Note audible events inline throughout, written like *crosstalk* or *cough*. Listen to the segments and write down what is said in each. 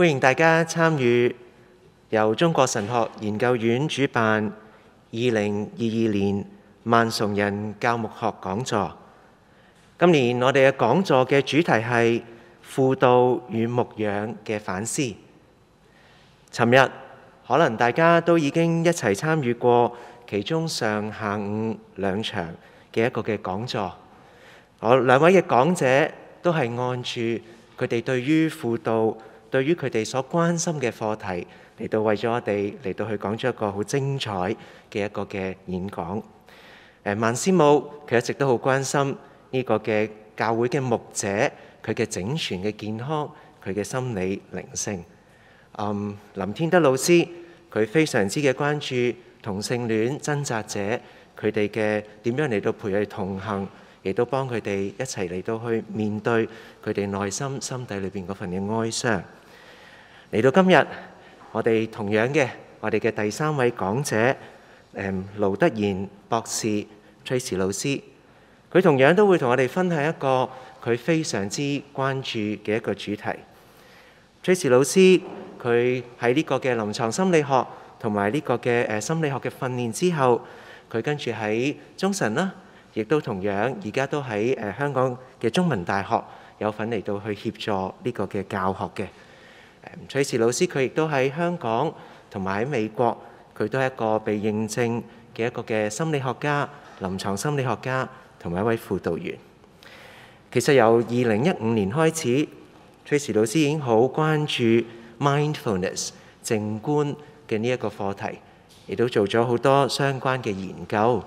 歡迎大家參與由中國神學研究院主辦二零二二年萬崇仁教牧學講座。今年我哋嘅講座嘅主題係輔導與牧養嘅反思。尋日可能大家都已經一齊參與過其中上下午兩場嘅一個嘅講座。我兩位嘅講者都係按住佢哋對於輔導，對於佢哋所關心嘅課題，嚟到為咗我哋嚟到去講咗一個好精彩嘅一個嘅演講。誒、呃，萬師母佢一直都好關心呢個嘅教會嘅牧者佢嘅整全嘅健康，佢嘅心理靈性、嗯。林天德老師佢非常之嘅關注同性戀掙扎者佢哋嘅點樣嚟到陪佢哋同行，亦都幫佢哋一齊嚟到去面對佢哋內心心底裏邊嗰份嘅哀傷。嚟到今日，我哋同樣嘅，我哋嘅第三位講者，誒盧德賢博士，Trace 老師，佢同樣都會同我哋分享一個佢非常之關注嘅一個主題。Trace 老師佢喺呢個嘅臨床心理學同埋呢個嘅誒心理學嘅訓練之後，佢跟住喺中神啦，亦都同樣而家都喺誒香港嘅中文大學有份嚟到去協助呢個嘅教學嘅。崔時老師佢亦都喺香港同埋喺美國，佢都係一個被認證嘅一個嘅心理學家、臨床心理學家同埋一位輔導員。其實由二零一五年開始，崔時老師已經好關注 mindfulness 靜觀嘅呢一個課題，亦都做咗好多相關嘅研究。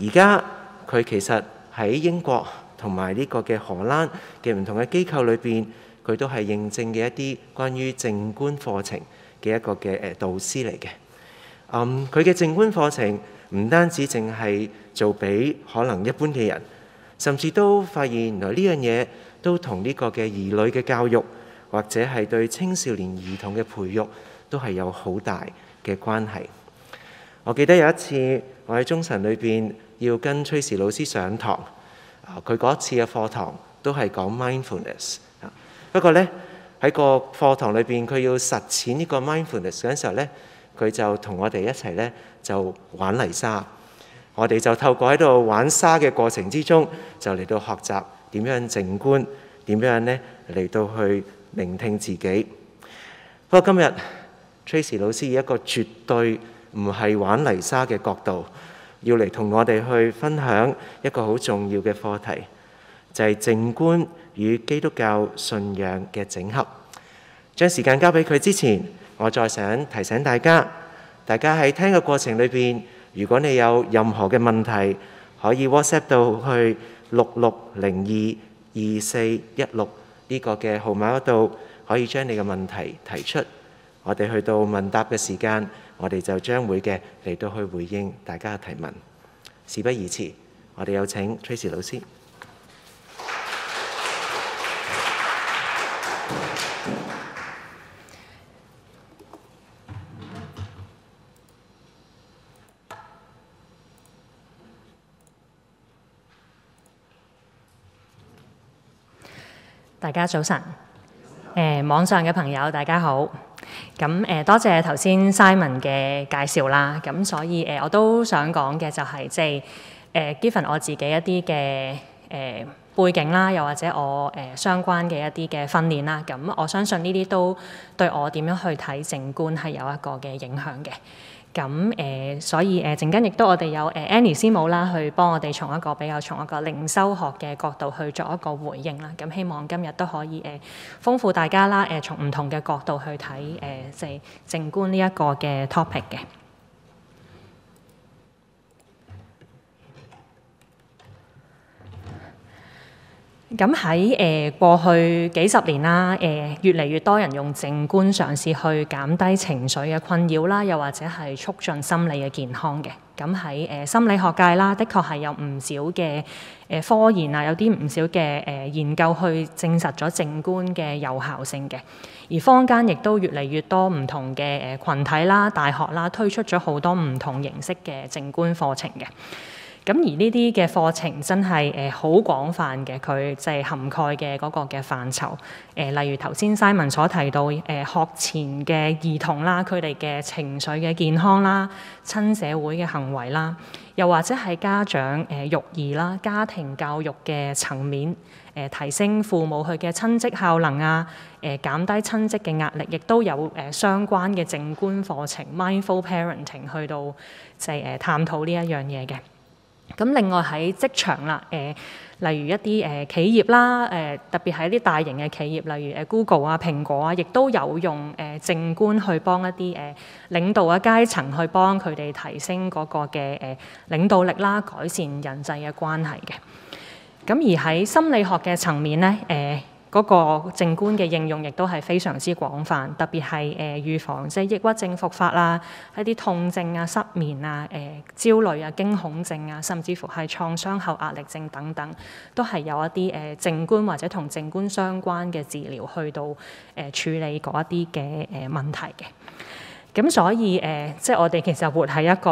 而家佢其實喺英國同埋呢個嘅荷蘭嘅唔同嘅機構裏邊，佢都係認證嘅一啲關於靜觀課程嘅一個嘅誒導師嚟嘅。嗯，佢嘅靜觀課程唔單止淨係做俾可能一般嘅人，甚至都發現原來呢樣嘢都同呢個嘅兒女嘅教育，或者係對青少年兒童嘅培育都係有好大嘅關係。我記得有一次我喺中神裏邊要跟崔氏老師上堂，佢嗰次嘅課堂都係講 mindfulness。不過呢，喺個課堂裏邊，佢要實踐呢個 mindfulness 嘅時候呢，佢就同我哋一齊呢就玩泥沙。我哋就透過喺度玩沙嘅過程之中，就嚟到學習點樣靜觀，點樣呢嚟到去聆聽自己。不過今日 Tracey 老師以一個絕對唔係玩泥沙嘅角度，要嚟同我哋去分享一個好重要嘅課題，就係、是、靜觀。與基督教信仰嘅整合，將時間交俾佢之前，我再想提醒大家，大家喺聽嘅過程裏面，如果你有任何嘅問題，可以 WhatsApp 到去六六零二二四一六呢個嘅號碼嗰度，可以將你嘅問題提出。我哋去到問答嘅時間，我哋就將會嘅嚟到去回應大家嘅提問。事不宜遲，我哋有請 Tracy 老師。大家早晨，誒、啊、網上嘅朋友大家好，咁、啊、誒多謝頭先 Simon 嘅介紹啦，咁、啊、所以誒、啊、我都想講嘅就係即係誒 Given 我自己一啲嘅誒背景啦，又、啊、或者我誒、啊、相關嘅一啲嘅訓練啦，咁、啊啊、我相信呢啲都對我點樣去睇靜觀係有一個嘅影響嘅。咁誒、呃，所以誒，陣間亦都我哋有誒、呃、Annie 師母啦，去幫我哋從一個比較從一個靈修學嘅角度去作一個回應啦。咁、啊、希望今日都可以誒、呃、豐富大家啦。誒、呃，從唔同嘅角度去睇誒，即係靜觀呢一個嘅 topic 嘅。咁喺誒過去幾十年啦，誒、呃、越嚟越多人用靜觀嘗試去減低情緒嘅困擾啦，又或者係促進心理嘅健康嘅。咁喺誒心理學界啦，的確係有唔少嘅誒、呃、科研啊，有啲唔少嘅誒、呃、研究去證實咗靜觀嘅有效性嘅。而坊間亦都越嚟越多唔同嘅誒羣體啦、大學啦推出咗好多唔同形式嘅靜觀課程嘅。咁而呢啲嘅課程真係誒好廣泛嘅，佢即係涵蓋嘅嗰個嘅範疇。誒、呃、例如頭先 Simon 所提到誒、呃、學前嘅兒童啦，佢哋嘅情緒嘅健康啦、親社會嘅行為啦，又或者係家長誒、呃、育兒啦、家庭教育嘅層面誒、呃、提升父母佢嘅親職效能啊，誒、呃、減低親職嘅壓力，亦都有誒相關嘅靜觀課程 Mindful Parenting 去到即係誒探討呢一樣嘢嘅。咁另外喺職場啦，誒例如一啲誒企業啦，誒特別係一啲大型嘅企業，例如誒 Google 啊、蘋果啊，亦都有用誒靜觀去幫一啲誒領導嘅階層去幫佢哋提升嗰個嘅誒領導力啦，改善人際嘅關係嘅。咁而喺心理學嘅層面呢，誒。嗰個靜觀嘅應用亦都係非常之廣泛，特別係誒、呃、預防即係抑鬱症復發啦，一啲痛症啊、失眠啊、誒焦慮啊、驚恐症啊，甚至乎係創傷後壓力症等等，都係有一啲誒靜觀或者同靜觀相關嘅治療去到誒、呃、處理嗰一啲嘅誒問題嘅。咁所以誒、呃，即係我哋其實活喺一個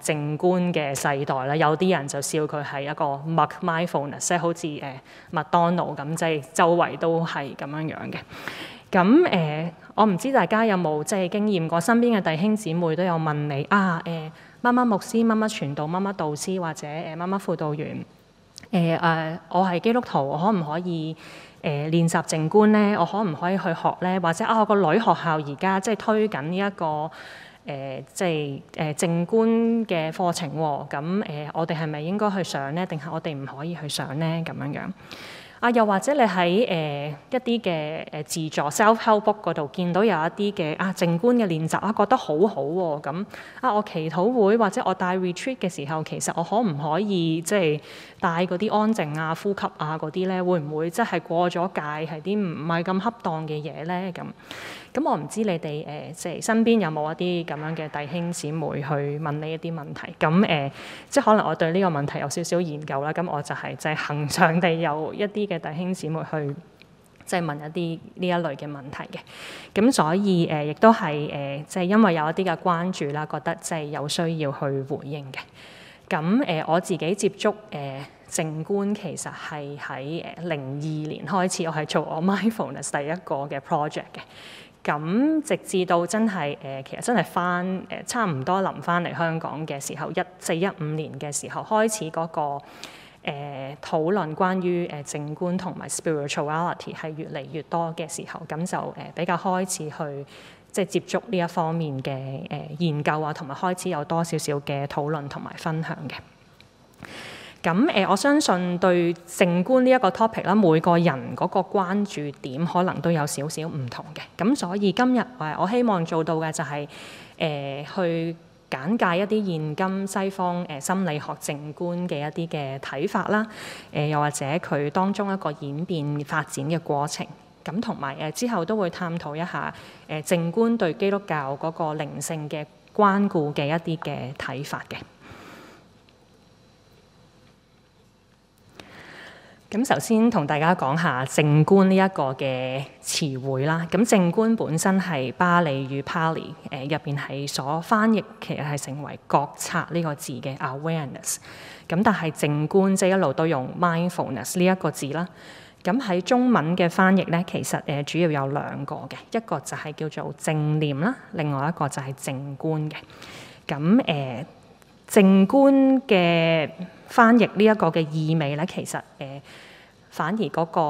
誒靜、呃、觀嘅世代啦。有啲人就笑佢係一個麥 mindfulness 即係好似誒麥當勞咁，即係周圍都係咁樣樣嘅。咁、嗯、誒、呃，我唔知大家有冇即係經驗過？身邊嘅弟兄姊妹都有問你啊，誒、呃，乜乜牧師、乜乜傳道、乜乜導師或者誒乜乜輔導員，誒、呃、誒、呃，我係基督徒，我可唔可以？誒、呃、練習靜觀咧，我可唔可以去學咧？或者啊，我個女學校而家即係推緊呢一個誒、呃，即係誒、呃、靜觀嘅課程喎、哦。咁、嗯、誒、呃，我哋係咪應該去上咧？定係我哋唔可以去上咧？咁樣樣。啊，又或者你喺誒、呃、一啲嘅誒自助 self-help book 度見到有一啲嘅啊靜觀嘅練習啊，覺得好好、啊、喎。咁啊，我祈禱會或者我帶 retreat 嘅時候，其實我可唔可以即係帶嗰啲安靜啊、呼吸啊嗰啲咧？會唔會即係過咗界，係啲唔係咁恰當嘅嘢咧？咁？.咁我唔知你哋誒、呃，即係身邊有冇一啲咁樣嘅弟兄姊妹去問呢一啲問題。咁誒、呃，即係可能我對呢個問題有少少研究啦。咁我就係、是、即係恒常地有一啲嘅弟兄姊妹去即係問一啲呢一類嘅問題嘅。咁所以誒、呃，亦都係誒、呃，即係因為有一啲嘅關注啦，覺得即係有需要去回應嘅。咁誒、呃，我自己接觸誒靜觀其實係喺誒零二年開始，我係做我 mindfulness 第一個嘅 project 嘅。咁直至到真係，誒、呃，其實真係翻誒，差唔多臨翻嚟香港嘅時候，一四一五年嘅時候開始嗰、那個討論、呃、關於於誒靜觀同埋 spirituality 係越嚟越多嘅時候，咁就誒比較開始去即係接觸呢一方面嘅誒、呃、研究啊，同埋開始有多少少嘅討論同埋分享嘅。咁誒、呃，我相信對靜觀呢一個 topic 啦，每個人嗰個關注點可能都有少少唔同嘅。咁所以今日誒、呃，我希望做到嘅就係、係、誒、呃、去簡介一啲現今西方誒、呃、心理學靜觀嘅一啲嘅睇法啦。誒、呃、又或者佢當中一個演變發展嘅過程。咁同埋誒之後都會探討一下誒靜、呃、觀對基督教嗰個靈性嘅關顧嘅一啲嘅睇法嘅。咁首先同大家講下靜觀呢一個嘅詞彙啦。咁靜觀本身係巴利語 Pali，誒入邊係所翻譯，其實係成為覺察呢個字嘅 awareness。咁但係靜觀即係一路都用 mindfulness 呢一個字啦。咁喺中文嘅翻譯咧，其實誒主要有兩個嘅，一個就係叫做正念啦，另外一個就係靜觀嘅。咁誒靜觀嘅翻譯呢一個嘅意味咧，其實誒。呃反而嗰、那個、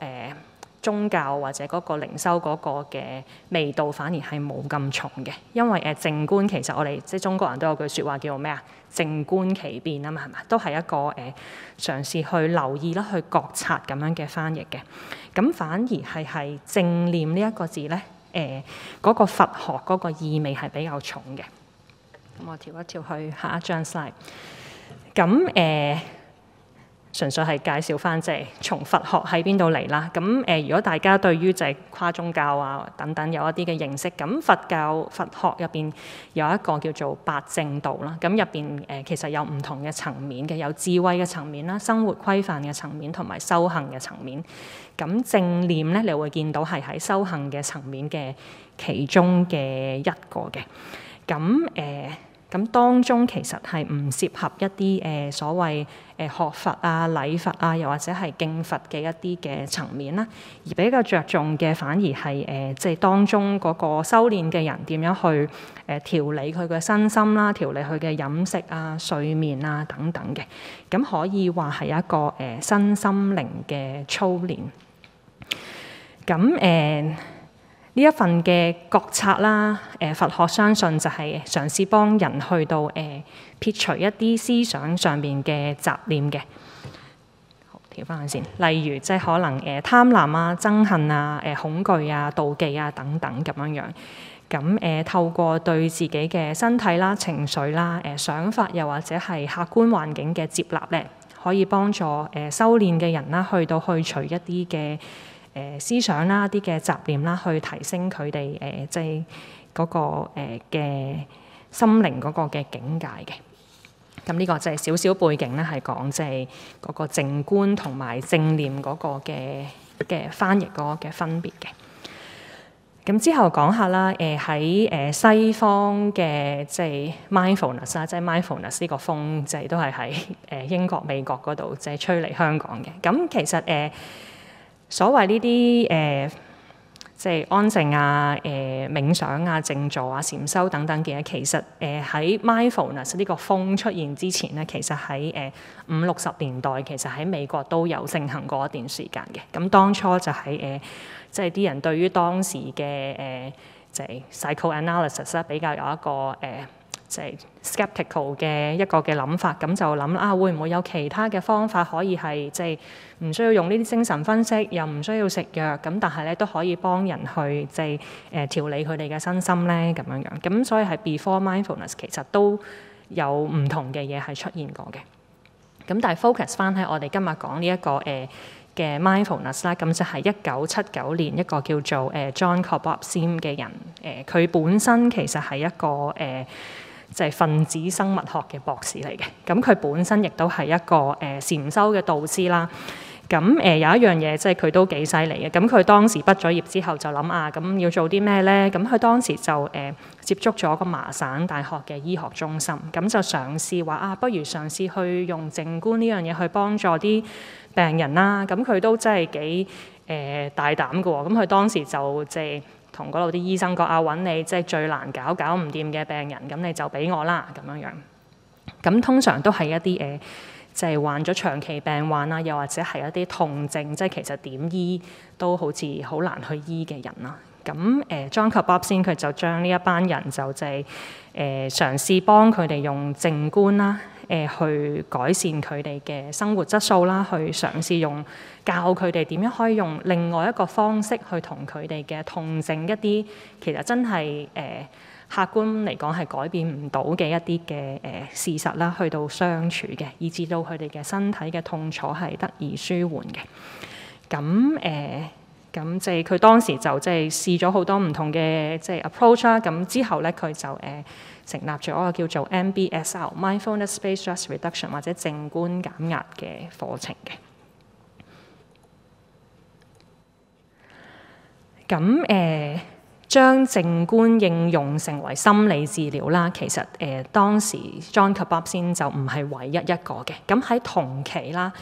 呃、宗教或者嗰個靈修嗰個嘅味道反而係冇咁重嘅，因為誒靜、呃、觀其實我哋即係中國人都有句説話叫做咩啊？靜觀其變啊嘛，係咪？都係一個誒、呃、嘗試去留意啦、去覺察咁樣嘅翻譯嘅。咁、嗯、反而係係正念呢一個字咧，誒、呃、嗰、那個佛學嗰個意味係比較重嘅。咁我調一調去下一張 slide 咁誒。嗯呃純粹係介紹返，即係從佛學喺邊度嚟啦。咁誒、呃，如果大家對於就係跨宗教啊等等有一啲嘅認識，咁佛教佛學入邊有一個叫做八正道啦。咁入邊誒其實有唔同嘅層面嘅，有智慧嘅層面啦、生活規範嘅層面同埋修行嘅層面。咁正念咧，你會見到係喺修行嘅層面嘅其中嘅一個嘅。咁誒。呃咁當中其實係唔涉及一啲誒所謂誒學佛啊、禮佛啊，又或者係敬佛嘅一啲嘅層面啦，而比較着重嘅反而係誒、呃、即係當中嗰個修煉嘅人點樣去誒調理佢嘅身心啦、調理佢嘅飲食啊、睡眠啊等等嘅，咁可以話係一個誒、呃、身心靈嘅操練。咁誒。呃呢一份嘅覺察啦，誒佛學相信就係嘗試幫人去到誒、呃、撇除一啲思想上邊嘅雜念嘅。調翻轉先，例如即係可能誒貪婪啊、憎恨啊、誒、呃、恐懼啊、妒忌啊等等咁樣樣。咁誒、呃、透過對自己嘅身體啦、情緒啦、誒、呃、想法又或者係客觀環境嘅接納咧，可以幫助誒、呃、修練嘅人啦，去到去除一啲嘅。誒、呃、思想啦，啲嘅雜念啦，去提升佢哋誒即係嗰、那個嘅、呃、心靈嗰個嘅境界嘅。咁呢個就係少少背景咧，係講即係嗰個靜觀同埋正念嗰個嘅嘅翻譯嗰個嘅分別嘅。咁之後講下啦，誒喺誒西方嘅即係 mindfulness 啊，即係 mindfulness 呢個風，即係都係喺誒英國、美國嗰度即係吹嚟香港嘅。咁其實誒。呃所謂呢啲誒，即係安靜啊、誒、呃、冥想啊、靜坐啊、禪修等等嘅，其實誒喺、呃、mindfulness 呢個風出現之前咧，其實喺誒五六十年代，其實喺美國都有盛行過一段時間嘅。咁、嗯、當初就喺、是、誒，即係啲人對於當時嘅誒、呃，就係、是、psychoanalysis 啦，比較有一個誒。呃即係 skeptical 嘅一個嘅諗法，咁就諗啊，會唔會有其他嘅方法可以係即係唔需要用呢啲精神分析，又唔需要食藥，咁但係咧都可以幫人去即係誒調理佢哋嘅身心咧咁樣樣。咁所以係 before mindfulness 其實都有唔同嘅嘢係出現過嘅。咁但係 focus 翻喺我哋今日講呢一個誒嘅 mindfulness 啦。咁、呃、就係一九七九年一個叫做誒、呃、John Kabat-Zinn 嘅人誒，佢、呃、本身其實係一個誒。呃即係分子生物學嘅博士嚟嘅，咁佢本身亦都係一個誒禪修嘅導師啦。咁誒、呃、有一樣嘢，即係佢都幾犀利嘅。咁佢當時畢咗業之後就諗啊，咁要做啲咩咧？咁佢當時就誒、呃、接觸咗個麻省大學嘅醫學中心，咁就嘗試話啊，不如嘗試去用靜觀呢樣嘢去幫助啲病人啦。咁佢都真係幾誒大膽㗎喎。咁佢當時就借，呃同嗰度啲醫生講啊，揾你即係最難搞、搞唔掂嘅病人，咁你就俾我啦，咁樣樣。咁通常都係一啲誒，即、呃、係、就是、患咗長期病患啦，又或者係一啲痛症，即係其實點醫都好似好難去醫嘅人啦。咁誒、呃、John Kabat-Zinn 佢就將呢一班人就即係誒嘗試幫佢哋用靜觀啦。誒、呃、去改善佢哋嘅生活質素啦，去嘗試用教佢哋點樣可以用另外一個方式去同佢哋嘅痛症一啲，其實真係誒、呃、客觀嚟講係改變唔到嘅一啲嘅誒事實啦，去到相處嘅，以至到佢哋嘅身體嘅痛楚係得以舒緩嘅。咁誒，咁即係佢當時就即係試咗好多唔同嘅即係 approach 啦。咁之後咧，佢就誒、呃成立咗一個叫做 m b s l m i n d f u l n e s s s p a c e d Stress Reduction） 或者正觀減壓嘅課程嘅。咁誒將正觀應用成為心理治療啦，其實誒、呃、當時 John k a b a b z i n 就唔係唯一一個嘅。咁喺同期啦。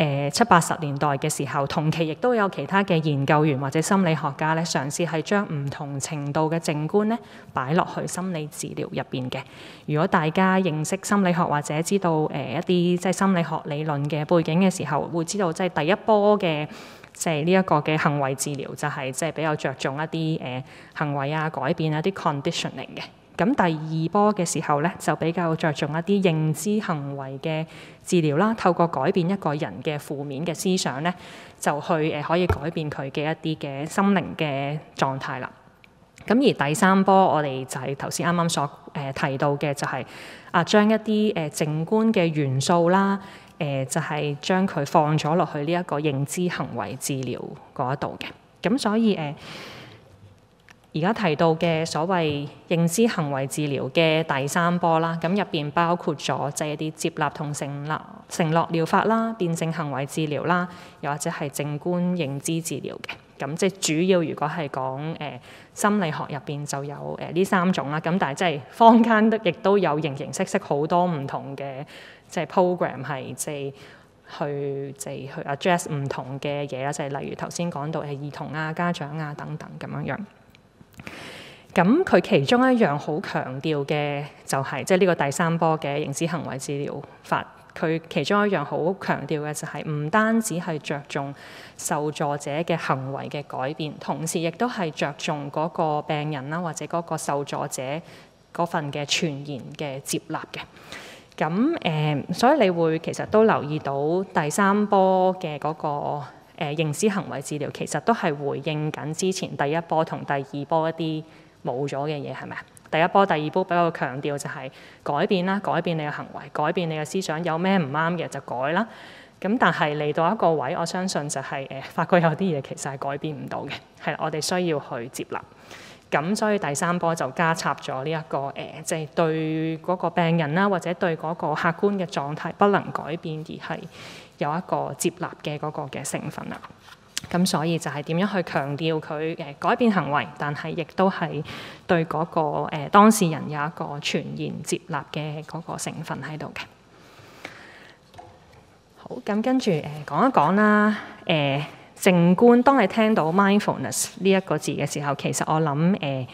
誒七八十年代嘅時候，同期亦都有其他嘅研究員或者心理學家咧，嘗試係將唔同程度嘅靜觀咧擺落去心理治療入邊嘅。如果大家認識心理學或者知道誒一啲即係心理學理論嘅背景嘅時候，會知道即係第一波嘅即係呢一個嘅行為治療就係即係比較着重一啲誒行為啊改變啊一啲 conditioning 嘅。咁第二波嘅時候咧，就比較着重一啲認知行為嘅治療啦，透過改變一個人嘅負面嘅思想咧，就去誒可以改變佢嘅一啲嘅心靈嘅狀態啦。咁而第三波我哋就係頭先啱啱所誒提到嘅，就是，就係啊將一啲誒靜觀嘅元素啦，誒、啊、就係將佢放咗落去呢一個認知行為治療嗰度嘅。咁、啊、所以誒。啊而家提到嘅所謂認知行為治療嘅第三波啦，咁入邊包括咗即係一啲接納同承納承諾療法啦、辯證行為治療啦，又或者係靜觀認知治療嘅。咁即係主要如果係講誒、呃、心理學入邊就有誒呢、呃、三種啦。咁但係即係坊間亦都有形形色色好多唔同嘅即係 program 係即係去即係去 address 唔同嘅嘢啦，即係例如頭先講到係兒童啊、家長啊等等咁樣樣。咁佢其中一樣好強調嘅就係、是，即係呢個第三波嘅認知行為治療法。佢其中一樣好強調嘅就係、是，唔單止係着重受助者嘅行為嘅改變，同時亦都係着重嗰個病人啦，或者嗰個受助者嗰份嘅傳言嘅接納嘅。咁誒、嗯，所以你會其實都留意到第三波嘅嗰、那個。誒、呃、認知行為治療其實都係回應緊之前第一波同第二波一啲冇咗嘅嘢，係咪啊？第一波、第二波比較強調就係改變啦，改變你嘅行為，改變你嘅思想，有咩唔啱嘅就改啦。咁但係嚟到一個位，我相信就係、是、誒、呃、發覺有啲嘢其實係改變唔到嘅，係我哋需要去接納。咁所以第三波就加插咗呢一個誒，即、呃、係、就是、對嗰個病人啦，或者對嗰個客觀嘅狀態不能改變而係有一個接納嘅嗰個嘅成分啦。咁所以就係點樣去強調佢誒改變行為，但係亦都係對嗰、那個誒、呃、當事人有一個全然接納嘅嗰個成分喺度嘅。好，咁跟住誒講一講啦，誒、呃。靜觀，當你聽到 mindfulness 呢一個字嘅時候，其實我諗誒、呃，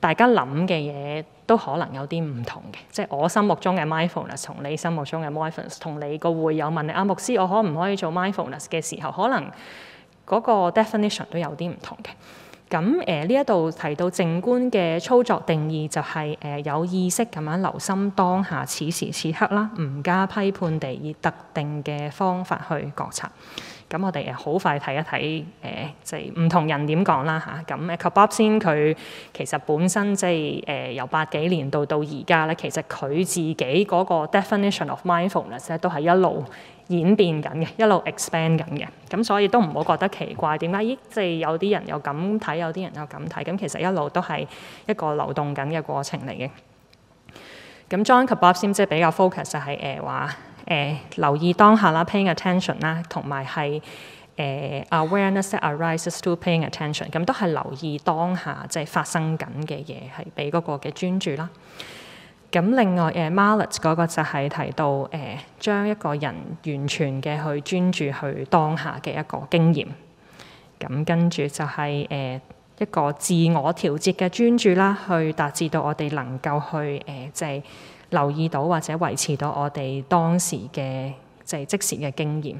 大家諗嘅嘢都可能有啲唔同嘅，即係我心目中嘅 mindfulness，同你心目中嘅 mindfulness，同你個會友問你阿、啊、牧師，我可唔可以做 mindfulness 嘅時候，可能嗰個 definition 都有啲唔同嘅。咁誒呢一度提到靜觀嘅操作定義，就是，就係誒有意識咁樣留心當下此時此刻啦，唔加批判地以特定嘅方法去覺察。咁我哋好快睇一睇，誒即係唔同人點講啦嚇。咁 Kabat-Zinn 佢其實本身即係誒由八幾年到到而家咧，其實佢自己嗰個 definition of mindfulness 都係一路演變緊嘅，一路 expand 緊嘅。咁、啊、所以都唔好覺得奇怪，點解咦即係、就是、有啲人又咁睇，有啲人又咁睇？咁、啊、其實一路都係一個流動緊嘅過程嚟嘅。咁 Jon Kabat-Zinn 即係比較 focus 就係、是、誒、呃、話。誒留意當下啦，paying attention 啦，同埋係誒 awareness that arises to paying attention，咁都係留意當下，呃、當下即係發生緊嘅嘢，係俾嗰個嘅專注啦。咁另外誒、呃、Marlatt 嗰個就係提到誒將、呃、一個人完全嘅去專注去當下嘅一個經驗。咁跟住就係、是、誒、呃、一個自我調節嘅專注啦，去達至到我哋能夠去誒即係。呃就是留意到或者維持到我哋當時嘅就係即時嘅經驗。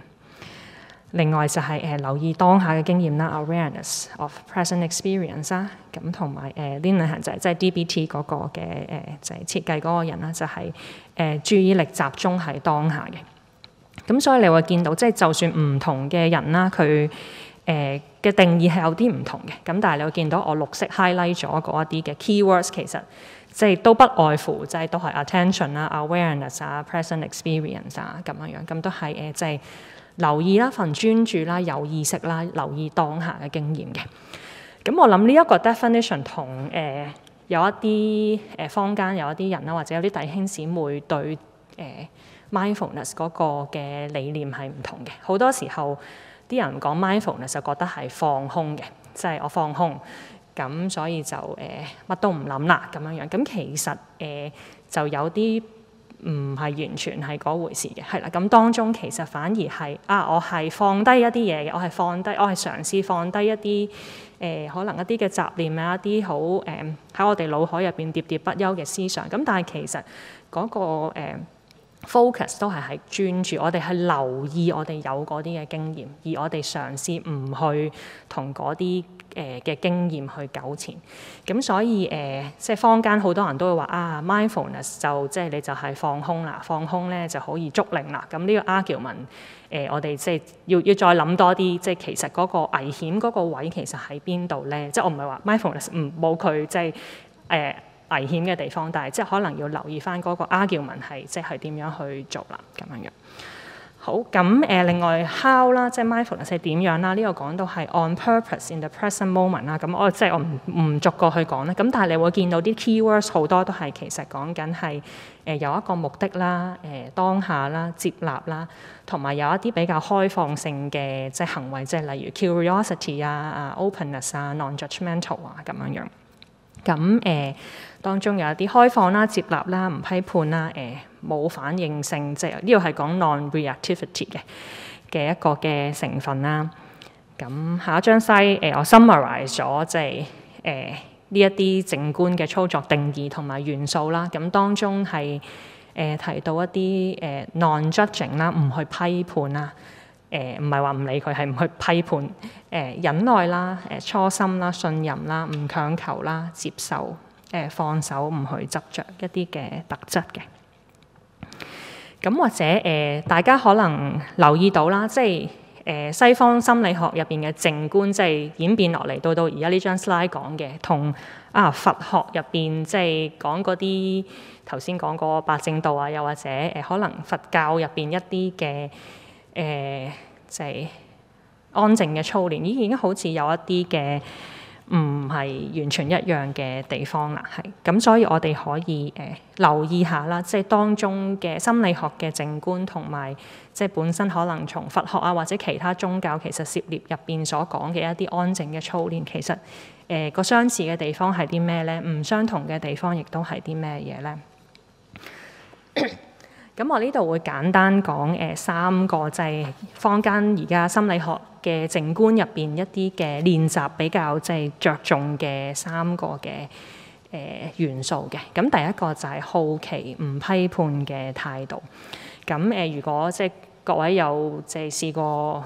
另外就係、是、誒、呃、留意當下嘅經驗啦，awareness of present experience 啦、啊。咁同埋誒 Linehan 就係、是、即係、就是、DBT 嗰個嘅誒就係設計嗰個人啦，就係、是、誒、呃、注意力集中喺當下嘅。咁所以你會見到即係、就是、就算唔同嘅人啦，佢誒嘅定義係有啲唔同嘅。咁但係你會見到我綠色 highlight 咗嗰一啲嘅 keywords 其實。即係都不外乎，即係都係 attention 啦、awareness 啊、present experience 啊咁樣樣，咁都係誒，即、呃、係、就是、留意啦、份專注啦、有意識啦、留意當下嘅經驗嘅。咁、嗯、我諗呢一個 definition 同誒有一啲誒坊間有一啲人啦，或者有啲弟兄姊妹對誒、呃、mindfulness 嗰個嘅理念係唔同嘅。好多時候啲人講 mindfulness 就覺得係放空嘅，即係我放空。咁、嗯、所以就誒乜、呃、都唔諗啦咁樣樣，咁其實誒、呃、就有啲唔係完全係嗰回事嘅，係啦。咁、嗯、當中其實反而係啊，我係放低一啲嘢嘅，我係放低，我係嘗試放低一啲誒、呃、可能一啲嘅雜念啊，一啲好誒喺我哋腦海入邊喋喋不休嘅思想。咁、嗯、但係其實嗰、那個、呃、focus 都係係專注我哋係留意我哋有嗰啲嘅經驗，而我哋嘗試唔去同嗰啲。誒嘅、呃、經驗去糾纏，咁所以誒、呃，即係坊間好多人都會話啊，mindfulness 就即係你就係放空啦，放空咧就可以捉領啦。咁呢個 argument 誒、呃，我哋即係要要再諗多啲，即係其實嗰個危險嗰個位其實喺邊度咧？即係我唔係話 mindfulness 唔冇佢即係誒、呃、危險嘅地方，但係即係可能要留意返嗰個 argument 係即係點樣去做啦咁樣咁樣。好，咁誒，另外 how 啦，即係 mindfulness 係點樣啦？呢個講到係 on purpose in the present moment 啦。咁我即係我唔唔逐個去講啦。咁但係你會見到啲 key words 好多都係其實講緊係誒有一個目的啦、誒、呃、當下啦、接納啦，同埋有，有一啲比較開放性嘅即係行為，即係例如 curiosity 啊、啊 openness 啊、non-judgmental 啊咁樣樣。咁誒、呃、當中有一啲開放啦、接納啦、唔批判啦、誒、呃、冇反應性，即係呢度係講 non-reactivity 嘅嘅一個嘅成分啦。咁、啊、下一張西誒、呃、我 summarize 咗即係誒呢一啲靜觀嘅操作定義同埋元素啦。咁、啊、當中係誒、呃、提到一啲誒 non-judging 啦，唔、呃、去批判啦。嗯誒唔係話唔理佢，係唔去批判。誒、呃、忍耐啦，誒、呃、初心啦、啊，信任啦，唔、啊、強求啦、啊，接受誒、呃、放手，唔去執着一啲嘅特質嘅。咁、嗯、或者誒、呃，大家可能留意到啦，即係誒、呃、西方心理學入邊嘅靜觀，即係演變落嚟到到而家呢張 slide 講嘅，同啊佛學入邊即係講嗰啲頭先講嗰個八正道啊，又或者誒、呃、可能佛教入邊一啲嘅。誒，即係、呃就是、安靜嘅操練，已經好似有一啲嘅唔係完全一樣嘅地方啦。係咁、嗯，所以我哋可以誒、呃、留意下啦，即係當中嘅心理學嘅靜觀，同埋即係本身可能從佛學啊或者其他宗教其實涉獵入邊所講嘅一啲安靜嘅操練，其實誒個、呃、相似嘅地方係啲咩咧？唔相同嘅地方亦都係啲咩嘢咧？ *coughs* 咁我呢度會簡單講誒、呃、三個即係坊間而家心理學嘅靜觀入邊一啲嘅練習比較即係着重嘅三個嘅誒、呃、元素嘅。咁第一個就係好奇唔批判嘅態度。咁誒如果即係各位有即係試過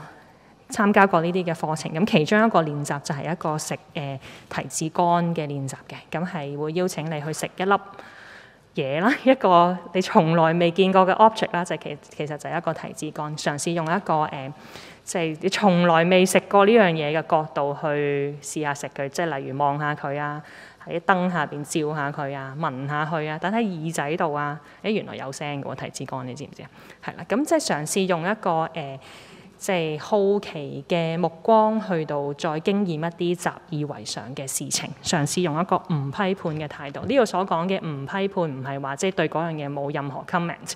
參加過呢啲嘅課程，咁其中一個練習就係一個食誒、呃、提子乾嘅練習嘅。咁係會邀請你去食一粒，嘢啦，一個你從來未見過嘅 object 啦，就係其其實就係一個提子乾，嘗試用一個誒，即、呃、係、就係、你從來未食過呢樣嘢嘅角度去試下食佢，即係例如望下佢啊，喺燈下邊照下佢啊，聞下佢啊，等喺耳仔度啊，誒、呃、原來有聲嘅喎，提子乾，你知唔知啊？係啦，咁即係嘗試用一個誒。呃即係好奇嘅目光去到，再經驗一啲習以為常嘅事情，嘗試用一個唔批判嘅態度。呢度所講嘅唔批判，唔係話即係對嗰樣嘢冇任何 comment，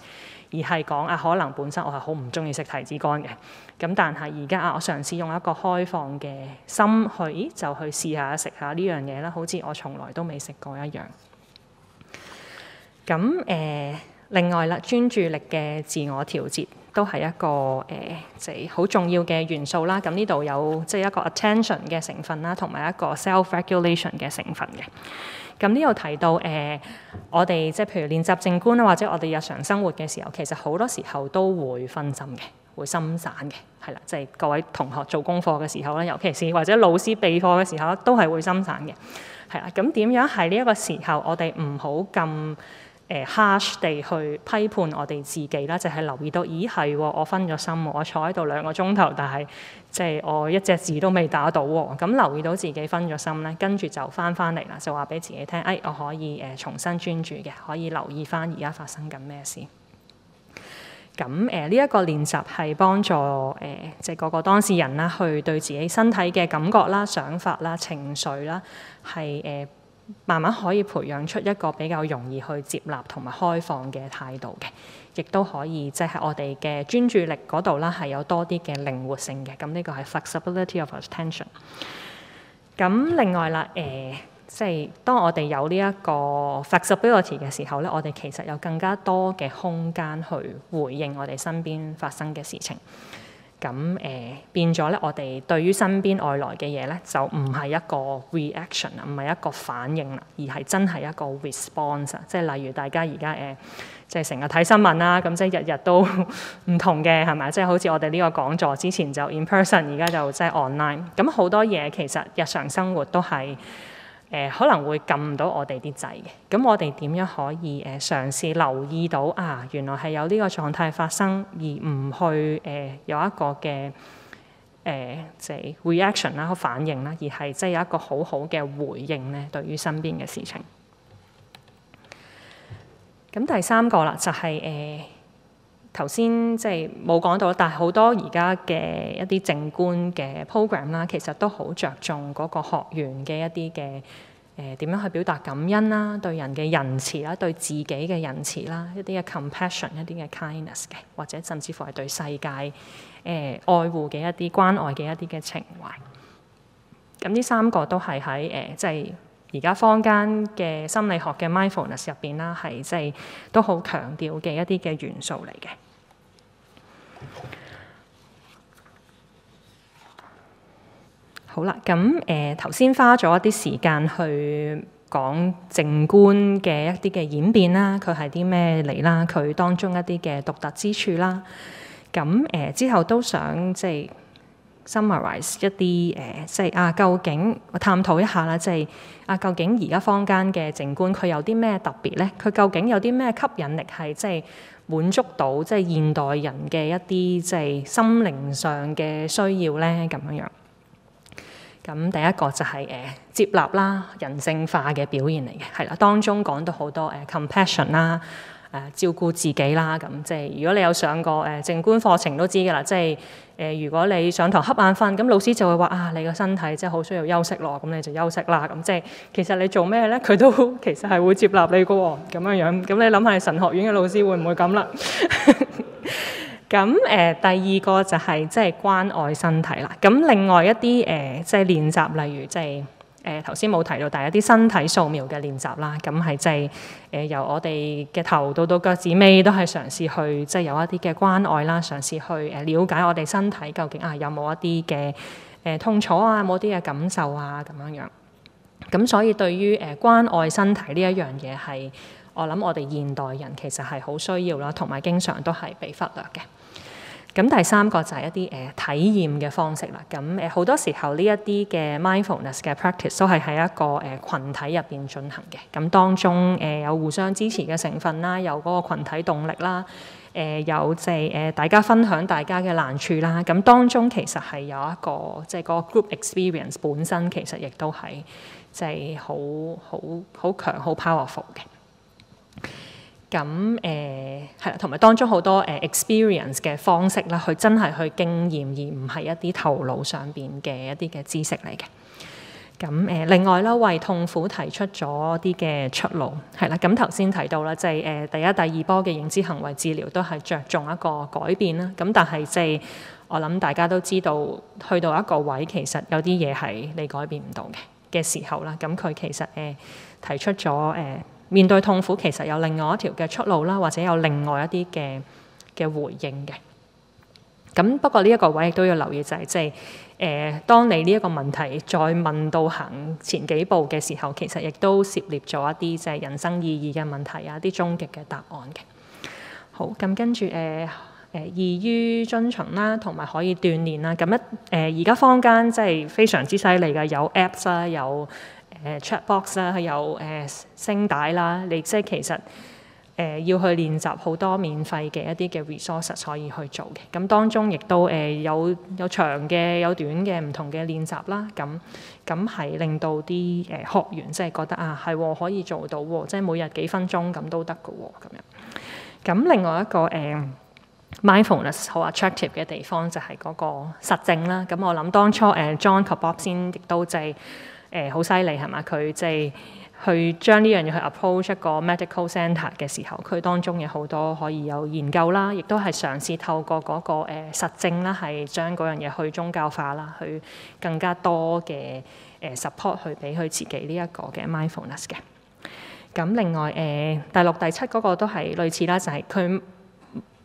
而係講啊，可能本身我係好唔鍾意食提子乾嘅。咁但係而家啊，我嘗試用一個開放嘅心去，咦，就去試下食下呢樣嘢啦，好似我從來都未食過一樣。咁誒、呃，另外啦，專注力嘅自我調節。都係一個誒、呃，即係好重要嘅元素啦。咁呢度有即係一個 attention 嘅成分啦，同埋一個 self regulation 嘅成分嘅。咁呢度提到誒、呃，我哋即係譬如練習靜觀啦，或者我哋日常生活嘅時候，其實好多時候都會分心嘅，會心散嘅，係啦。即係各位同學做功課嘅時候啦，尤其是或者老師備課嘅時候，都係會心散嘅。係啦，咁點樣喺呢一個時候，我哋唔好咁。誒 harsh 地去批判我哋自己啦，就係、是、留意到，咦係，我分咗心，我坐喺度兩個鐘頭，但係即係我一隻字都未打到喎。咁、嗯、留意到自己分咗心咧，跟住就翻返嚟啦，就話俾自己聽，誒、哎、我可以誒重新專注嘅，可以留意翻而家發生緊咩事。咁誒呢一個練習係幫助誒、呃、即係個個當事人啦，去對自己身體嘅感覺啦、想法啦、情緒啦係誒。慢慢可以培養出一個比較容易去接納同埋開放嘅態度嘅，亦都可以即係、就是、我哋嘅專注力嗰度啦，係有多啲嘅靈活性嘅。咁呢個係 flexibility of attention。咁另外啦，誒、呃，即、就、係、是、當我哋有呢一個 flexibility 嘅時候咧，我哋其實有更加多嘅空間去回應我哋身邊發生嘅事情。咁誒變咗咧，我哋對於身邊外來嘅嘢咧，就唔係一個 reaction 啊，唔係一個反應啦，而係真係一個 response 啊。即係例如大家而家誒，即係成日睇新聞啦，咁即係日日都唔同嘅，係咪？即係好似我哋呢個講座之前就 in person，而家就即係 online。咁好多嘢其實日常生活都係。誒可能會撳唔到我哋啲掣嘅，咁我哋點樣可以誒嘗試留意到啊？原來係有呢個狀態發生，而唔去誒、呃、有一個嘅誒即係 reaction 啦、呃就是、反應啦，而係即係有一個好好嘅回應咧，對於身邊嘅事情。咁第三個啦，就係、是、誒。呃頭先即係冇講到，但係好多而家嘅一啲靜觀嘅 program 啦，其實都好着重嗰個學員嘅一啲嘅誒點樣去表達感恩啦，對人嘅仁慈啦，對自己嘅仁慈啦，一啲嘅 compassion，一啲嘅 kindness 嘅，或者甚至乎係對世界誒、呃、愛護嘅一啲關愛嘅一啲嘅情懷。咁呢三個都係喺誒即係而家坊間嘅心理學嘅 mindfulness 入邊啦，係即係都好強調嘅一啲嘅元素嚟嘅。好啦，咁誒，頭、呃、先花咗一啲時間去講靜觀嘅一啲嘅演變啦，佢係啲咩嚟啦，佢當中一啲嘅獨特之處啦，咁誒、呃、之後都想即係 summarize 一啲誒，即係、呃、啊，究竟我探討一下啦，即係啊，究竟而家坊間嘅靜觀佢有啲咩特別咧？佢究竟有啲咩吸引力係即係？滿足到即係現代人嘅一啲即係心靈上嘅需要咧咁樣樣。咁第一個就係、是、誒、呃、接納啦，人性化嘅表現嚟嘅，係啦。當中講到好多誒、呃、compassion 啦，誒、呃、照顧自己啦，咁即係如果你有上過誒靜、呃、觀課程都知㗎啦，即係。誒、呃，如果你上堂瞌眼瞓，咁老師就會話啊，你個身體即係好需要休息咯，咁你就休息啦。咁即係其實你做咩咧，佢都其實係會接納你嘅喎、哦。咁樣樣，咁你諗下神學院嘅老師會唔會咁啦？咁 *laughs* 誒、呃，第二個就係、是、即係關愛身體啦。咁另外一啲誒、呃，即係練習，例如即係。誒頭先冇提到，但係一啲身體掃描嘅練習啦，咁係即係誒由我哋嘅頭到到腳趾尾都嘗試，都係嘗試去即係有一啲嘅關愛啦，嘗試去誒瞭解我哋身體究竟啊有冇一啲嘅誒痛楚啊，冇啲嘅感受啊咁樣樣。咁所以對於誒、呃、關愛身體呢一樣嘢係，我諗我哋現代人其實係好需要啦，同埋經常都係被忽略嘅。咁第三個就係一啲誒、呃、體驗嘅方式啦。咁誒好多時候呢一啲嘅 mindfulness 嘅 practice 都係喺一個誒羣體、呃、入邊進行嘅。咁當中誒、呃、有互相支持嘅成分啦，有嗰個羣體動力啦，誒、呃、有即係誒大家分享大家嘅難處啦。咁當中其實係有一個即係、就是、嗰個 group experience 本身其實亦都係即係好好好強好 powerful 嘅。咁誒係啦，同埋、呃、當中好多誒、呃、experience 嘅方式啦，佢真係去經驗，而唔係一啲頭腦上邊嘅一啲嘅知識嚟嘅。咁誒、呃、另外咧，為痛苦提出咗啲嘅出路係啦。咁頭先提到啦，就係、是、誒、呃、第一、第二波嘅認知行為治療都係着重一個改變啦。咁但係即係我諗大家都知道，去到一個位，其實有啲嘢係你改變唔到嘅嘅時候啦。咁佢其實誒、呃、提出咗誒。呃面對痛苦，其實有另外一條嘅出路啦，或者有另外一啲嘅嘅回應嘅。咁不過呢一個位亦都要留意就係，即係誒，當你呢一個問題再問到行前幾步嘅時候，其實亦都涉獵咗一啲即係人生意義嘅問題啊，一啲終極嘅答案嘅。好咁跟住誒誒，易於遵循啦，同埋可以鍛鍊啦。咁一誒而家坊間即係非常之犀利嘅，有 Apps 啦，有。誒 check box 啦，有誒聲帶啦，你即係其實誒要去練習好多免費嘅一啲嘅 resource 可以去做嘅，咁當中亦都誒有有長嘅有短嘅唔同嘅練習啦，咁咁係令到啲誒學員即係覺得啊係、哎、可以做到喎，即係每日幾分鐘咁都得㗎喎，咁樣。咁另外一個誒、啊、mindfulness 好 attractive 嘅地方就係、是、嗰個實證啦。咁我諗當初誒、啊、Jon Kabat-Zinn 先亦都即係。誒好犀利係嘛？佢即係去將呢樣嘢去 approach 一個 medical center 嘅時候，佢當中有好多可以有研究啦，亦都係嘗試透過嗰、那個誒、呃、實證啦，係將嗰樣嘢去宗教化啦，去更加多嘅誒、呃、support 去俾佢自己呢一個嘅 mindfulness 嘅。咁另外誒第六第七嗰個都係類似啦，就係、是、佢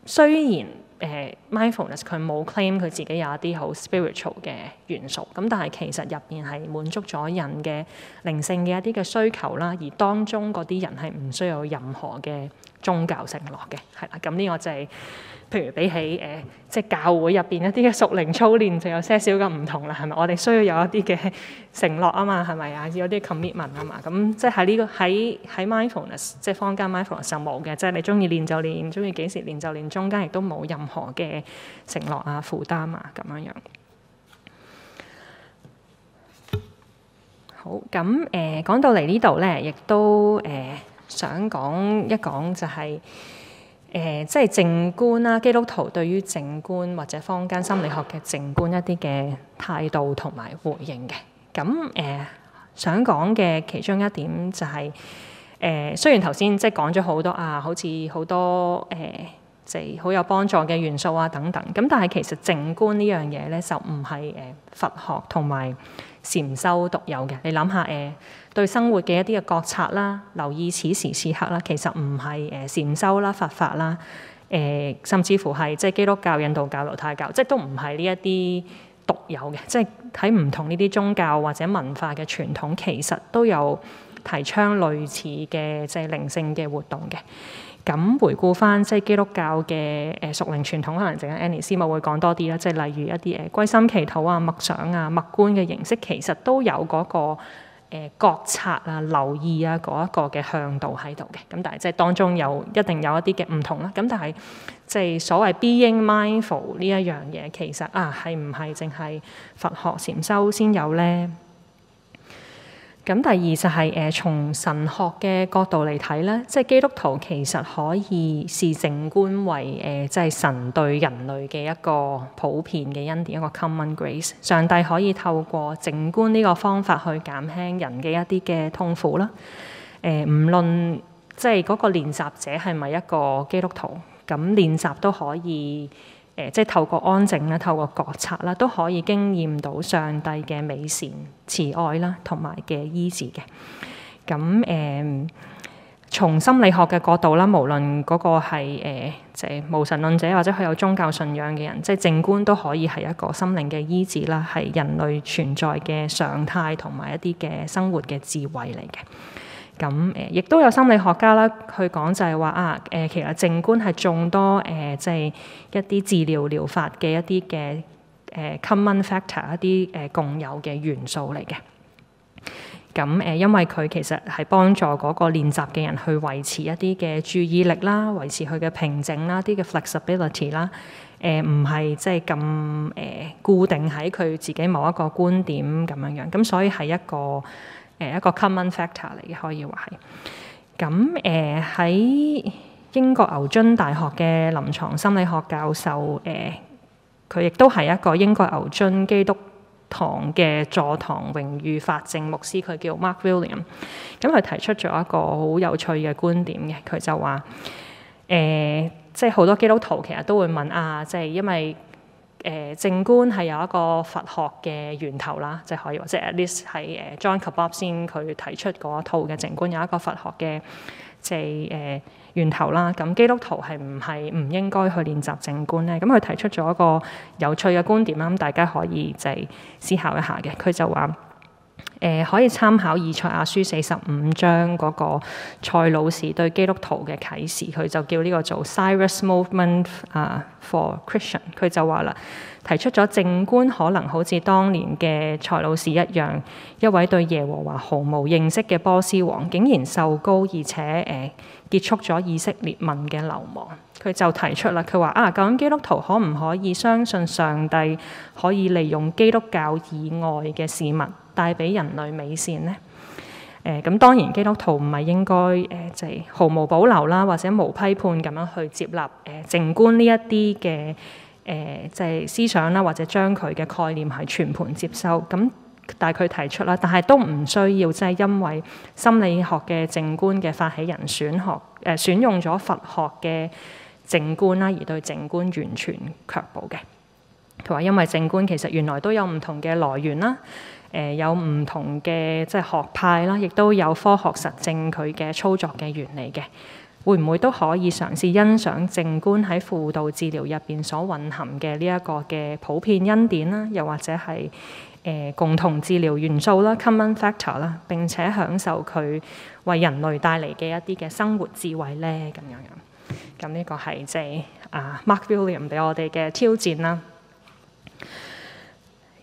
雖然。誒，mindfulness 佢冇 claim 佢自己有一啲好 spiritual 嘅元素，咁但係其實入邊係滿足咗人嘅靈性嘅一啲嘅需求啦，而當中嗰啲人係唔需要任何嘅宗教承諾嘅，係啦，咁呢個就係、是。譬如比起誒，即係教會入邊一啲嘅屬靈操練，就有些少嘅唔同啦，係咪？我哋需要有一啲嘅承諾啊嘛，係咪啊？有啲 commitment 啊嘛。咁即係喺呢個喺喺 mindfulness，即係坊間 mindfulness 就冇嘅，即係你中意練就練，中意幾時練就練，中間亦都冇任何嘅承諾啊負擔啊咁樣樣。好，咁誒、呃、講到嚟呢度咧，亦都誒、呃、想講一講就係、是。誒、呃，即係靜觀啦，基督徒對於靜觀或者坊間心理學嘅靜觀一啲嘅態度同埋回應嘅。咁誒、呃，想講嘅其中一點就係、是、誒、呃，雖然頭先即係講咗好多啊，好似好多誒，即係好有幫助嘅元素啊等等。咁但係其實靜觀呢樣嘢咧，就唔係誒佛學同埋禪修獨有嘅。你諗下誒？呃對生活嘅一啲嘅覺察啦，留意此時此刻啦，其實唔係誒禪修啦、佛法啦，誒、呃、甚至乎係即係基督教、印度教、猶太教，即係都唔係呢一啲獨有嘅。即係喺唔同呢啲宗教或者文化嘅傳統，其實都有提倡類似嘅即係靈性嘅活動嘅。咁回顧翻即係基督教嘅誒屬靈傳統，可能陣間 Annie 師母會講多啲啦。即係例如一啲誒歸心祈禱啊、默想啊、默觀嘅形式，其實都有嗰、嗰個。誒覺察啊、留意啊嗰一個嘅向度喺度嘅，咁但係即係當中有一定有一啲嘅唔同啦。咁但係即係所謂 being mindful 呢一樣嘢，其實啊係唔係淨係佛學禪修先有咧？咁第二就係誒從神學嘅角度嚟睇咧，即係基督徒其實可以視靜觀為誒即係神對人類嘅一個普遍嘅恩典，一個 common grace。上帝可以透過靜觀呢個方法去減輕人嘅一啲嘅痛苦啦。誒、呃，唔論即係嗰個練習者係咪一個基督徒，咁練習都可以。誒、呃，即係透過安靜啦，透過覺察啦，都可以經驗到上帝嘅美善、慈愛啦，同埋嘅醫治嘅。咁誒、呃，從心理學嘅角度啦，無論嗰個係、呃、即係無神論者或者佢有宗教信仰嘅人，即係靜觀都可以係一個心靈嘅醫治啦，係人類存在嘅常態同埋一啲嘅生活嘅智慧嚟嘅。咁誒，亦都有心理學家啦，去講就係話啊，誒、呃，其實靜觀係眾多誒，即、呃、係、就是、一啲治療療法嘅一啲嘅誒 common factor，一啲誒、呃、共有嘅元素嚟嘅。咁誒、呃，因為佢其實係幫助嗰個練習嘅人去維持一啲嘅注意力啦，維持佢嘅平靜啦，啲嘅 flexibility 啦、呃，誒唔係即係咁誒固定喺佢自己某一個觀點咁樣樣，咁所以係一個。誒一個 common factor 嚟嘅，可以話係。咁誒喺英國牛津大學嘅臨床心理學教授誒，佢亦都係一個英國牛津基督堂嘅座堂榮譽法政牧師，佢叫 Mark William。咁佢提出咗一個好有趣嘅觀點嘅，佢就話誒、呃，即係好多基督徒其實都會問啊，即係因為。誒靜觀係有一個佛學嘅源頭啦，即係可以話，即係 at least 喺 John Kabat-Zinn 佢提出嗰一套嘅靜觀有一個佛學嘅即係誒源頭啦。咁基督徒係唔係唔應該去練習靜觀咧？咁佢提出咗一個有趣嘅觀點啦，大家可以就係思考一下嘅。佢就話。誒、呃、可以參考《以賽亞書》四十五章嗰個賽老士對基督徒嘅啟示，佢就叫呢個做 Cyrus Movement 啊，For Christian。佢就話啦，提出咗靜觀可能好似當年嘅蔡老士一樣，一位對耶和華毫無認識嘅波斯王，竟然受膏而且誒、呃、結束咗以色列民嘅流亡。佢就提出啦，佢話啊，究竟基督徒可唔可以相信上帝可以利用基督教以外嘅市民？帶俾人類美善咧，誒、嗯、咁當然基督徒唔係應該誒、呃、就係、是、毫無保留啦，或者無批判咁樣去接納誒、呃、靜觀呢一啲嘅誒就係、是、思想啦，或者將佢嘅概念係全盤接收咁、嗯，但係佢提出啦，但係都唔需要即係、就是、因為心理學嘅靜觀嘅發起人選學誒、呃、選用咗佛學嘅靜觀啦，而對靜觀完全卻步嘅。同埋因為靜觀其實原來都有唔同嘅來源啦。誒、呃、有唔同嘅即係學派啦，亦都有科學實證佢嘅操作嘅原理嘅，會唔會都可以嘗試欣賞靜觀喺輔導治療入邊所蘊含嘅呢一個嘅普遍恩典啦，又或者係誒、呃、共同治療元素啦 （common factor） 啦，並且享受佢為人類帶嚟嘅一啲嘅生活智慧咧，咁樣樣。咁呢個係即係啊 Mark William 俾我哋嘅挑戰啦。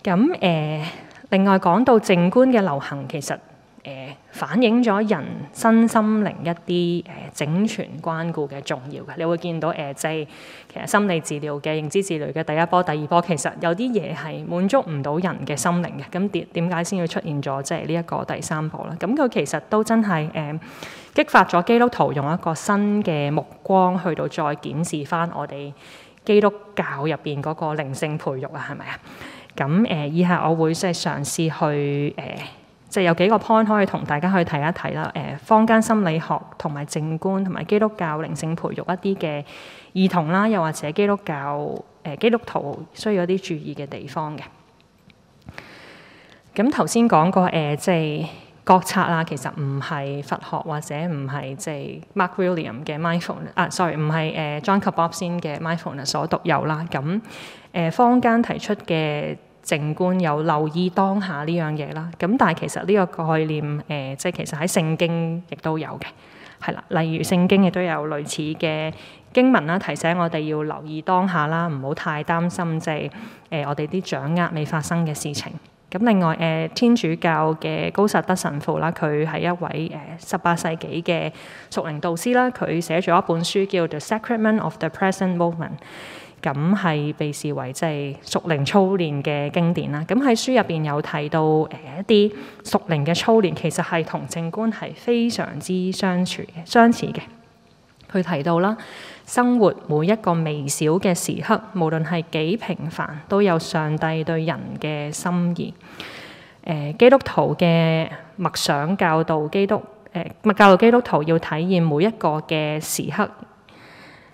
咁誒。呃另外講到靜觀嘅流行，其實誒反映咗人身心靈一啲誒整全關顧嘅重要嘅。你會見到誒即係其實心理治療嘅、認知治療嘅第一波、第二波，其實有啲嘢係滿足唔到人嘅心靈嘅。咁點點解先要出現咗即係呢一個第三波咧？咁佢其實都真係誒激發咗基督徒用一個新嘅目光去到再檢視返我哋基督教入邊嗰個靈性培育啊，係咪啊？咁誒，以下我會即係嘗試去誒、呃，即係有幾個 point 可以同大家去睇一睇啦。誒、呃，坊間心理學同埋靜觀同埋基督教靈性培育一啲嘅兒童啦，又或者基督教誒、呃、基督徒需要一啲注意嘅地方嘅。咁頭先講過誒、呃，即係覺察啊，其實唔係佛學或者唔係即係 Mark William 嘅 mindfulness 啊，sorry，唔係誒 Jon Kabat-Zinn 嘅 mindfulness 所獨有啦。咁、呃誒坊間提出嘅靜觀有留意當下呢樣嘢啦，咁但係其實呢個概念誒、呃，即係其實喺聖經亦都有嘅，係啦，例如聖經亦都有類似嘅經文啦，提醒我哋要留意當下啦，唔好太擔心即係誒我哋啲掌握未發生嘅事情。咁另外誒、呃，天主教嘅高薩德神父啦，佢係一位誒十八世紀嘅屬靈導師啦，佢寫咗一本書叫做《The Sacrament of the Present Moment》。咁係被視為即係屬靈操練嘅經典啦。咁喺書入邊有提到誒一啲屬靈嘅操練，其實係同靜觀係非常之相處相似嘅。佢提到啦，生活每一個微小嘅時刻，無論係幾平凡，都有上帝對人嘅心意。誒，基督徒嘅默想教導，基督誒默教導基督徒要體驗每一個嘅時刻。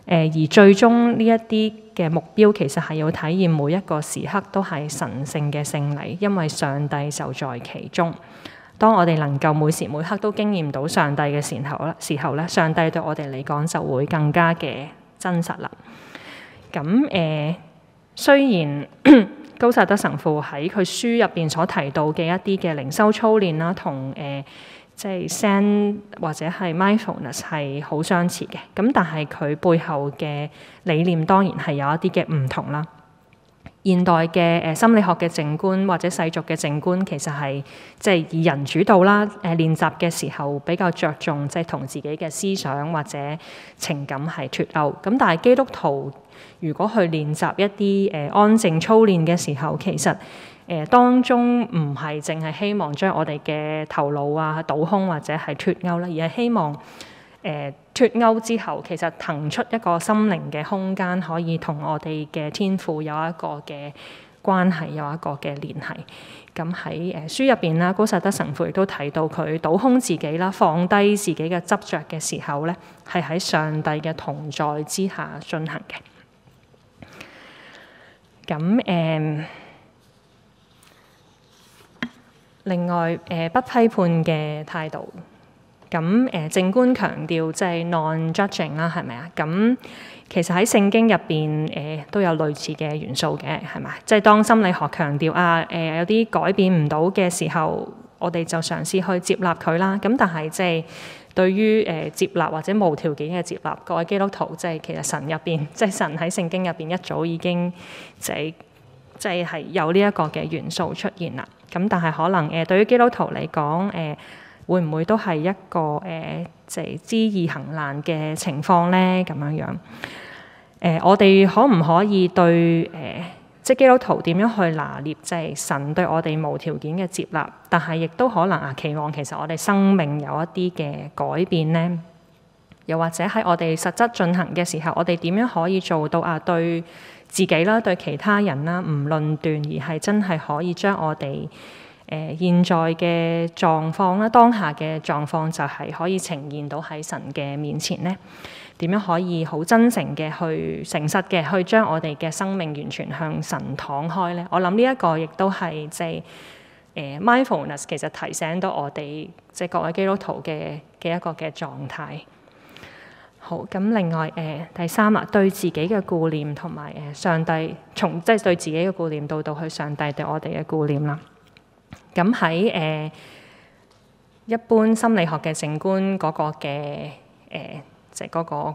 誒而最終呢一啲嘅目標，其實係要體驗每一個時刻都係神聖嘅聖禮，因為上帝就在其中。當我哋能夠每時每刻都經驗到上帝嘅時候咧，時候咧，上帝對我哋嚟講就會更加嘅真實啦。咁誒、呃，雖然 *coughs* 高薩德神父喺佢書入邊所提到嘅一啲嘅靈修操練啦，同、呃、誒。即係聲或者係 mindfulness 係好相似嘅，咁但係佢背後嘅理念當然係有一啲嘅唔同啦。現代嘅誒心理學嘅靜觀或者世俗嘅靜觀其實係即係以人主導啦。誒練習嘅時候比較着重即係同自己嘅思想或者情感係脱鈎。咁但係基督徒如果去練習一啲誒安靜操練嘅時候，其實誒當中唔係淨係希望將我哋嘅頭腦啊倒空或者係脱歐啦，而係希望誒、呃、脱歐之後，其實騰出一個心靈嘅空間，可以同我哋嘅天父有一個嘅關係，有一個嘅聯繫。咁喺誒書入邊啦，高薩德神父亦都提到，佢倒空自己啦，放低自己嘅執着嘅時候咧，係喺上帝嘅同在之下進行嘅。咁誒。嗯另外，誒不批判嘅態度，咁誒靜觀強調即係 nonjudging 啦，係咪啊？咁其實喺聖經入邊，誒、呃、都有類似嘅元素嘅，係咪？即、就、係、是、當心理學強調啊，誒、呃、有啲改變唔到嘅時候，我哋就嘗試去接納佢啦。咁但係即係對於誒、呃、接納或者無條件嘅接納，各位基督徒即係、就是、其實神入邊，即、就、係、是、神喺聖經入邊一早已經即係即係有呢一個嘅元素出現啦。咁但係可能誒對於基督徒嚟講，誒會唔會都係一個誒即係知易行難嘅情況咧？咁樣樣誒、呃、我哋可唔可以對誒、呃、即係基督徒點樣去拿捏，即係神對我哋無條件嘅接納，但係亦都可能啊期望其實我哋生命有一啲嘅改變咧，又或者喺我哋實質進行嘅時候，我哋點樣可以做到啊對？自己啦，對其他人啦，唔論斷而係真係可以將我哋誒、呃、現在嘅狀況啦，當下嘅狀況就係可以呈現到喺神嘅面前咧。點樣可以好真誠嘅去誠實嘅去將我哋嘅生命完全向神敞開咧？我諗呢一個亦都係、就、即、是、係誒、呃、mindfulness 其實提醒到我哋即係各位基督徒嘅嘅一個嘅狀態。好咁，另外誒、呃、第三啊，對自己嘅顧念，同埋誒上帝從即係對自己嘅顧念，到到去上帝對我哋嘅顧念啦。咁喺誒一般心理學嘅聖觀嗰個嘅誒，即係嗰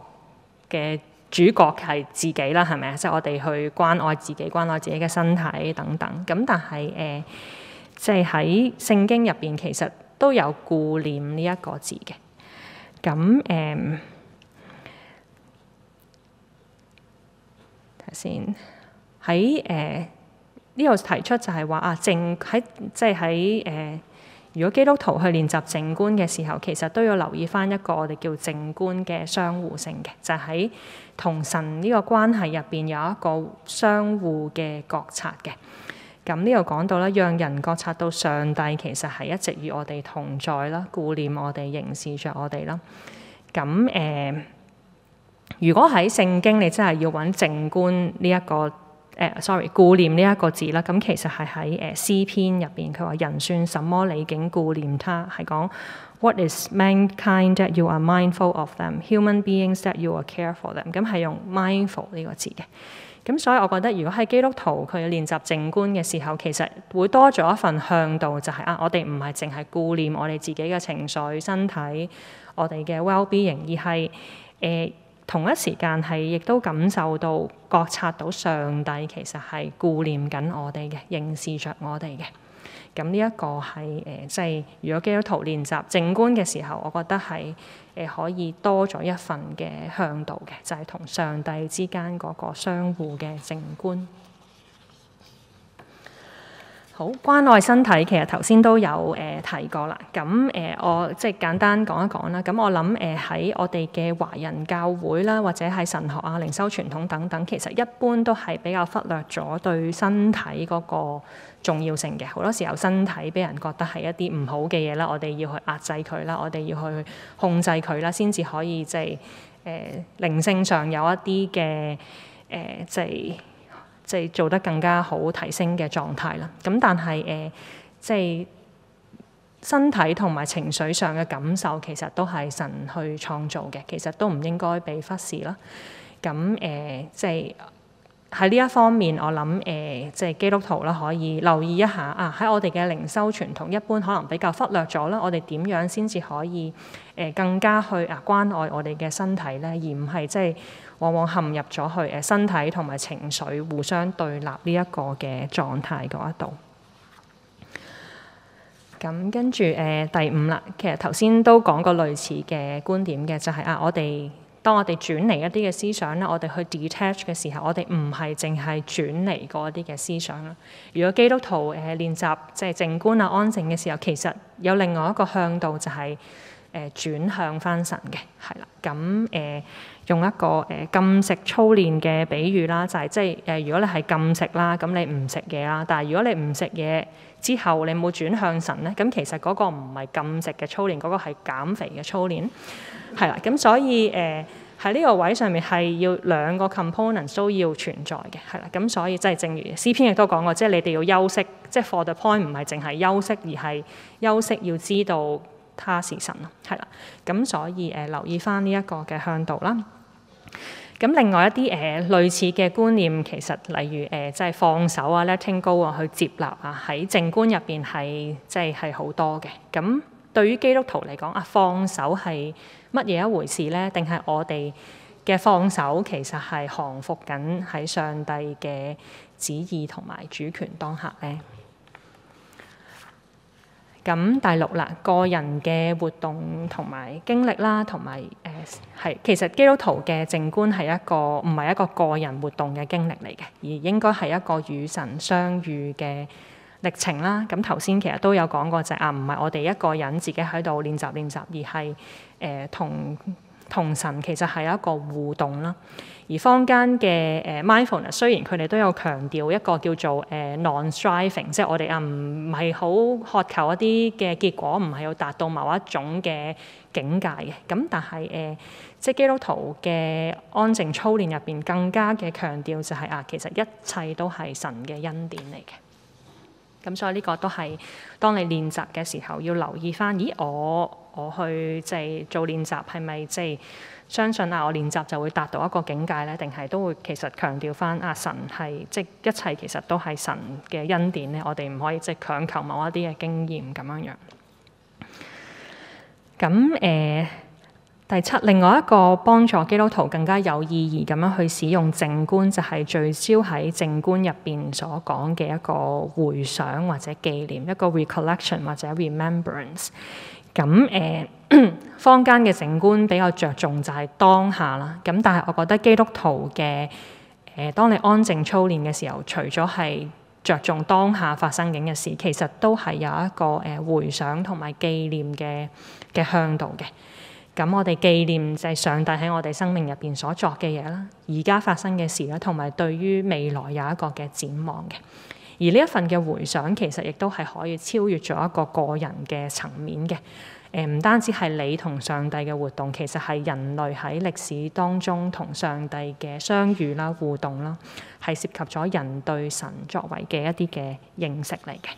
嘅主角係自己啦，係咪啊？即、就、係、是、我哋去關愛自己，關愛自己嘅身體等等。咁但係誒，即係喺聖經入邊，其實都有顧念呢一個字嘅咁誒。先喺誒呢度提出就係話啊，靜喺即係喺誒，如果基督徒去練習靜觀嘅時候，其實都要留意返一個我哋叫靜觀嘅相互性嘅，就喺、是、同神呢個關係入邊有一個相互嘅覺察嘅。咁呢度講到啦，讓人覺察到上帝其實係一直與我哋同在啦，顧念我哋，凝視著我哋啦。咁誒。呃如果喺聖經，你真係要揾靜觀呢一個誒、呃、，sorry 顧念呢一個字啦。咁、嗯、其實係喺誒詩篇入邊，佢話人算什麼理，你竟顧念他，係講 What is mankind that you are mindful of them? Human beings that you are care for them？咁係、嗯、用 mindful 呢個字嘅。咁、嗯、所以我覺得，如果喺基督徒佢練習靜觀嘅時候，其實會多咗一份向度，就係、是、啊，我哋唔係淨係顧念我哋自己嘅情緒、身體、我哋嘅 well being，而係誒。呃同一時間係亦都感受到、覺察到上帝其實係顧念緊我哋嘅、凝視着我哋嘅。咁呢一個係誒、呃，即係如果基督徒練習靜觀嘅時候，我覺得係誒、呃、可以多咗一份嘅向度嘅，就係、是、同上帝之間嗰個相互嘅靜觀。好關愛身體，其實頭先都有誒、呃、提過啦。咁、嗯、誒、呃，我即係簡單講一講啦。咁、嗯、我諗誒，喺、呃、我哋嘅華人教會啦，或者係神學啊、靈修傳統等等，其實一般都係比較忽略咗對身體嗰個重要性嘅。好多時候身體俾人覺得係一啲唔好嘅嘢啦，我哋要去壓制佢啦，我哋要去控制佢啦，先至可以即係誒靈性上有一啲嘅誒即係。即係做得更加好、提升嘅狀態啦。咁但係誒、呃，即係身體同埋情緒上嘅感受其，其實都係神去創造嘅，其實都唔應該被忽視啦。咁誒、呃，即係喺呢一方面，我諗誒、呃，即係基督徒啦，可以留意一下啊。喺我哋嘅靈修傳統，一般可能比較忽略咗啦。我哋點樣先至可以誒、呃、更加去啊關愛我哋嘅身體呢？而唔係即係。往往陷入咗去誒身體同埋情緒互相對立呢一個嘅狀態嗰一度。咁跟住誒、呃、第五啦，其實頭先都講過類似嘅觀點嘅，就係、是、啊，我哋當我哋轉嚟一啲嘅思想啦，我哋去 detach 嘅時候，我哋唔係淨係轉嚟嗰啲嘅思想啦。如果基督徒誒練習即係靜觀啊、安靜嘅時候，其實有另外一個向度就係誒轉向返神嘅，係啦。咁誒。呃用一個誒禁食操練嘅比喻啦，就係即係誒，如果你係禁食啦，咁你唔食嘢啦。但係如果你唔食嘢之後，你有冇轉向神咧？咁其實嗰個唔係禁食嘅操練，嗰個係減肥嘅操練，係啦。咁所以誒喺呢個位上面係要兩個 component 都要存在嘅，係啦。咁所以即係正如詩篇亦都講過，即係你哋要休息，即係 for the point 唔係淨係休息，而係休息要知道他是神啊，係啦。咁所以誒留意返呢一個嘅向度啦。咁另外一啲誒、呃、類似嘅觀念，其實例如誒、呃、即係放手啊 Letting Go 啊去接納啊喺靜觀入邊係即係係好多嘅。咁對於基督徒嚟講啊，放手係乜嘢一回事呢？定係我哋嘅放手其實係降服緊喺上帝嘅旨意同埋主權當下呢？咁第六啦，個人嘅活動同埋經歷啦，同埋誒係其實基督徒嘅靜觀係一個唔係一個個人活動嘅經歷嚟嘅，而應該係一個與神相遇嘅歷程啦。咁頭先其實都有講過就係、是、啊，唔係我哋一個人自己喺度練習練習，而係誒、呃、同同神其實係一個互動啦。而坊間嘅誒 mindfulness 啊，雖然佢哋都有強調一個叫做誒 non-striving 即係我哋啊唔係好渴求一啲嘅結果，唔係要達到某一種嘅境界嘅。咁但係誒、呃，即係基督徒嘅安靜操練入邊，更加嘅強調就係、是、啊，其實一切都係神嘅恩典嚟嘅。咁所以呢個都係當你練習嘅時候要留意翻，咦我。我去即係做練習，係咪即係相信啊？我練習就會達到一個境界咧，定係都會其實強調翻阿、啊、神係即、就係、一切，其實都係神嘅恩典咧。我哋唔可以即係強求某一啲嘅經驗咁樣樣。咁誒、呃，第七，另外一個幫助基督徒更加有意義咁樣去使用靜觀，就係、係、聚焦喺靜觀入邊所講嘅一個回想或者紀念，一個 recollection 或者 remembrance。咁誒，坊間嘅靜觀比較着重就係當下啦。咁但係我覺得基督徒嘅誒，當你安靜操練嘅時候，除咗係着重當下發生緊嘅事，其實都係有一個誒回想同埋紀念嘅嘅向度嘅。咁我哋紀念就係上帝喺我哋生命入邊所作嘅嘢啦，而家發生嘅事啦，同埋對於未來有一個嘅展望嘅。而呢一份嘅回想，其實亦都係可以超越咗一個個人嘅層面嘅。誒，唔單止係你同上帝嘅活動，其實係人類喺歷史當中同上帝嘅相遇啦、互動啦，係涉及咗人對神作為嘅一啲嘅認識嚟嘅。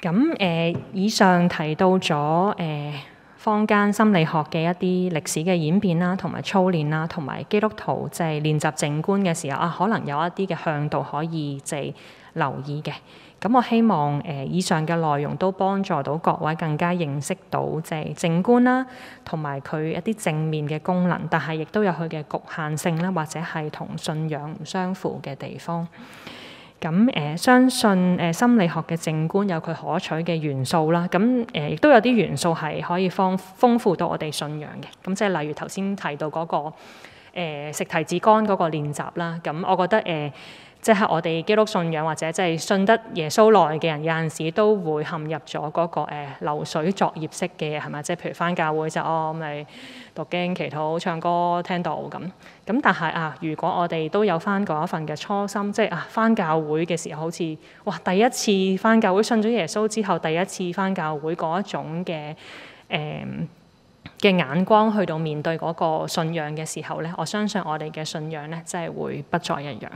咁誒、呃，以上提到咗誒。呃坊間心理學嘅一啲歷史嘅演變啦，同埋操練啦，同埋基督徒即係練習靜觀嘅時候啊，可能有一啲嘅向度可以就係留意嘅。咁我希望誒、呃、以上嘅內容都幫助到各位更加認識到即係靜觀啦，同埋佢一啲正面嘅功能，但係亦都有佢嘅局限性啦，或者係同信仰唔相符嘅地方。咁誒、呃、相信誒、呃、心理學嘅靜觀有佢可取嘅元素啦，咁誒亦都有啲元素係可以豐豐富到我哋信仰嘅，咁、嗯、即係例如頭先提到嗰、那個、呃、食提子乾嗰個練習啦，咁、嗯、我覺得誒。呃即係我哋基督信仰或者即係信得耶穌耐嘅人，有陣時都會陷入咗嗰個誒流水作業式嘅係咪？即係譬如翻教會就、哦、我咪讀經、祈禱、唱歌、聽到咁。咁但係啊，如果我哋都有翻嗰一份嘅初心，即係啊翻教會嘅時候，好似哇第一次翻教會信咗耶穌之後，第一次翻教會嗰一種嘅誒嘅眼光去到面對嗰個信仰嘅時候咧，我相信我哋嘅信仰咧真係會不再一樣。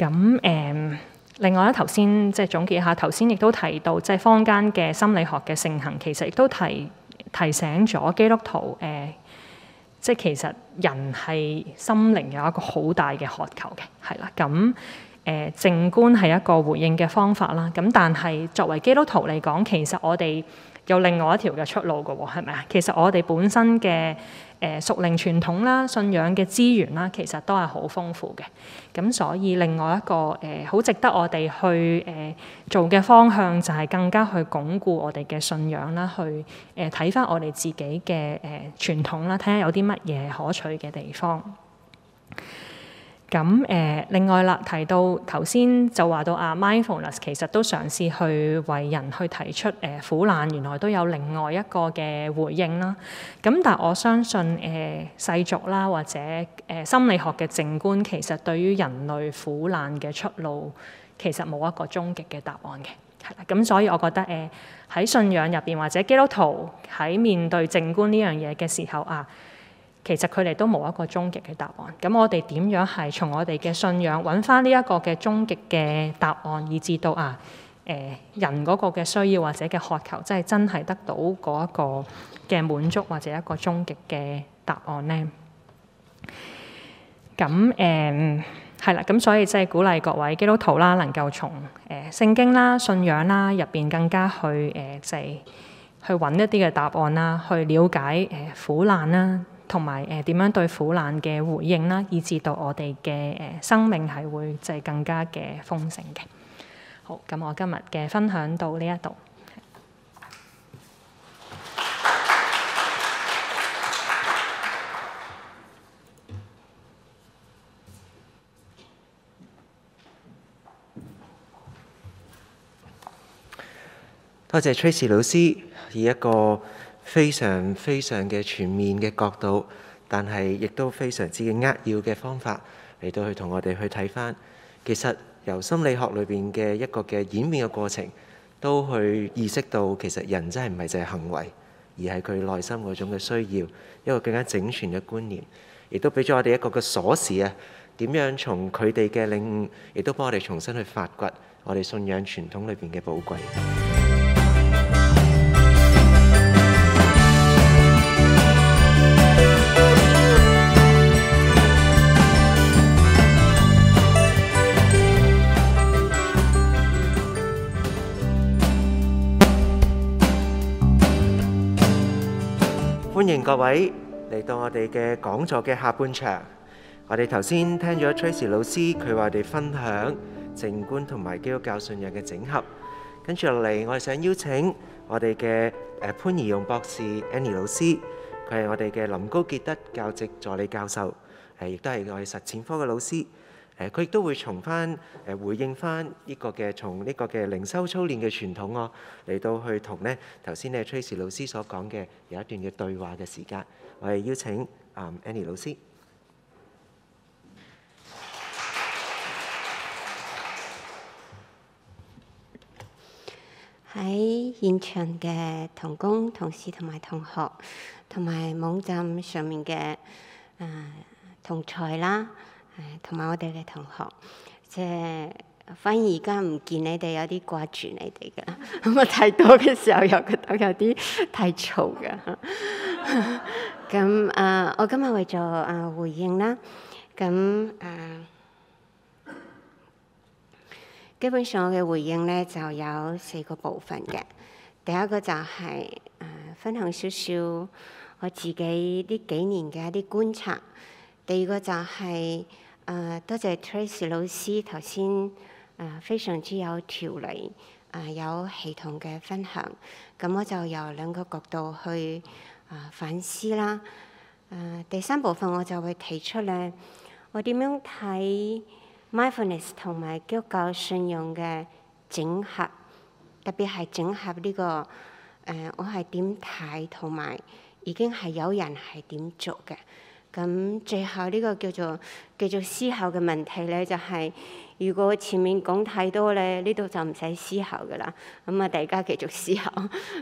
咁誒、嗯，另外咧，頭先即係總結一下，頭先亦都提到，即係坊間嘅心理學嘅盛行，其實亦都提提醒咗基督徒誒、呃，即係其實人係心靈有一個好大嘅渴求嘅，係啦。咁誒，靜觀係一個回應嘅方法啦。咁但係作為基督徒嚟講，其實我哋有另外一條嘅出路嘅喎，係咪啊？其實我哋本身嘅。誒屬靈傳統啦、信仰嘅資源啦，其實都係好豐富嘅。咁所以另外一個誒好、呃、值得我哋去誒、呃、做嘅方向，就係更加去鞏固我哋嘅信仰啦，去誒睇翻我哋自己嘅誒、呃、傳統啦，睇下有啲乜嘢可取嘅地方。咁誒，另外啦，提到頭先就話到啊，Mindfulness 呢，其實都嘗試去為人去提出誒苦難原來都有另外一個嘅回應啦。咁，但我相信誒世俗啦，或者誒心理學嘅靜觀，其實對於人類苦難嘅出路，其實冇一個終極嘅答案嘅。係啦，咁所以我覺得誒喺信仰入邊或者基督徒喺面對靜觀呢樣嘢嘅時候啊。其實佢哋都冇一個終極嘅答案。咁我哋點樣係從我哋嘅信仰揾返呢一個嘅終極嘅答案，以致到啊誒、呃、人嗰個嘅需要或者嘅渴求，即係真係得到嗰一個嘅滿足或者一個終極嘅答案呢？咁誒係啦。咁、嗯、所以即係鼓勵各位基督徒啦，能夠從誒聖經啦、信仰啦入邊更加去誒，即、呃、係、就是、去揾一啲嘅答案啦，去了解誒、呃、苦難啦。同埋誒點樣對苦難嘅回應啦，以至到我哋嘅誒生命係會就係更加嘅豐盛嘅。好，咁我今日嘅分享到呢一度。多謝 Tracy 老師以一個。非常非常嘅全面嘅角度，但係亦都非常之嘅扼要嘅方法嚟到去同我哋去睇翻，其實由心理學裏邊嘅一個嘅演變嘅過程，都去意識到其實人真係唔係淨係行為，而係佢內心嗰種嘅需要，一個更加整全嘅觀念，亦都俾咗我哋一個嘅鎖匙啊，點樣從佢哋嘅領悟，亦都幫我哋重新去發掘我哋信仰傳統裏邊嘅寶貴。歡迎各位嚟到我哋嘅講座嘅下半場。我哋頭先聽咗 Tracey 老師佢話哋分享靜觀同埋基督教信仰嘅整合，跟住落嚟我哋想邀請我哋嘅誒潘怡容博士 Annie 老師，佢係我哋嘅林高傑德教席助理教授，誒亦都係我哋實踐科嘅老師。誒佢亦都會重翻誒回應翻呢個嘅從呢個嘅靈修操練嘅傳統哦，嚟到去同咧頭先咧 Tracey 老師所講嘅有一段嘅對話嘅時間。我哋邀請啊 Annie 老師喺現場嘅同工、同事同埋同學，同埋網站上面嘅誒、呃、同才啦。同埋我哋嘅同學，即係反而而家唔見你哋，有啲掛住你哋㗎，咁 *laughs* 啊太多嘅時候又覺得有啲太嘈㗎。咁 *laughs* 啊、呃，我今日為咗啊回應啦，咁啊、呃，基本上我嘅回應咧就有四個部分嘅。第一個就係、是、啊、呃、分享少少我自己呢幾年嘅一啲觀察。第二個就係、是。誒多謝 Trace 老師頭先誒非常之有條理誒有系統嘅分享，咁我就由兩個角度去誒反思啦。誒、呃、第三部分我就會提出咧，我點樣睇 mindfulness 同埋基督教信仰嘅整合，特別係整合呢、這個誒、呃、我係點睇同埋已經係有人係點做嘅。咁最後呢個叫做繼續思考嘅問題呢，就係、是、如果前面講太多呢，呢度就唔使思考嘅啦。咁啊，大家繼續思考。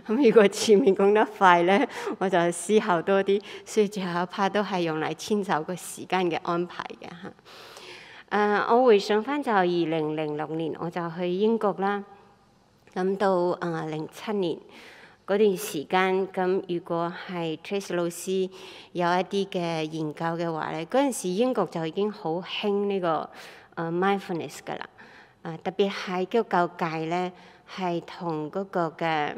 咁 *laughs* 如果前面講得快呢，我就思考多啲。所以最後怕都係用嚟遷就個時間嘅安排嘅嚇。誒、啊，我回想翻就二零零六年我就去英國啦，咁到誒零七年，嗰段時間，咁如果係 Trace 老師有一啲嘅研究嘅話咧，嗰陣時英國就已經好興呢個誒 mindfulness 噶啦，誒、呃呃、特別係基督教界咧，係同嗰個嘅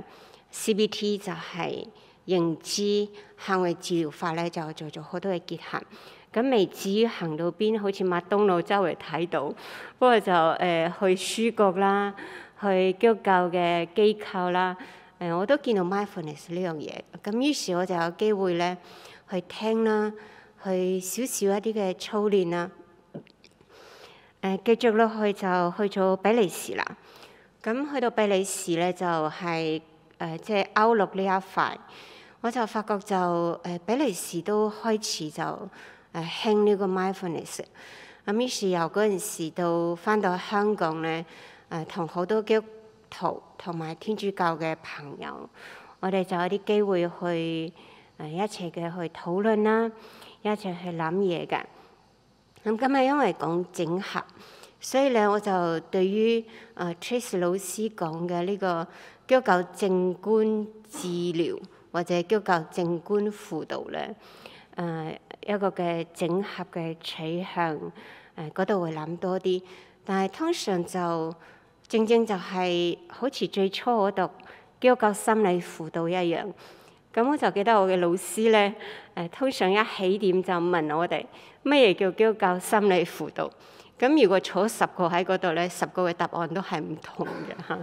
CBT 就係認知行為治療法咧，就做咗好多嘅結合。咁未至於行到邊，好似麥當勞周圍睇到，不過就誒、呃、去書局啦，去基督教嘅機構啦。誒，我都見到 mindfulness 呢樣嘢，咁於是我就有機會咧去聽啦，去少少一啲嘅操練啦。誒、呃，繼續落去就去咗比利時啦。咁去到比利時咧就係、是、誒、呃、即係歐陸呢一塊，我就發覺就誒、呃、比利時都開始就誒興呢個 mindfulness。咁於是由嗰陣時到返到香港咧，誒同好多嘅。同同埋天主教嘅朋友，我哋就有啲機會去誒、呃、一齊嘅去討論啦，一齊去諗嘢嘅。咁、嗯、今日因為講整合，所以咧我就對於誒、呃、Trace 老師講嘅呢、呢個基督教靜觀治療或者基督教靜觀輔導咧誒、呃、一個嘅整合嘅取向誒嗰度會諗多啲，但係通常就。正正就係好似最初嗰度基督教心理輔導一樣，咁我就記得我嘅老師咧，誒通常一起點就問我哋乜嘢叫基督教心理輔導，咁如果坐十個喺嗰度咧，十個嘅答案都係唔同嘅嚇。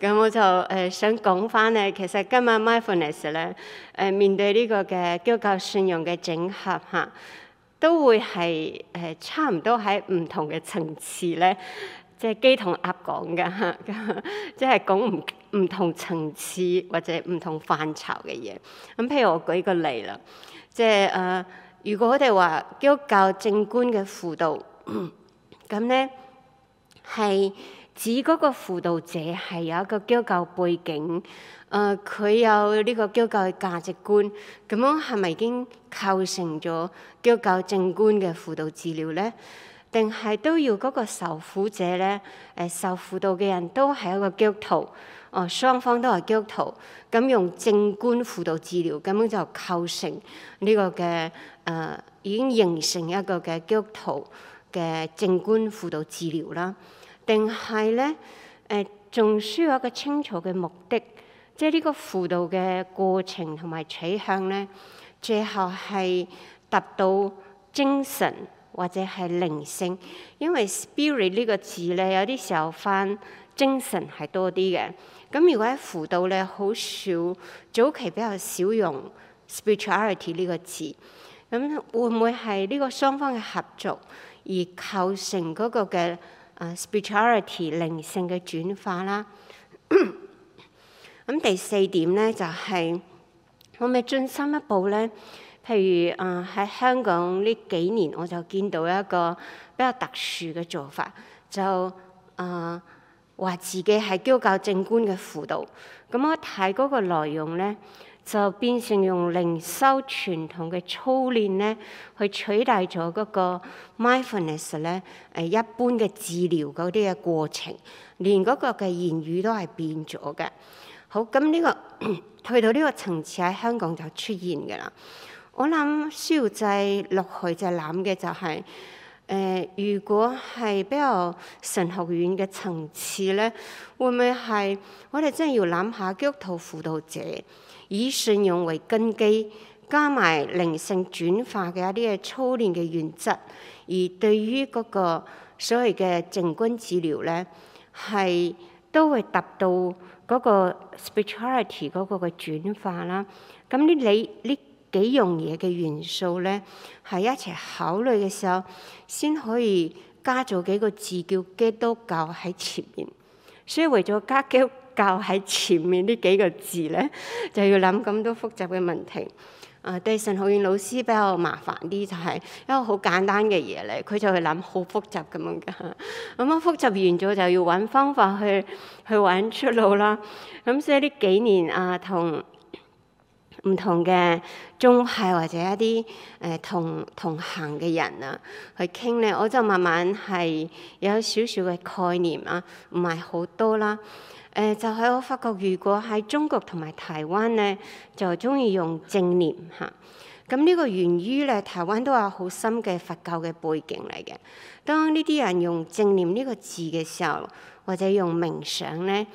咁我就誒想講翻咧，其實今日 Mindfulness 咧，誒面對呢個嘅基督教信仰嘅整合嚇，都會係誒差唔多喺唔同嘅層次咧。即係雞同鴨講嘅，即係講唔唔同層次或者唔同範疇嘅嘢。咁、嗯、譬如我舉個例啦，即係誒、呃，如果我哋話基督教靜觀嘅輔導，咁咧係指嗰個輔導者係有一個基督教背景，誒、呃、佢有呢個基督教價值觀，咁樣係咪已經構成咗基督教靜觀嘅輔導治療咧？定係都要嗰個受苦者咧，誒，受輔導嘅人都係一個基督徒，哦，雙方都係基督徒。咁、呃、用靜觀輔導治療，咁樣就構成呢個嘅誒、呃、已經形成一個嘅基督徒嘅靜觀輔導治療啦。定係咧，誒，仲、呃、需要一個清楚嘅目的，即係呢個輔導嘅過程同埋取向咧，最後係達到精神。或者係靈性，因為 spirit 呢個字咧，有啲時候翻精神係多啲嘅。咁如果喺輔導咧，好少早期比較少用 spirituality 呢個字。咁會唔會係呢個雙方嘅合作而構成嗰個嘅啊 spirituality 靈性嘅轉化啦？咁 *coughs* 第四點咧就係、是、我咪進深一步咧？譬如誒喺、呃、香港呢幾年，我就見到一個比較特殊嘅做法，就誒話、呃、自己係基督教，教靜觀嘅輔導。咁我睇嗰個內容呢，就變成用靈修傳統嘅操練呢，去取代咗嗰個 mindfulness 咧誒一般嘅治療嗰啲嘅過程，連嗰個嘅言語都係變咗嘅。好咁呢、這個 *coughs* 去到呢個層次喺香港就出現嘅啦。我諗需要落去再諗嘅就係、就是，誒、呃，如果係比較神學院嘅層次咧，會唔會係我哋真係要諗下基督徒輔導者以信用為根基，加埋靈性轉化嘅一啲嘅操練嘅原則，而對於嗰個所謂嘅靜觀治療咧，係都會達到嗰個 spirituality 嗰個嘅轉化啦。咁呢？你呢？幾樣嘢嘅元素咧，係一齊考慮嘅時候，先可以加咗幾個字叫基督教喺前面。所以為咗加基督教喺前面呢幾個字咧，就要諗咁多複雜嘅問題。啊，對神學院老師比較麻煩啲，就係一個好簡單嘅嘢嚟，佢就會諗好複雜咁樣噶。咁啊，複雜完咗就要揾方法去去揾出路啦。咁、啊、所以呢幾年啊，同。唔同嘅宗派或者一啲誒、呃、同同行嘅人啊，去傾咧，我就慢慢係有少少嘅概念啊，唔係好多啦。誒、呃，就係我發覺，如果喺中國同埋台灣咧，就鍾意用正念嚇、啊。咁呢個源於咧，台灣都有好深嘅佛教嘅背景嚟嘅。當呢啲人用正念呢個字嘅時候，或者用冥想咧，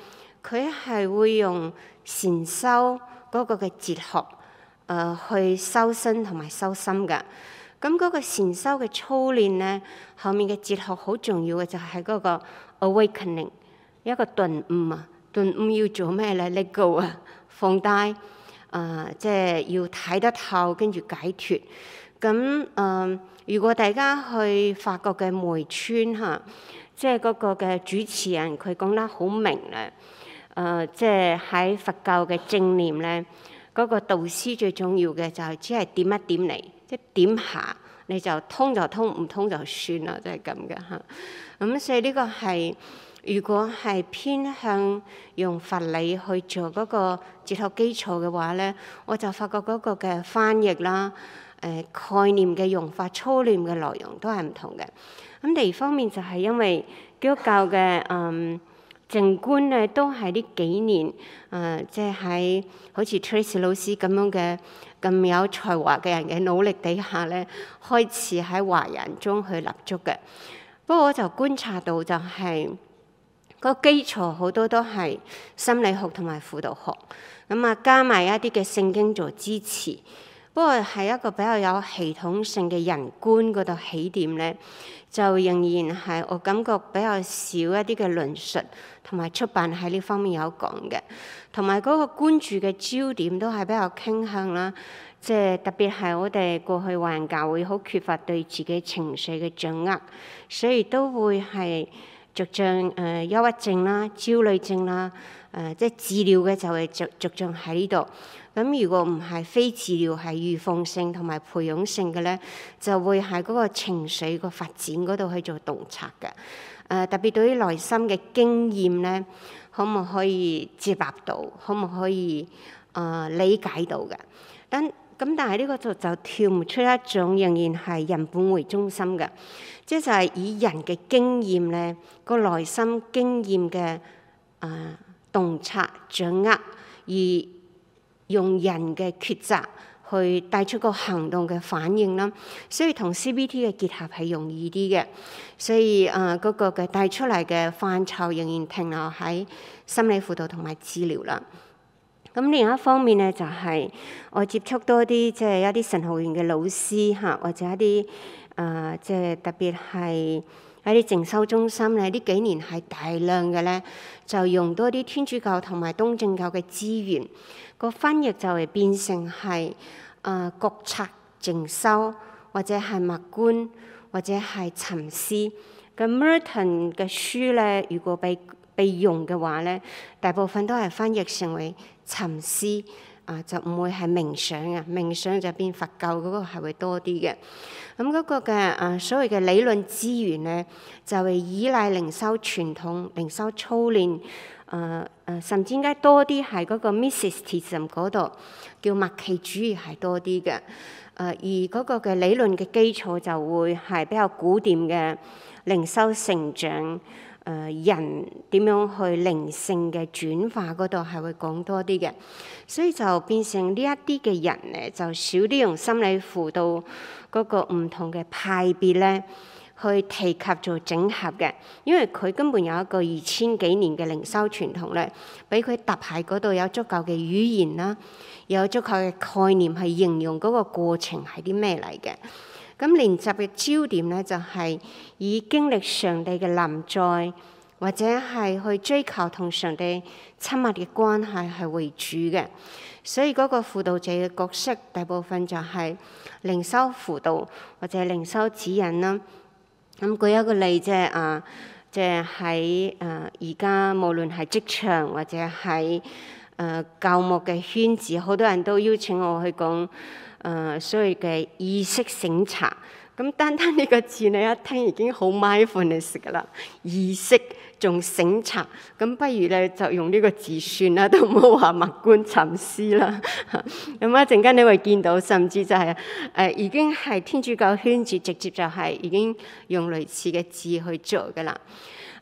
佢係會用禪修。嗰個嘅哲學，誒、呃、去修身同埋修心嘅，咁嗰個禪修嘅操練咧，後面嘅哲學好重要嘅就係嗰個 awakening，一個頓悟啊，頓悟要做咩咧？Let go 啊，放、呃、低，誒即係要睇得透，跟住解脫。咁誒、呃，如果大家去法國嘅梅村嚇，即係嗰個嘅主持人佢講得好明咧。誒，即係喺佛教嘅正念咧，嗰、那個導師最重要嘅就係只係點一點嚟，即、就、係、是、點下你就通就通，唔通就算啦，即係咁嘅嚇。咁、嗯、所以呢個係如果係偏向用佛理去做嗰個哲學基礎嘅話咧，我就發覺嗰個嘅翻譯啦、誒、呃、概念嘅用法、操練嘅內容都係唔同嘅。咁、嗯、第二方面就係因為基督教嘅嗯。靜觀咧都係呢幾年，誒、呃、即係喺好似 Tracy 老師咁樣嘅咁有才華嘅人嘅努力底下咧，開始喺華人中去立足嘅。不過我就觀察到就係、是這個基礎好多都係心理學同埋輔導學，咁啊加埋一啲嘅聖經做支持。不過係一個比較有系統性嘅人觀嗰度起點咧。就仍然係我感覺比較少一啲嘅論述同埋出版喺呢方面有講嘅，同埋嗰個關注嘅焦點都係比較傾向啦，即係特別係我哋過去華人教會好缺乏對自己情緒嘅掌握，所以都會係逐漸誒憂鬱症啦、焦慮症啦。誒、呃，即係治療嘅就係著著重喺呢度。咁如果唔係非治療係預防性同埋培養性嘅咧，就會喺嗰個情緒個發展嗰度去做洞察嘅。誒、呃，特別對於內心嘅經驗咧，可唔可以接納到？可唔可以誒、呃、理解到嘅？但咁，但係呢個就就跳唔出一種仍然係人本為中心嘅，即係就係以人嘅經驗咧、個內心經驗嘅誒。呃洞察掌握，而用人嘅抉擇去帶出個行動嘅反應啦，所以同 CBT 嘅結合係容易啲嘅，所以誒個嘅帶出嚟嘅範疇仍然停留喺心理輔導同埋治療啦。咁另一方面咧就係、是、我接觸多啲即係一啲、就是、神學院嘅老師吓，或者一啲誒即係特別係。喺啲靜修中心咧，呢幾年係大量嘅咧，就用多啲天主教同埋東正教嘅資源，個翻譯就係變成係啊、呃、國策靜修，或者係默觀，或者係沉思。咁 Merton 嘅書咧，如果被被用嘅話咧，大部分都係翻譯成為沉思。啊，就唔會係冥想嘅，冥想就變佛教嗰個係會多啲嘅。咁、嗯、嗰、那個嘅啊，所謂嘅理論資源咧，就係依賴靈修傳統、靈修操練。誒、啊、誒、啊，甚至應該多啲係嗰個 Mysticism 嗰度叫默契主義係多啲嘅。誒、啊、而嗰個嘅理論嘅基礎就會係比較古典嘅靈修成長。誒、呃、人點樣去靈性嘅轉化嗰度係會講多啲嘅，所以就變成一呢一啲嘅人咧，就少啲用心理輔導嗰個唔同嘅派別咧，去提及做整合嘅，因為佢根本有一個二千幾年嘅靈修傳統咧，俾佢搭喺嗰度有足夠嘅語言啦、啊，有足夠嘅概念去形容嗰個過程係啲咩嚟嘅。咁練習嘅焦點呢，就係、是、以經歷上帝嘅臨在，或者係去追求同上帝親密嘅關係係為主嘅。所以嗰個輔導者嘅角色，大部分就係靈修輔導或者靈修指引啦。咁、嗯、舉一個例，即係啊，即係喺誒而家無論係職場或者喺誒、呃、教牧嘅圈子，好多人都邀請我去講。誒，所謂嘅意識省察，咁單單呢個字你一聽已經好 mindfulness 啦，意識仲省察，咁不如咧就用呢個字算啦，都唔好話默觀沉思啦。咁一陣間你會見到，甚至就係、是、誒、呃、已經係天主教圈子直接就係已經用類似嘅字去做嘅啦。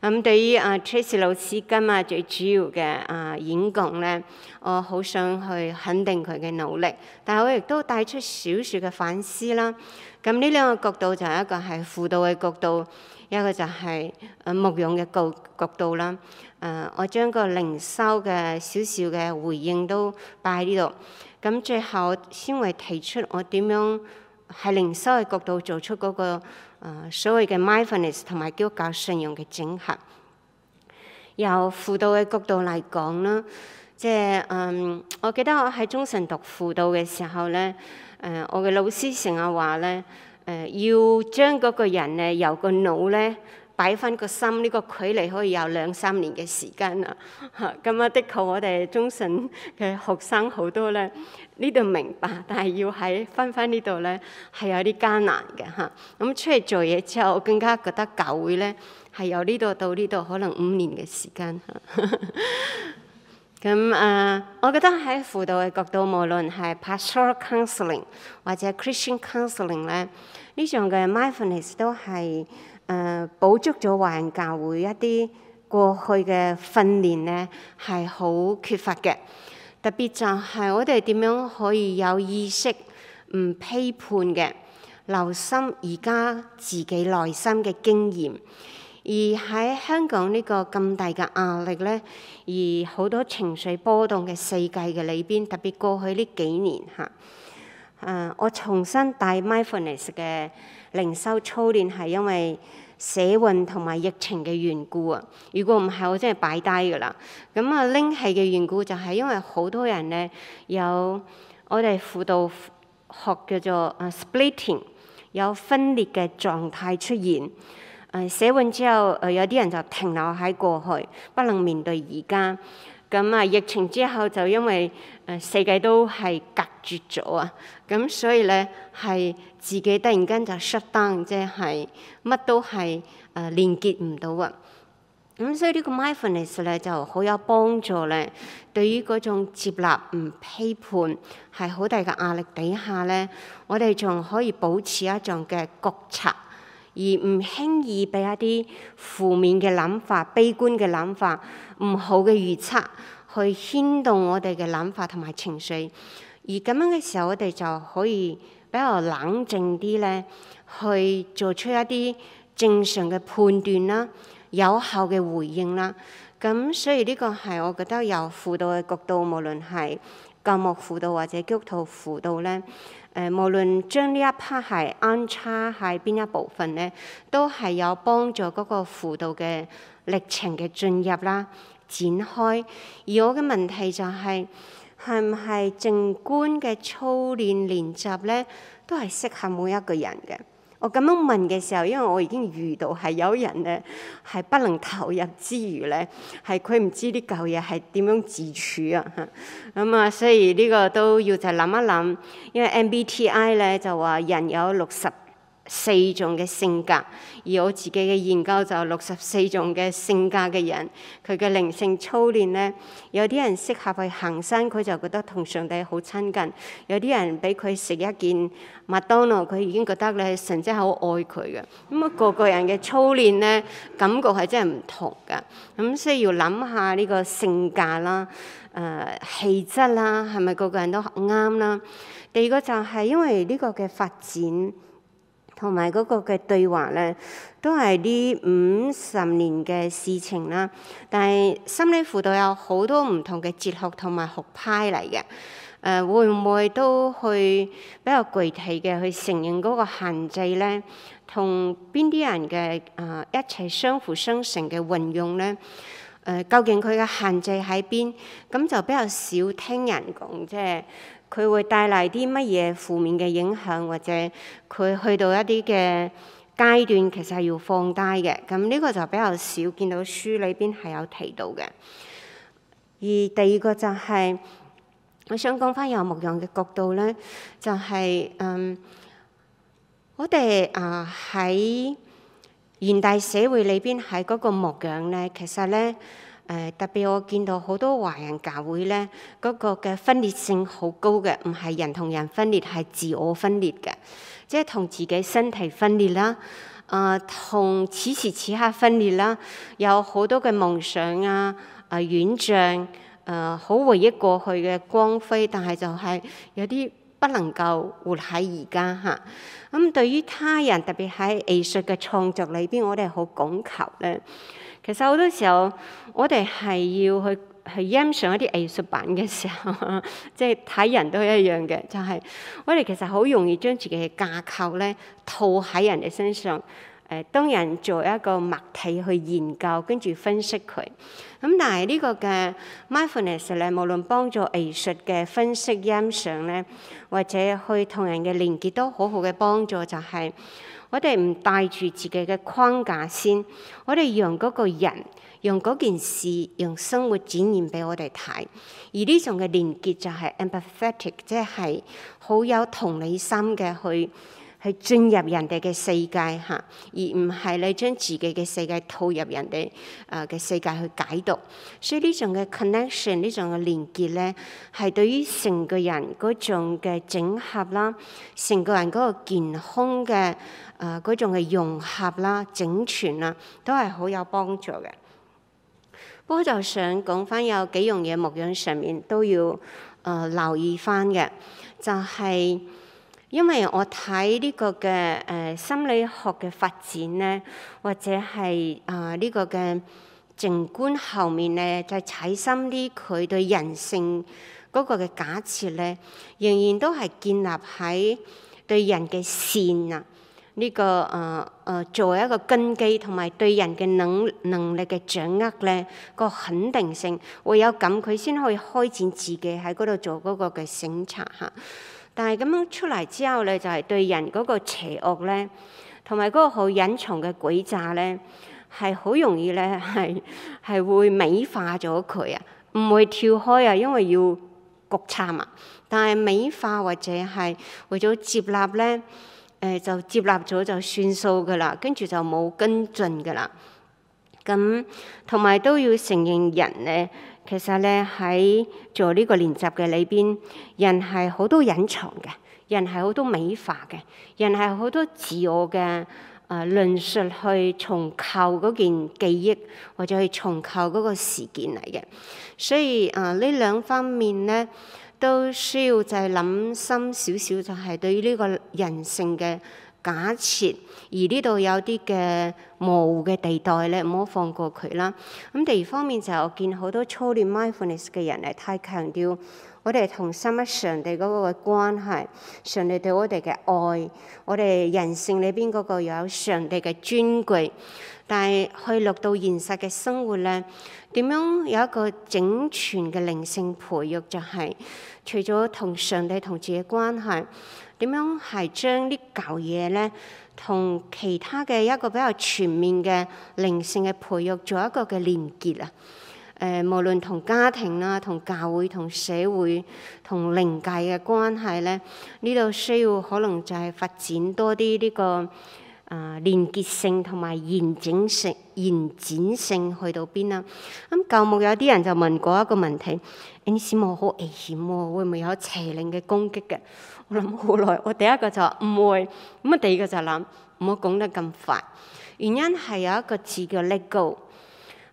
咁、嗯、對於阿、啊、Tracy 老師今日、啊、最主要嘅啊演講咧，我好想去肯定佢嘅努力，但係我亦都帶出少少嘅反思啦。咁呢兩個角度就一個係輔導嘅角度，一個就係誒牧養嘅角角度啦。誒、呃，我將個靈修嘅少少嘅回應都擺喺呢度。咁、嗯、最後先會提出我點樣喺靈修嘅角度做出嗰、那個。誒所謂嘅 mindfulness 同埋基督教信仰嘅整合，由輔導嘅角度嚟講啦。即係誒、嗯，我記得我喺中神讀輔導嘅時候咧，誒、呃，我嘅老師成日話咧，誒、呃，要將嗰個人咧由個腦咧擺翻個心呢、這個距離，可以有兩三年嘅時間啦。咁、嗯、啊，的確我哋中神嘅學生好多咧。呢度明白，但係要喺翻翻呢度呢，係有啲艱難嘅嚇。咁、啊、出去做嘢之後，我更加覺得教會呢係由呢度到呢度可能五年嘅時間咁 *laughs* 啊，我覺得喺輔導嘅角度，無論係 pastoral counseling 或者 Christian counseling 呢，呢種嘅 mindfulness 都係誒補足咗華人教會一啲過去嘅訓練呢，係好缺乏嘅。特別就係我哋點樣可以有意識唔批判嘅，留心而家自己內心嘅經驗。而喺香港呢個咁大嘅壓力咧，而好多情緒波動嘅世界嘅裏邊，特別過去呢幾年嚇。誒，我重新帶 mindfulness 嘅靈修操練係因為，社運同埋疫情嘅緣故啊，如果唔係我真係擺低噶啦。咁啊拎起嘅緣故就係因為好多人呢，有我哋輔導學叫做啊 splitting 有分裂嘅狀態出現。誒，社運之後誒有啲人就停留喺過去，不能面對而家。咁啊疫情之後就因為誒世界都係隔絕咗啊。咁所以咧，係自己突然間就 shut down，即係乜都係誒、呃、連結唔到啊！咁、嗯、所以個呢個 mindfulness 咧就好有幫助咧，對於嗰種接納唔批判係好大嘅壓力底下咧，我哋仲可以保持一種嘅覺察，而唔輕易俾一啲負面嘅諗法、悲觀嘅諗法、唔好嘅預測去牽動我哋嘅諗法同埋情緒。而咁樣嘅時候，我哋就可以比較冷靜啲咧，去做出一啲正常嘅判斷啦，有效嘅回應啦。咁所以呢個係我覺得由輔導嘅角度，無論係教牧輔導或者基督徒輔導咧，誒、呃，無論將呢一 part 係安插喺邊一部分咧，都係有幫助嗰個輔導嘅歷程嘅進入啦、展開。而我嘅問題就係、是。係唔係靜觀嘅操練練習咧，都係適合每一個人嘅？我咁樣問嘅時候，因為我已經遇到係有人咧係不能投入之餘咧，係佢唔知啲舊嘢係點樣自處啊。咁、嗯、啊，所以呢個都要就諗一諗，因為 MBTI 咧就話人有六十四種嘅性格，而我自己嘅研究就六十四種嘅性格嘅人，佢嘅靈性操練呢，有啲人適合去行山，佢就覺得同上帝好親近；有啲人俾佢食一件麥當勞，佢已經覺得你神真係好愛佢嘅。咁啊，個個人嘅操練呢，感覺係真係唔同噶。咁需要諗下呢個性格啦、誒、呃、氣質啦，係咪個個人都啱啦？第二個就係因為呢個嘅發展。同埋嗰個嘅對話咧，都係呢五十年嘅事情啦。但係心理輔導有好多唔同嘅哲學同埋學派嚟嘅，誒、呃、會唔會都去比較具體嘅去承認嗰個限制咧？同邊啲人嘅誒、呃、一齊相輔相成嘅運用咧？誒、呃、究竟佢嘅限制喺邊？咁就比較少聽人講即係。佢會帶嚟啲乜嘢負面嘅影響，或者佢去到一啲嘅階段，其實係要放低嘅。咁呢個就比較少見到書裏邊係有提到嘅。而第二個就係、是、我想講返由牧養嘅角度咧，就係、是、嗯，我哋啊喺現代社會裏邊喺嗰個牧養咧，其實咧。誒特別，我見到好多華人教會咧，嗰、那個嘅分裂性好高嘅，唔係人同人分裂，係自我分裂嘅，即係同自己身體分裂啦，啊、呃，同此時此刻分裂啦，有好多嘅夢想啊，啊、呃，願象，啊、呃，好回憶過去嘅光輝，但係就係有啲不能夠活喺而家嚇。咁、嗯、對於他人，特別喺藝術嘅創作裏邊，我哋好講求嘅。其實好多時候，我哋係要去去欣賞一啲藝術品嘅時候，即係睇人都一樣嘅，就係我哋其實好容易將自己嘅架構咧套喺人哋身上。誒，當人做一個物體去研究，跟住分析佢。咁但係呢個嘅 mindfulness 咧，無論幫助藝術嘅分析欣賞咧，或者去同人嘅連結都好好嘅幫助，就係。我哋唔帶住自己嘅框架先，我哋讓嗰個人、讓嗰件事、讓生活展現俾我哋睇，而呢種嘅連結就係 empathetic，即係好有同理心嘅去。去進入人哋嘅世界嚇，而唔係你將自己嘅世界套入人哋啊嘅世界去解讀。所以呢種嘅 connection，呢種嘅連結咧，係對於成個人嗰種嘅整合啦，成個人嗰個健康嘅啊嗰種嘅融合啦、整全啦，都係好有幫助嘅。不過就想講翻有幾樣嘢，模樣上面都要啊、呃、留意翻嘅，就係、是。因為我睇呢個嘅誒、呃、心理學嘅發展咧，或者係啊呢個嘅靜觀後面咧，就踩深啲佢對人性嗰個嘅假設咧，仍然都係建立喺對人嘅善啊，呢、這個誒誒作為一個根基，同埋對人嘅能能力嘅掌握咧，個肯定性，唯有咁佢先可以開展自己喺嗰度做嗰個嘅審查嚇。但係咁樣出嚟之後咧，就係、是、對人嗰個邪惡咧，同埋嗰個好隱藏嘅詭詐咧，係好容易咧，係係會美化咗佢啊，唔會跳開啊，因為要局參啊。但係美化或者係為咗接納咧，誒、呃、就接納咗就算數噶啦，跟住就冇跟進噶啦。咁同埋都要承認人咧。其實咧，喺做呢個練習嘅裏邊，人係好多隱藏嘅，人係好多美化嘅，人係好多自我嘅誒論述去重構嗰件記憶，或者去重構嗰個事件嚟嘅。所以誒呢兩方面咧都需要就係諗深少少，就係對於呢個人性嘅。假設，而呢度有啲嘅模糊嘅地帶咧，唔好放過佢啦。咁第二方面就係我見好多操練 mindfulness 嘅人，係太強調我哋同神啊上帝嗰個嘅關係，上帝對我哋嘅愛，我哋人性裏邊嗰個有上帝嘅尊貴。但係去落到現實嘅生活咧，點樣有一個整全嘅靈性培育，就係除咗同上帝同自己嘅關係。點樣係將呢舊嘢咧，同其他嘅一個比較全面嘅靈性嘅培育做一個嘅連結啊？誒、呃，無論同家庭啦、啊、同教會、同社會、同靈界嘅關係咧，呢度需要可能就係發展多啲呢、這個誒、呃、連結性同埋延展性、延展性去到邊啊？咁教牧有啲人就問過一個問題，呢啲牧好危險喎、啊，會唔會有邪靈嘅攻擊嘅、啊？我諗好耐，我第一個就話唔會，咁啊第二個就諗唔好講得咁快。原因係有一個字叫 let go，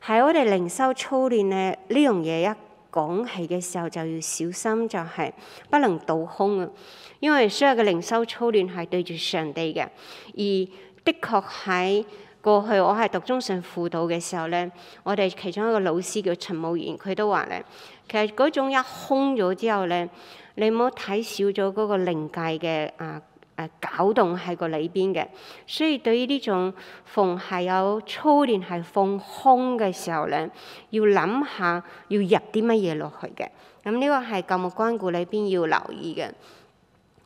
係我哋靈修操練咧，呢樣嘢一講起嘅時候就要小心，就係不能倒空啊！因為所有嘅靈修操練係對住上帝嘅，而的確喺過去我係讀中信輔導嘅時候呢，我哋其中一個老師叫陳務賢，佢都話咧，其實嗰種一空咗之後呢。」你唔好睇少咗嗰個靈界嘅啊誒攪、啊、動喺個裏邊嘅，所以對於呢種逢係有操練係放空嘅時候呢，要諗下要入啲乜嘢落去嘅。咁、嗯、呢、這個係就牧關顧裏邊要留意嘅。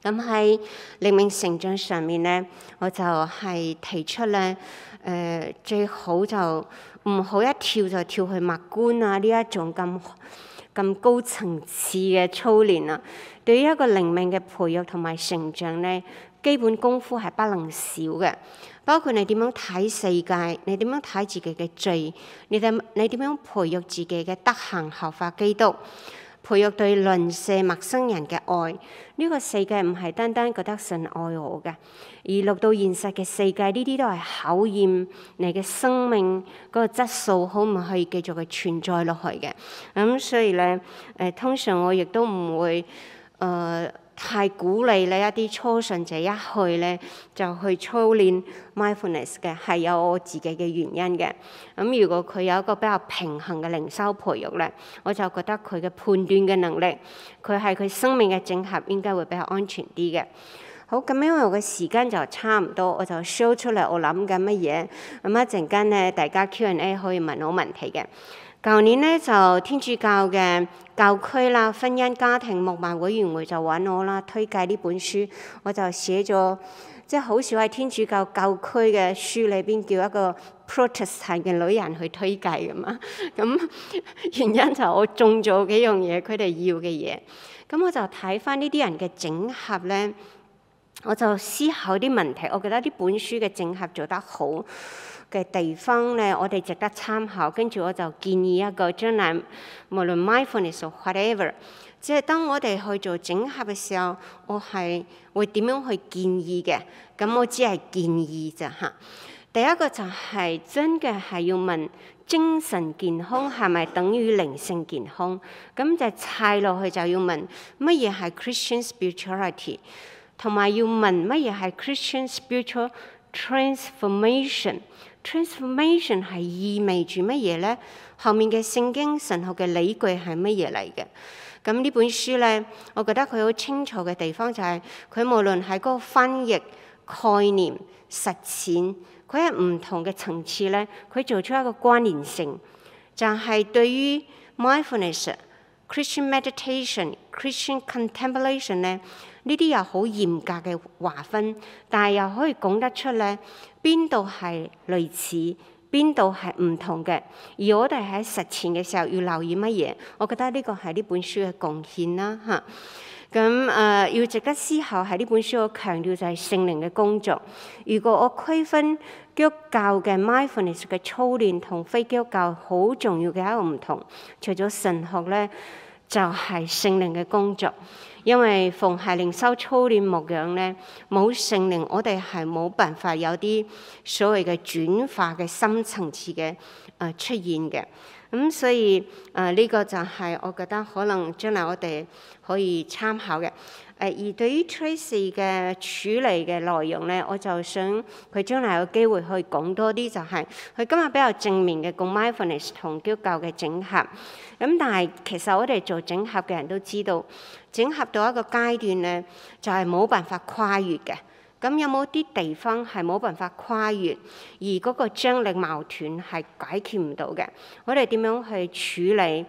咁、嗯、喺靈命成長上面呢，我就係提出呢，誒、呃，最好就唔好一跳就跳去默觀啊！呢一種咁。咁高層次嘅操練啊，對於一個靈命嘅培育同埋成長咧，基本功夫係不能少嘅。包括你點樣睇世界，你點樣睇自己嘅罪，你點你點樣培育自己嘅德行，效法基督。培育對鄰舍、陌生人嘅愛，呢、這個世界唔係單單覺得神愛我嘅，而落到現實嘅世界，呢啲都係考驗你嘅生命嗰、那個質素，可唔可以繼續嘅存在落去嘅？咁、嗯、所以咧，誒、呃，通常我亦都唔會。誒、呃、太鼓勵你一啲初信者一去咧就去操練 mindfulness 嘅，係有我自己嘅原因嘅。咁、嗯、如果佢有一個比較平衡嘅靈修培育咧，我就覺得佢嘅判斷嘅能力，佢係佢生命嘅整合應該會比較安全啲嘅。好咁、嗯，因為我嘅時間就差唔多，我就 show 出嚟我諗緊乜嘢。咁一陣間咧，大家 Q&A 可以問我問題嘅。舊年咧就天主教嘅教區啦，婚姻家庭牧民委員會就揾我啦，推介呢本書，我就寫咗，即係好少喺天主教教區嘅書裏邊叫一個 Protestant 嘅女人去推介嘅嘛。咁、嗯、原因就我中咗幾樣嘢，佢哋要嘅嘢。咁、嗯、我就睇翻呢啲人嘅整合咧，我就思考啲問題。我覺得呢本書嘅整合做得好。嘅地方咧，我哋值得參考。跟住我就建議一個將來無論 mindfulness or whatever。即係當我哋去做整合嘅時候，我係會點樣去建議嘅？咁我只係建議咋。嚇。第一個就係真嘅係要問精神健康係咪等於靈性健康？咁就砌落去就要問乜嘢係 Christian spirituality，同埋要問乜嘢係 Christian spiritual transformation。Transformation 係意味住乜嘢呢？後面嘅聖經神學嘅理據係乜嘢嚟嘅？咁呢本書呢，我覺得佢好清楚嘅地方就係佢無論係嗰個翻譯、概念、實踐，佢喺唔同嘅層次呢，佢做出一個關聯性，就係對於 mindfulness、Christian meditation、Christian contemplation 呢。呢啲又好嚴格嘅劃分，但係又可以講得出咧，邊度係類似，邊度係唔同嘅。而我哋喺實踐嘅時候要留意乜嘢？我覺得呢個係呢本書嘅貢獻啦，嚇、啊。咁誒要值得思考，喺呢本書我強調就係聖靈嘅工作。如果我區分基督教嘅 mindfulness 嘅操練同非基督教好重要嘅一個唔同，除咗神學咧，就係聖靈嘅工作。因為逢係靈修操練模樣咧，冇聖靈，我哋係冇辦法有啲所謂嘅轉化嘅深層次嘅誒出現嘅。咁、嗯、所以誒呢、呃這個就係我覺得可能將嚟我哋可以參考嘅。誒而對於 Tracy 嘅處理嘅內容咧，我就想佢將嚟有機會去講多啲、就是，就係佢今日比較正面嘅講 mindfulness 同基督教嘅整合。咁、嗯、但係其實我哋做整合嘅人都知道。整合到一個階段咧，就係、是、冇辦法跨越嘅。咁有冇啲地方係冇辦法跨越，而嗰個張力矛盾係解決唔到嘅？我哋點樣去處理？誒、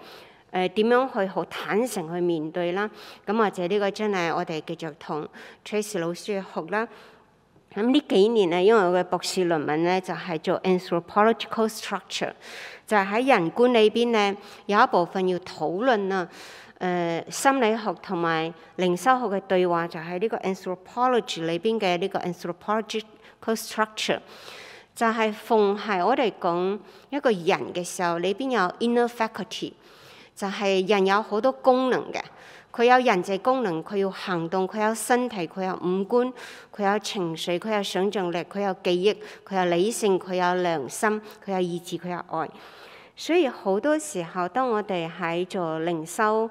呃、點樣去好坦誠去面對啦？咁或者呢個真係我哋繼續同 Trace 老師去學啦。咁呢幾年呢，因為我嘅博士論文咧就係、是、做 anthropological structure，就係喺人觀裏邊咧有一部分要討論啊。誒、呃、心理學同埋靈修學嘅對話就係呢個 anthropology 裏邊嘅呢個 anthropological structure，就係凡係我哋講一個人嘅時候，裏邊有 inner faculty，就係人有好多功能嘅，佢有人際功能，佢要行動，佢有身體，佢有五官，佢有情緒，佢有想像力，佢有記憶，佢有理性，佢有良心，佢有意志，佢有愛。所以好多時候，當我哋喺做靈修、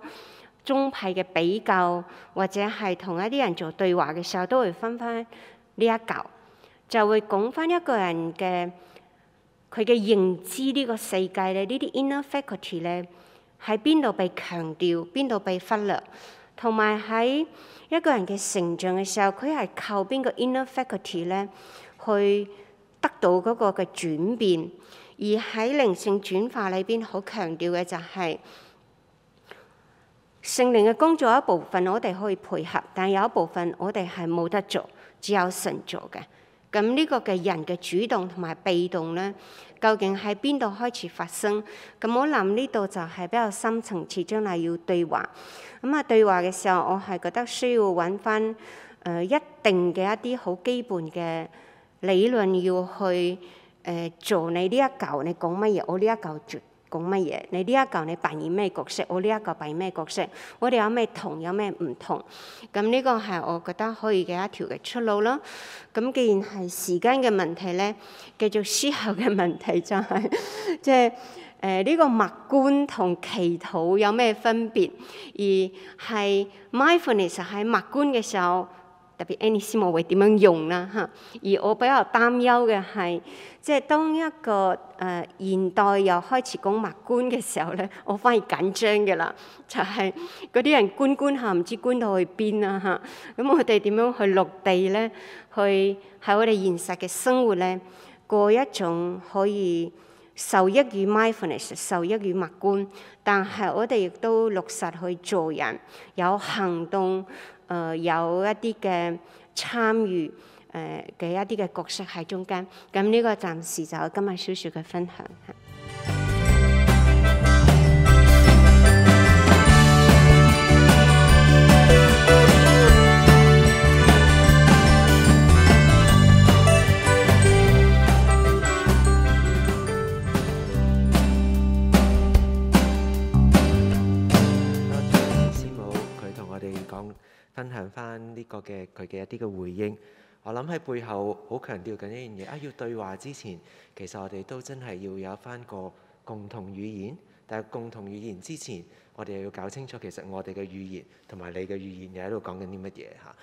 宗派嘅比較，或者係同一啲人做對話嘅時候，都會分翻呢一嚿，就會講翻一,一個人嘅佢嘅認知呢個世界咧，呢啲 inner faculty 咧喺邊度被強調，邊度被忽略，同埋喺一個人嘅成長嘅時候，佢係靠邊個 inner faculty 咧去得到嗰個嘅轉變。而喺靈性轉化裏邊，好強調嘅就係聖靈嘅工作一部分，我哋可以配合，但有一部分我哋係冇得做，只有神做嘅。咁呢個嘅人嘅主動同埋被動咧，究竟喺邊度開始發生？咁我諗呢度就係比較深層次，將係要對話。咁啊，對話嘅時候，我係覺得需要揾翻誒一定嘅一啲好基本嘅理論要去。誒做你呢一舊，你講乜嘢？我呢一舊做講乜嘢？你呢一舊你扮演咩角色？我呢一舊扮演咩角色？我哋有咩同，有咩唔同？咁呢個係我覺得可以嘅一條嘅出路咯。咁既然係時間嘅問題咧，繼續思考嘅問題就係即係誒呢個默觀同祈禱有咩分別？而係 mindfulness 喺默觀嘅時候。特別 a n y s i m o v 會點樣用啦嚇，而我比較擔憂嘅係，即係當一個誒、呃、現代又開始講默觀嘅時候咧，我反而緊張嘅啦，就係嗰啲人觀觀下唔知觀到去邊啊。嚇。咁我哋點樣去落地咧？去喺我哋現實嘅生活咧，過一種可以受益於 mindfulness，受益於默觀，但係我哋亦都落實去做人，有行動，誒、呃、有一啲嘅參與誒嘅、呃、一啲嘅角色喺中間，咁呢個暫時就今日少少嘅分享吓。分享翻呢個嘅佢嘅一啲嘅回應，我諗喺背後好強調緊一樣嘢，啊要對話之前，其實我哋都真係要有翻個共同語言，但係共同語言之前，我哋又要搞清楚其實我哋嘅語言同埋你嘅語言又喺度講緊啲乜嘢嚇，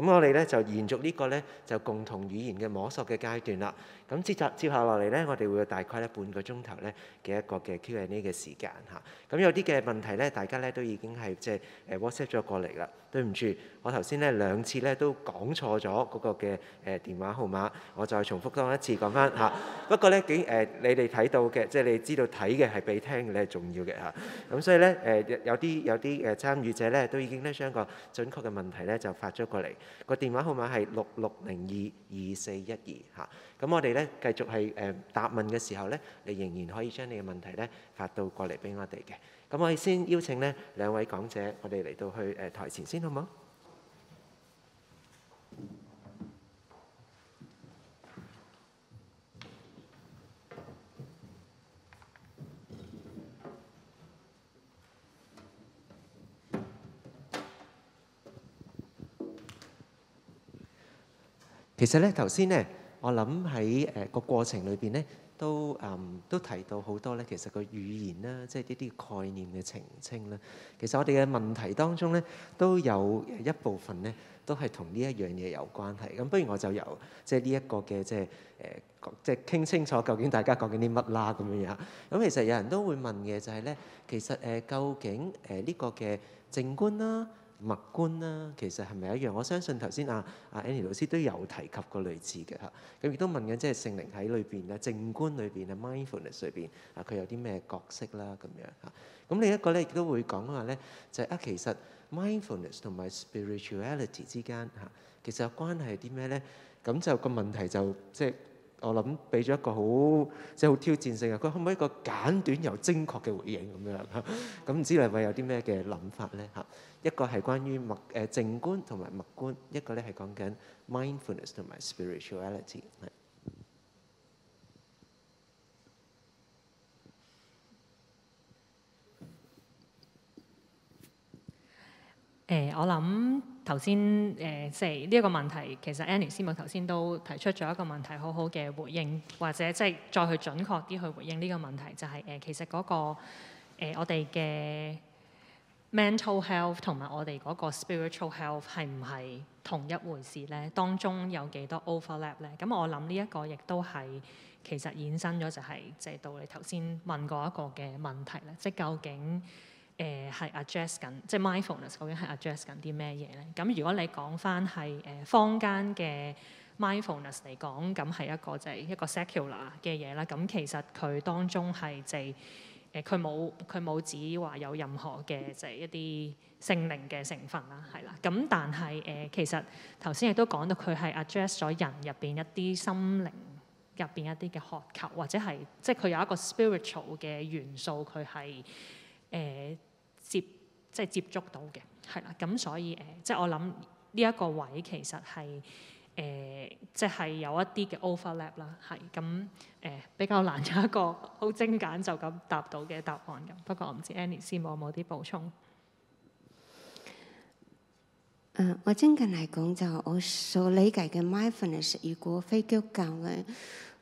咁、啊、我哋呢就延續呢個呢就共同語言嘅摸索嘅階段啦。咁接接下落嚟呢，我哋會有大概呢半個鐘頭呢嘅一個嘅 Q and A 嘅時間嚇。咁有啲嘅問題呢，大家呢都已經係即係誒 WhatsApp 咗過嚟啦。對唔住，我頭先呢兩次呢都講錯咗嗰個嘅誒電話號碼，我再重複多一次講翻嚇。不過呢，竟誒、呃、你哋睇到嘅，即係你知道睇嘅係比聽嘅係重要嘅嚇。咁所以呢，誒有啲有啲誒參與者呢都已經呢將個準確嘅問題呢就發咗過嚟個電話號碼係六六零二二四一二嚇。咁我哋咧繼續係誒答問嘅時候咧，你仍然可以將你嘅問題咧發到過嚟俾我哋嘅。咁我哋先邀請咧兩位講者，我哋嚟到去誒台前先，好唔好？其實咧頭先咧。我諗喺誒個過程裏邊咧，都誒都提到好多咧，其實個語言啦，即係呢啲概念嘅澄清啦。其實我哋嘅問題當中咧，都有一部分咧，都係同呢一樣嘢有關係。咁不如我就由即係呢一個嘅即係誒，即係傾清楚究竟大家講緊啲乜啦咁樣樣。咁其實有人都會問嘅就係咧，其實誒究竟誒呢個嘅靜觀啦，物觀啦，其實係咪一樣？我相信頭先啊啊，Annie 老師都有提及過類似嘅嚇。咁亦都問緊，即係聖靈喺裏邊嘅、靜觀裏邊嘅 mindfulness 裏邊啊，佢有啲咩角色啦？咁樣嚇。咁另一個咧，亦都會講話咧，就啊，其實 mindfulness 同埋 spirituality 之間嚇、啊，其實關係係啲咩咧？咁就個問題就即係、就是、我諗俾咗一個好即係好挑戰性嘅。佢可唔可以一個簡短又精確嘅回應咁樣？咁、啊、唔知你係咪有啲咩嘅諗法咧嚇？一個係關於默誒靜觀同埋默觀，一個咧係講緊 mindfulness 同埋 spirituality。誒、呃，我諗頭先誒即係呢一個問題，其實 Annie 師母頭先都提出咗一個問題，好好嘅回應，或者即係再去準確啲去回應呢個問題，就係、是、誒、呃、其實嗰、那個、呃、我哋嘅。Mental health 同埋我哋嗰個 spiritual health 係唔係同一回事咧？當中有幾多 overlap 咧？咁我諗呢一個亦都係其實衍生咗就係即係到你頭先問過一個嘅問題咧，即係究竟誒係 address 緊，呃、ad ing, 即係 mindfulness 究竟係 address 緊啲咩嘢咧？咁如果你講翻係誒坊間嘅 mindfulness 嚟講，咁係一個就係一個 secular 嘅嘢啦。咁其實佢當中係就係、是。誒佢冇佢冇指話有任何嘅即係一啲性靈嘅成分啦，係啦。咁但係誒、呃，其實頭先亦都講到佢係 address 咗人入邊一啲心靈入邊一啲嘅渴求，或者係即係佢有一個 spiritual 嘅元素，佢係誒接即係接觸到嘅，係啦。咁所以誒、呃，即係我諗呢一個位其實係。誒、呃，即係有一啲嘅 overlap 啦，係咁誒，比較難有一個好精簡就咁答到嘅答案咁。不過我唔知 Annie 先冇冇啲補充。誒、呃，我精近嚟講就我所理解嘅 mindfulness 如果非基督教嘅，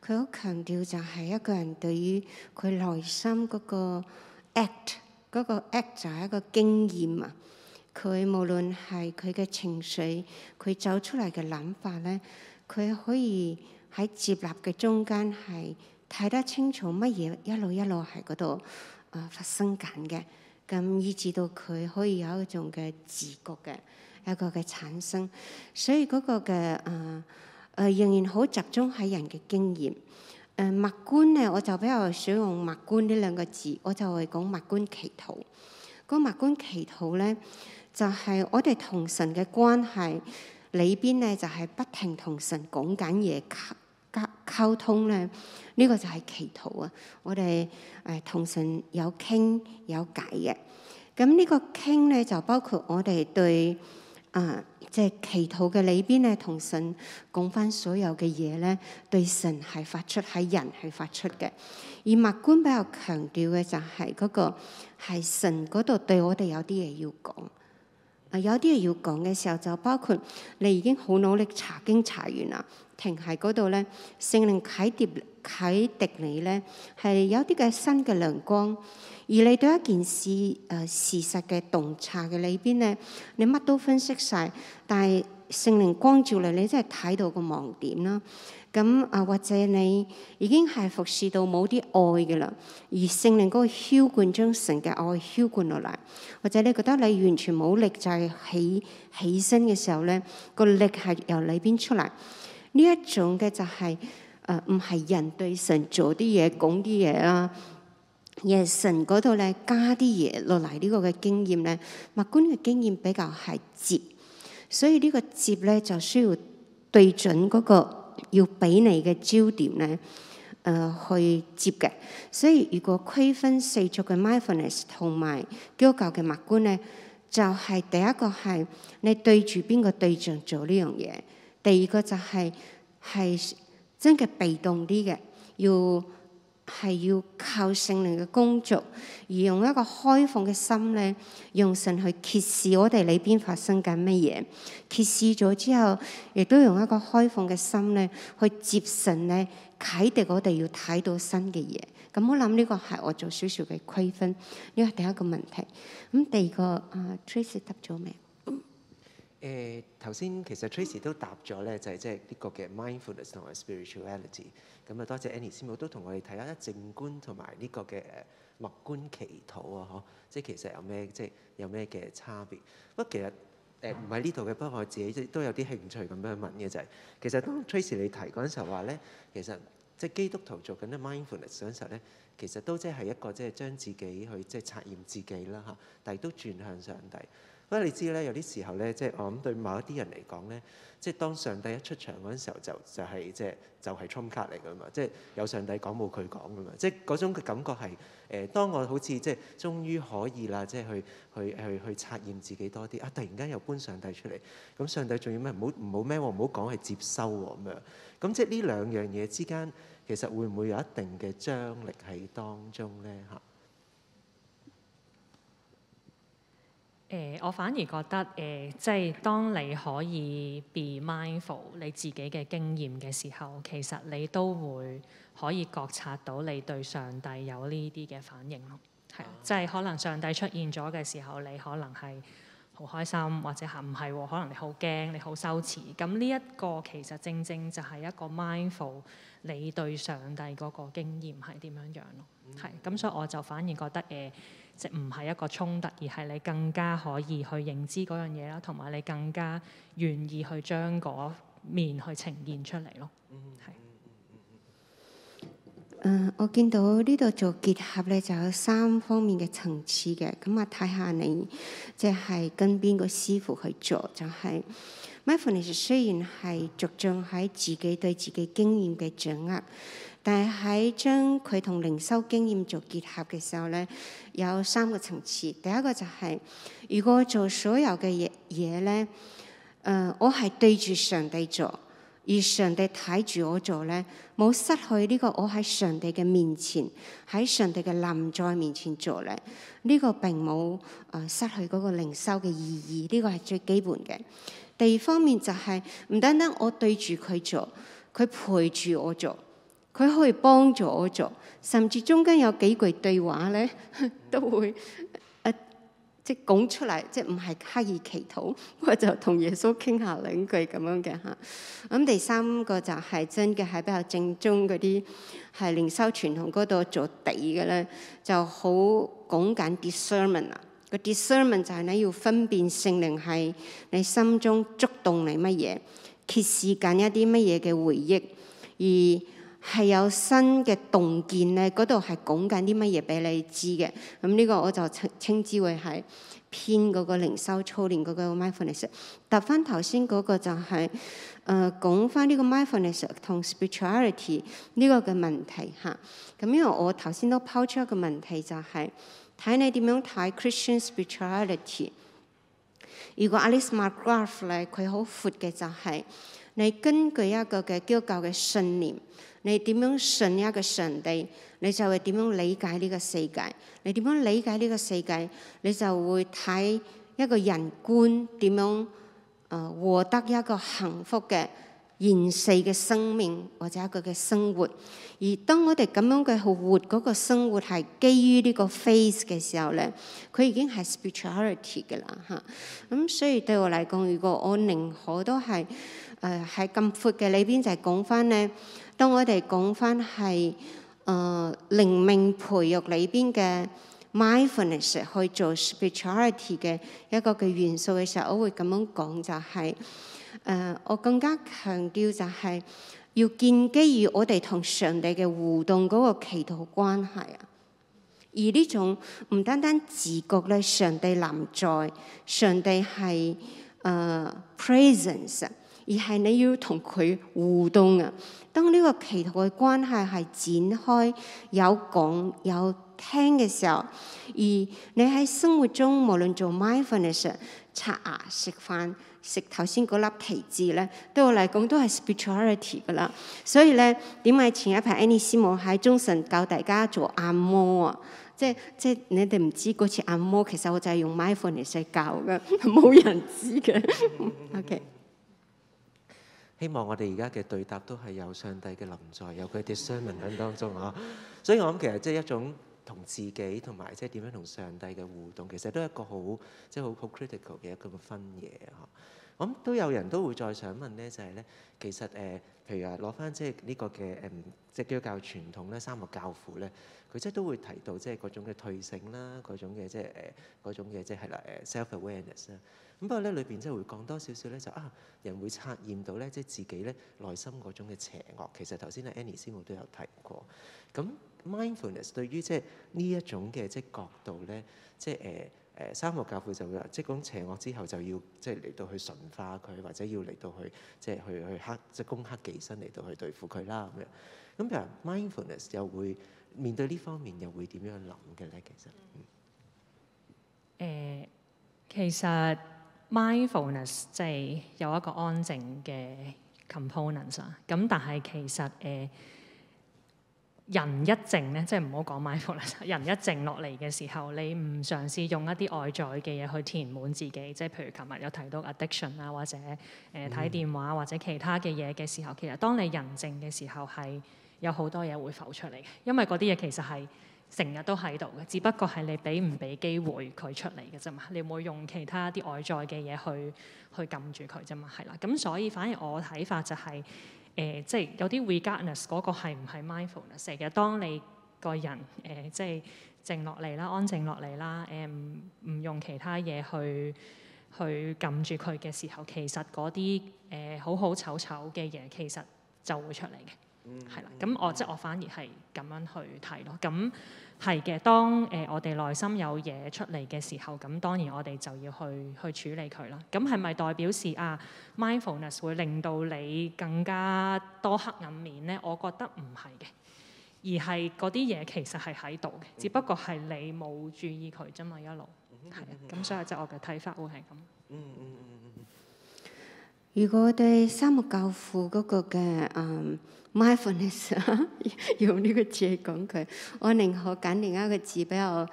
佢好強調就係一個人對於佢內心嗰個 act 嗰個 act 就係一個經驗啊。佢無論係佢嘅情緒，佢走出嚟嘅諗法咧，佢可以喺接納嘅中間係睇得清楚乜嘢一路一路喺嗰度啊發生緊嘅，咁、嗯、以至到佢可以有一種嘅自覺嘅一個嘅產生，所以嗰個嘅啊啊仍然好集中喺人嘅經驗。誒、呃、默觀咧，我就比較想用默觀呢兩個字，我就係講默觀祈禱。嗰默觀祈禱咧。就係我哋同神嘅關係裏邊咧，就係、是、不停同神講緊嘢溝溝通咧。呢、這個就係祈禱啊！我哋誒、呃、同神有傾有偈嘅。咁、嗯這個、呢個傾咧就包括我哋對啊，即、呃、係、就是、祈禱嘅裏邊咧，同神講返所有嘅嘢咧，對神係發出喺人係發出嘅。而默觀比較強調嘅就係嗰、那個係神嗰度對我哋有啲嘢要講。啊，有啲嘢要講嘅時候，就包括你已經好努力查經查完啦，停喺嗰度咧，聖靈啟迪啟迪你咧，係有啲嘅新嘅亮光。而你對一件事誒、呃、事實嘅洞察嘅裏邊咧，你乜都分析晒。但係聖靈光照嚟，你真係睇到個盲點啦。咁啊，或者你已經係服侍到冇啲愛嘅啦，而聖靈嗰個澆灌將神嘅愛澆灌落嚟，或者你覺得你完全冇力就係起起身嘅時候咧，個力係由裏邊出嚟呢一種嘅就係誒，唔係人對神做啲嘢講啲嘢啊，而係神嗰度咧加啲嘢落嚟呢個嘅經驗咧，默觀嘅經驗比較係接，所以呢個接咧就需要對準嗰個。要俾你嘅焦點咧，誒、呃、去接嘅。所以如果區分世俗嘅 mindfulness 同埋宗教嘅默觀咧，就係、是、第一個係你對住邊個對象做呢樣嘢，第二個就係、是、係真嘅被動啲嘅要。係要靠聖靈嘅工作，而用一個開放嘅心咧，用神去揭示我哋裏邊發生緊乜嘢。揭示咗之後，亦都用一個開放嘅心咧，去接神咧啟迪我哋要睇到新嘅嘢。咁、嗯、我諗呢個係我做少少嘅區分。呢個係第一個問題，咁、嗯、第二個啊，Tracy 答咗未？誒頭先其實 Tracy 都答咗咧，就係即係呢個嘅 mindfulness 同埋 spirituality。咁啊，多謝 Annie 師母都同我哋睇下一靜觀同埋呢個嘅誒默觀祈禱啊，嗬，即係其實有咩即係有咩嘅差別？不過其實誒唔係呢度嘅，不過我自己即都有啲興趣咁樣去問嘅就係，其實當 Tracy 你提嗰陣時候話咧，其實即係基督徒做緊啲 mindfulness 嗰時候咧，其實都即係一個即係將自己去即係察驗自己啦嚇，但係都轉向上帝。不過你知咧，有啲時候咧，即係我諗對某一啲人嚟講咧，即係當上帝一出場嗰陣時候，就是、就係即係就係 Trump card 嚟㗎嘛，即係有上帝講冇佢講㗎嘛，即係嗰種嘅感覺係誒，當我好似即係終於可以啦，即係去去去去，去，去測驗自己多啲啊，突然間又搬上帝出嚟，咁上帝仲要咩？唔好唔好咩喎？唔好講係接收喎咁樣。咁即係呢兩樣嘢之間，其實會唔會有一定嘅張力喺當中咧？嚇？誒、呃，我反而覺得誒、呃，即係當你可以 be mindful 你自己嘅經驗嘅時候，其實你都會可以覺察到你對上帝有呢啲嘅反應咯。係即係可能上帝出現咗嘅時候，你可能係好開心，或者係唔係，可能你好驚，你好羞恥。咁呢一個其實正正就係一個 mindful 你對上帝嗰個經驗係點樣樣咯。係，咁所以我就反而覺得誒。呃即唔係一個衝突，而係你更加可以去認知嗰樣嘢啦，同埋你更加願意去將嗰面去呈現出嚟咯。嗯，係誒，我見到呢度做結合咧，就有三方面嘅層次嘅。咁、嗯、啊，睇下你即係、就是、跟邊個師傅去做，就係 Michael 呢？雖然係着重喺自己對自己經驗嘅掌握。但係喺將佢同靈修經驗做結合嘅時候呢，有三個層次。第一個就係、是、如果做所有嘅嘢嘢咧，誒、呃，我係對住上帝做，而上帝睇住我做呢，冇失去呢個我喺上帝嘅面前，喺上帝嘅臨在面前做呢呢、這個並冇誒失去嗰個靈修嘅意義。呢、這個係最基本嘅。第二方面就係、是、唔單單我對住佢做，佢陪住我做。佢可以幫助我做，甚至中間有幾句對話咧，都會誒即係講出嚟，即係唔係刻意祈禱，我就同耶穌傾下兩句咁樣嘅吓。咁第三個就係真嘅，係比較正宗嗰啲係靈修傳統嗰度做底嘅咧，就好講緊 discernment 啊。個 discernment 就係你要分辨聖靈係你心中觸動你乜嘢，揭示緊一啲乜嘢嘅回憶，而係有新嘅洞見咧，嗰度係講緊啲乜嘢俾你知嘅？咁呢個我就稱稱之為係編嗰個靈修操練嗰個 mindfulness。答翻頭先嗰個就係、是、誒、呃、講翻呢個 mindfulness 同 spirituality 呢個嘅問題嚇。咁因為我頭先都拋出一個問題就係、是、睇你點樣睇 Christian spirituality。如果 Alice McGrath 咧，佢好闊嘅就係、是，你根據一個嘅基督教嘅信念，你點樣信一個上帝，你就會點樣理解呢個世界。你點樣理解呢個世界，你就會睇一個人觀點樣啊獲、呃、得一個幸福嘅。現世嘅生命或者佢嘅生活，而當我哋咁樣嘅去活嗰個生活係基於呢個 face 嘅時候咧，佢已經係 spirituality 嘅啦嚇。咁、嗯、所以對我嚟講，如果我寧可都係誒喺咁闊嘅裏邊就係講翻咧，當我哋講翻係誒靈命培育裏邊嘅 mindfulness 去做 spirituality 嘅一個嘅元素嘅時候，我會咁樣講就係、是。誒，uh, 我更加強調就係要建基於我哋同上帝嘅互動嗰個祈禱關係啊。而呢種唔單單自覺咧，上帝臨在，上帝係誒、uh, presence，而係你要同佢互動啊。當呢個祈禱嘅關係係展開有講有聽嘅時候，而你喺生活中無論做 mindfulness、刷牙、食飯。食頭先嗰粒棋子咧，對我嚟講都係 spirituality 㗎啦。所以咧，點解前一排 Annie 師母喺中神教大家做按摩啊？即即，你哋唔知嗰次按摩其實我就係用 mindfulness 嚟施教嘅，冇 *laughs* 人知嘅。OK，希望我哋而家嘅對答都係有上帝嘅臨在，有佢嘅 discernment 響當中啊。 *laughs* 所以我諗其實即係一種。同自己同埋即係點樣同上帝嘅互動，其實都係一個好即係好好 critical 嘅一個分野。啊！咁都有人都會再想問咧，就係、是、咧，其實誒、呃，譬如話，攞翻即係呢個嘅誒、嗯，即係基督教傳統咧，三個教父咧，佢即係都會提到即係各種嘅退省啦，各種嘅即係誒，嗰、啊、種嘅即係啦誒，self-awareness 啦。咁、啊、不過咧，裏邊即係會講多少少咧，就啊，人會測驗到咧，即係自己咧內心嗰種嘅邪惡。其實頭先阿 Annie 先我都有提過，咁。Mindfulness 對於即係呢一種嘅即係角度咧，即係誒誒三個教父就會話，即係嗰種邪惡之後就要即係嚟到去純化佢，或者要嚟到去即係去去克即係攻克己身嚟到去對付佢啦咁樣。咁譬如 mindfulness 又會面對呢方面又會點樣諗嘅咧？嗯 uh，其實誒，其實 mindfulness 即係有一個安靜嘅 component 啊，咁但係其實誒。Uh, 人一靜咧，即係唔好講埋伏啦。人一靜落嚟嘅時候，你唔嘗試用一啲外在嘅嘢去填滿自己，即係譬如琴日有提到 addiction 啊，或者誒睇、呃、電話或者其他嘅嘢嘅時候，其實當你人靜嘅時候係有好多嘢會浮出嚟，因為嗰啲嘢其實係成日都喺度嘅，只不過係你俾唔俾機會佢出嚟嘅啫嘛。你唔會用其他啲外在嘅嘢去去撳住佢啫嘛。係啦，咁所以反而我睇法就係、是。誒、呃，即係有啲 regardless 嗰個係唔係 mindfulness？成日當你個人誒、呃，即係靜落嚟啦，安靜落嚟啦，誒、呃、唔用其他嘢去去撳住佢嘅時候，其實嗰啲誒好好醜醜嘅嘢，其實就會出嚟嘅，係啦、嗯。咁我、嗯、即係我反而係咁樣去睇咯。咁。係嘅，當誒我哋內心有嘢出嚟嘅時候，咁當然我哋就要去去處理佢啦。咁係咪代表是啊 mindfulness 會令到你更加多黑暗面咧？我覺得唔係嘅，而係嗰啲嘢其實係喺度嘅，只不過係你冇注意佢啫嘛，一路係啊。咁 *laughs* 所以就我嘅睇法會係咁。嗯嗯嗯嗯，如果對沙漠教父嗰個嘅誒？Um, Mindfulness *laughs* 用呢個字講佢，我寧可揀另一個字比較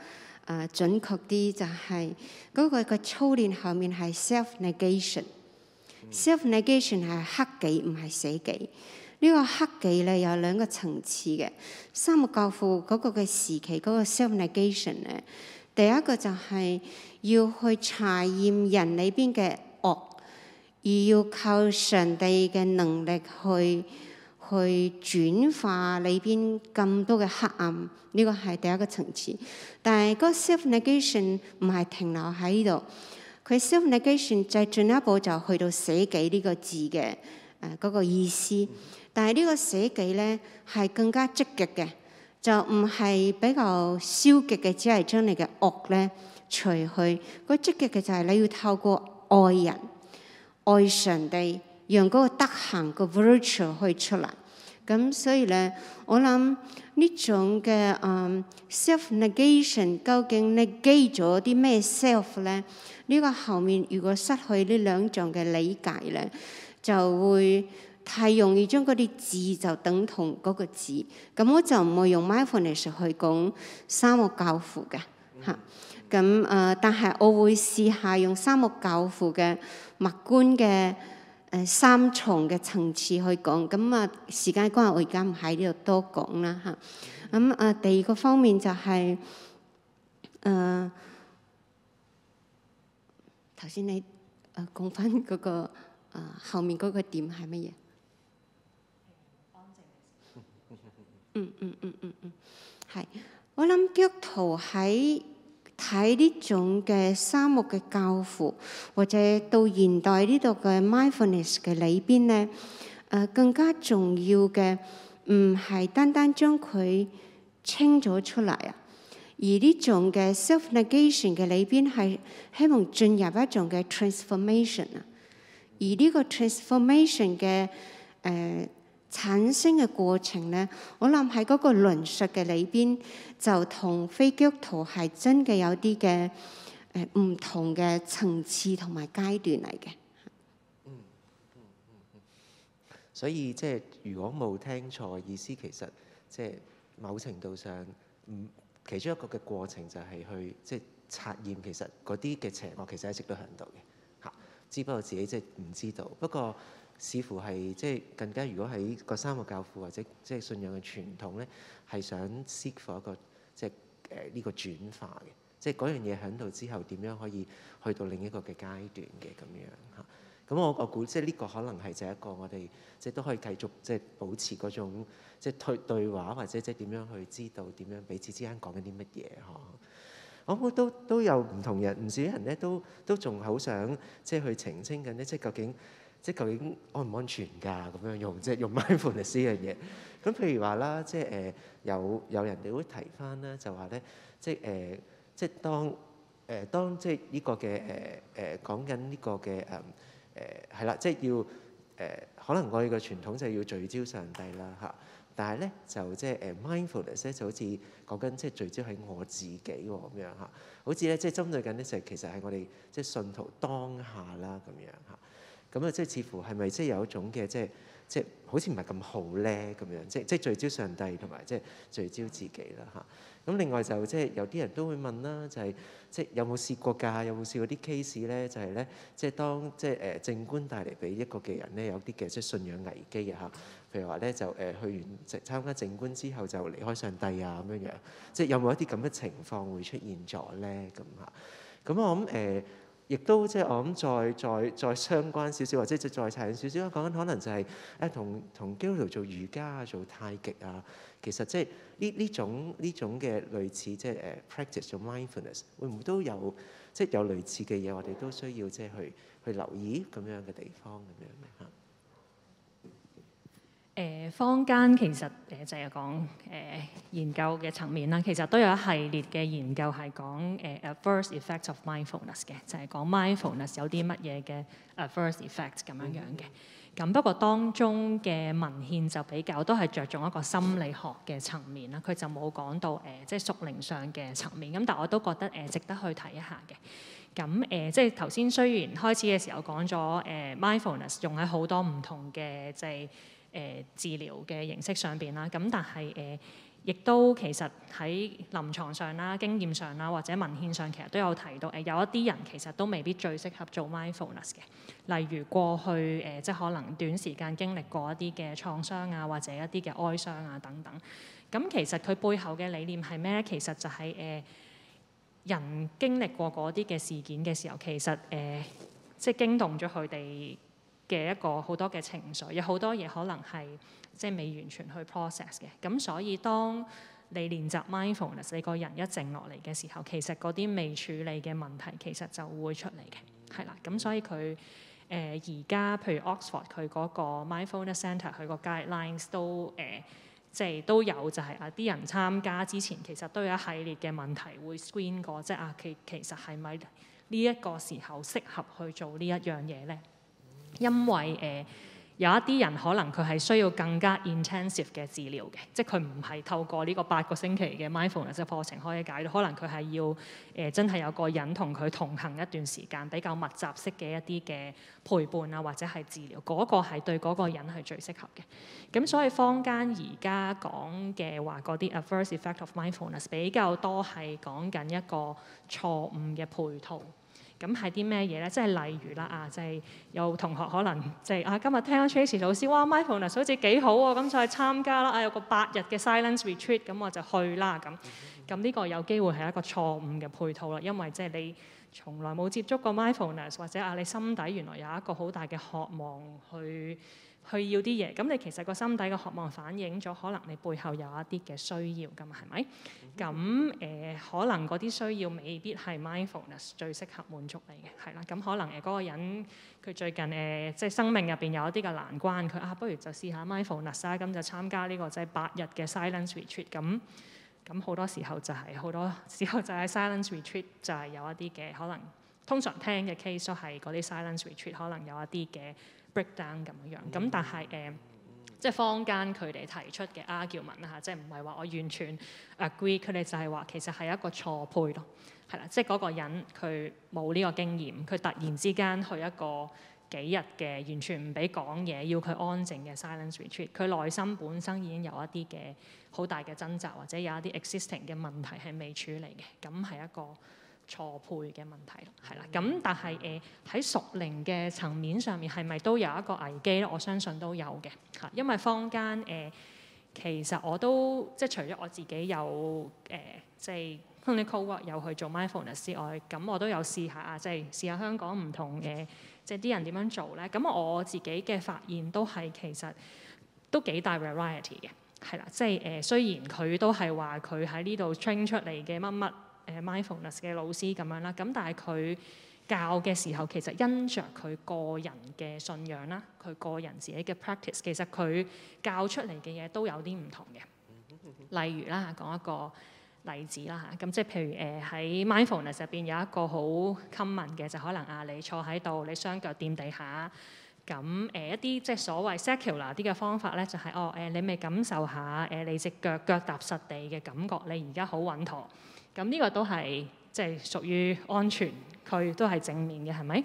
啊準確啲，就係、是、嗰個嘅操練後面係 self negation。Neg ation, mm. self negation 係黑記唔係死記呢、這個黑記咧有兩個層次嘅。三個教父嗰個嘅時期嗰、那個 self negation 咧，第一個就係要去查驗人裏邊嘅惡，而要靠上帝嘅能力去。去轉化裏邊咁多嘅黑暗，呢、這個係第一個層次。但係個 self negation 唔係停留喺呢度，佢 self negation 就進一步就去到捨己呢個字嘅誒、呃那個意思。但係呢個捨己咧係更加積極嘅，就唔係比較消極嘅，只係將你嘅惡咧除去。那個積極嘅就係你要透過愛人、愛上帝，讓個德行嘅 virtue 可以出嚟。咁所以咧，我諗呢種嘅誒、um, self negation 究竟 negate 咗啲咩 self 咧？呢、呢個後面如果失去呢兩種嘅理解咧，就會太容易將嗰啲字就等同嗰個字。咁我就唔會用 mindfulness 去講三目教父嘅嚇。咁誒、mm hmm. 啊，但係我會試下用三目教父嘅默觀嘅。誒三重嘅層次去講，咁啊時間關係，我而家唔喺呢度多講啦嚇。咁啊、呃、第二個方面就係誒頭先你誒講翻嗰個啊、呃、後面嗰個點係乜嘢？嗯嗯嗯嗯嗯，係、嗯嗯、我諗基督徒喺睇呢種嘅沙漠嘅教父，或者到現代呢度嘅 mindfulness 嘅裏邊咧，誒、呃、更加重要嘅唔係單單將佢清咗出嚟啊，而呢種嘅 self-negation 嘅裏邊係希望進入一種嘅 transformation 啊，而呢個 transformation 嘅誒。呃產生嘅過程呢，我諗喺嗰個論述嘅裏邊，就、呃、同非基督徒係真嘅有啲嘅唔同嘅層次同埋階段嚟嘅、嗯嗯嗯嗯。所以即係如果冇聽錯意思，其實即係某程度上，其中一個嘅過程就係去即係察驗，其實嗰啲嘅邪惡其實一直都喺度嘅，嚇，只不過自己即係唔知道。不過似乎係即係更加。如果喺個三個教父或者即係信仰嘅傳統咧，係想 seek for 一個即係誒呢個轉化嘅，即係嗰樣嘢喺度之後點樣可以去到另一個嘅階段嘅咁樣嚇。咁我我估即係呢個可能係就係一個我哋即係都可以繼續即係保持嗰種即係對對話，或者即係點樣去知道點樣彼此之間講緊啲乜嘢呵？我覺得都都有唔同人，唔少人咧都都仲好想即係去澄清緊咧，即係究竟。即係究竟安唔安全㗎？咁樣用即係用 mindfulness 呢樣嘢。咁譬如話啦，即係誒有有人哋會提翻啦，就話咧，即係誒即係當誒、呃、當即係呢個嘅誒誒講緊呢個嘅誒誒係啦，即係、呃呃、要誒、呃、可能我哋嘅傳統就係要聚焦上帝啦嚇，但係咧就即係誒 mindfulness 咧就好似講緊即係聚焦喺我自己喎咁樣嚇，好似咧即係針對緊咧就其實係我哋即係信徒當下啦咁樣嚇。咁啊，即係似乎係咪即係有一種嘅，即係即係好似唔係咁好咧咁樣，即係即係聚焦上帝同埋即係聚焦自己啦吓，咁另外就即係、就是、有啲人都會問啦，就係即係有冇試過㗎？有冇試過啲 case 咧？就係、是、咧，即係當即係誒靜觀帶嚟俾一個嘅人咧，有啲嘅即係信仰危機嘅吓，譬如話咧就誒、呃、去完參加靜觀之後就離開上帝啊咁樣樣，即係、就是、有冇一啲咁嘅情況會出現咗咧？咁吓，咁我諗誒。呃亦都即係我諗，再再再相關少少，或者即再細少少啊。講緊可能就係誒同同 Guru 做瑜伽、做太極啊。其實即係呢呢種呢種嘅類似即係、就、誒、是、practice 做 mindfulness，會唔會都有即係、就是、有類似嘅嘢？我哋都需要即係去去留意咁樣嘅地方咁樣嘅嚇。誒坊間其實誒就係講誒研究嘅層面啦，其實都有一系列嘅研究係講誒 adverse effect of mindfulness 嘅，就係、是、講 mindfulness 有啲乜嘢嘅 adverse effect 咁樣樣嘅。咁不過當中嘅文獻就比較都係着重一個心理學嘅層面啦，佢就冇講到誒即係屬靈上嘅層面。咁、呃就是、但我都覺得誒、呃、值得去睇一下嘅。咁誒即係頭先雖然開始嘅時候講咗誒、呃、mindfulness 用喺好多唔同嘅就係、是。誒、呃、治療嘅形式上面啦，咁但係誒、呃、亦都其實喺臨床上啦、經驗上啦或者文獻上，其實都有提到誒、呃、有一啲人其實都未必最適合做 mindfulness 嘅，例如過去誒、呃、即係可能短時間經歷過一啲嘅創傷啊或者一啲嘅哀傷啊等等。咁、嗯、其實佢背後嘅理念係咩咧？其實就係、是、誒、呃、人經歷過嗰啲嘅事件嘅時候，其實誒、呃、即係驚動咗佢哋嘅一個好多嘅情緒，有好多嘢可能係即係未完全去 process 嘅。咁所以當你練習 mindfulness，你個人一靜落嚟嘅時候，其實嗰啲未處理嘅問題其實就會出嚟嘅，係啦。咁所以佢誒而家譬如 Oxford 佢嗰個 mindfulness centre 佢個 guidelines 都誒即係都有，就係啊啲人參加之前其實都有一系列嘅問題會 screen 過，即係啊其其實係咪呢一個時候適合去做呢一樣嘢咧？因為誒、呃、有一啲人可能佢係需要更加 intensive 嘅治療嘅，即係佢唔係透過呢個八個星期嘅 mindfulness 嘅課程可以解到。可能佢係要誒、呃、真係有個人同佢同行一段時間，比較密集式嘅一啲嘅陪伴啊，或者係治療，嗰、那個係對嗰個人係最適合嘅。咁所以坊間而家講嘅話嗰啲 adverse effect of mindfulness 比較多係講緊一個錯誤嘅配套。咁係啲咩嘢咧？即係例如啦，啊，即係有同學可能即係啊，今日聽咗 Tracy 老師，哇，Mindfulness 好似幾好喎，咁就去參加啦。啊，有個八日嘅 Silence Retreat，咁我就去啦。咁，咁呢個有機會係一個錯誤嘅配套啦，因為即係你從來冇接觸過 Mindfulness，或者啊，你心底原來有一個好大嘅渴望去。佢要啲嘢，咁你其實個心底嘅渴望反映咗，可能你背後有一啲嘅需要㗎嘛，係咪？咁誒、 *music* 嗯呃，可能嗰啲需要未必係 mindfulness 最適合滿足你嘅，係啦。咁、嗯、可能誒嗰個人佢最近誒、呃、即係生命入邊有一啲嘅難關，佢啊不如就試下 mindfulness 啦、啊，咁、嗯、就參加呢個即係八日嘅 silence retreat、嗯。咁咁好多時候就係、是、好多時候就係 silence retreat 就係有一啲嘅可能，通常聽嘅 case 都係嗰啲 silence retreat 可能有一啲嘅。breakdown 咁樣樣，咁但係誒、呃，即係坊間佢哋提出嘅 argument 啊吓，即係唔係話我完全 agree，佢哋就係話其實係一個錯配咯，係啦，即係嗰個人佢冇呢個經驗，佢突然之間去一個幾日嘅完全唔俾講嘢，要佢安靜嘅 silence retreat，佢內心本身已經有一啲嘅好大嘅掙扎，或者有一啲 existing 嘅問題係未處理嘅，咁係一個錯配嘅問題係啦，咁但係誒喺熟齡嘅層面上面係咪都有一個危機咧？我相信都有嘅，嚇，因為坊間誒、呃、其實我都即係除咗我自己有誒、呃、即係 clinical work 有去做 mindfulness 之外，咁我都有試下啊，即係試下香港唔同嘅即係啲人點樣做咧。咁我自己嘅發現都係其實都幾大 variety 嘅，係啦，即係誒、呃、雖然佢都係話佢喺呢度 train 出嚟嘅乜乜。誒 Mindfulness 嘅老師咁樣啦，咁但係佢教嘅時候，其實因着佢個人嘅信仰啦，佢個人自己嘅 practice，其實佢教出嚟嘅嘢都有啲唔同嘅。例如啦，講一個例子啦嚇，咁即係譬如誒喺 Mindfulness 入邊有一個好 common 嘅就可能啊，你坐喺度，你雙腳掂地下咁誒一啲即係所謂 secular 啲嘅方法咧，就係，就係哦誒，你咪感受下誒你隻腳腳踏實地嘅感覺，你而家好穩妥。咁呢個都係即係屬於安全佢都係正面嘅，係咪？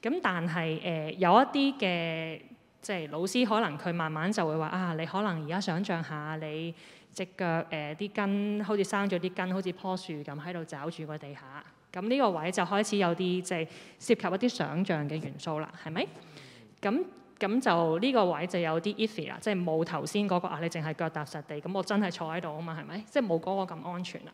咁但係誒、呃、有一啲嘅即係老師可能佢慢慢就會話啊，你可能而家想像下你隻腳誒啲根好似生咗啲根，好似棵樹咁喺度抓住個地下。咁呢個位就開始有啲即係涉及一啲想像嘅元素啦，係咪？咁咁就呢個位就有啲 iffy 啦，即係冇頭先嗰個啊。你淨係腳踏實地，咁我真係坐喺度啊嘛，係咪？即係冇嗰個咁安全啦。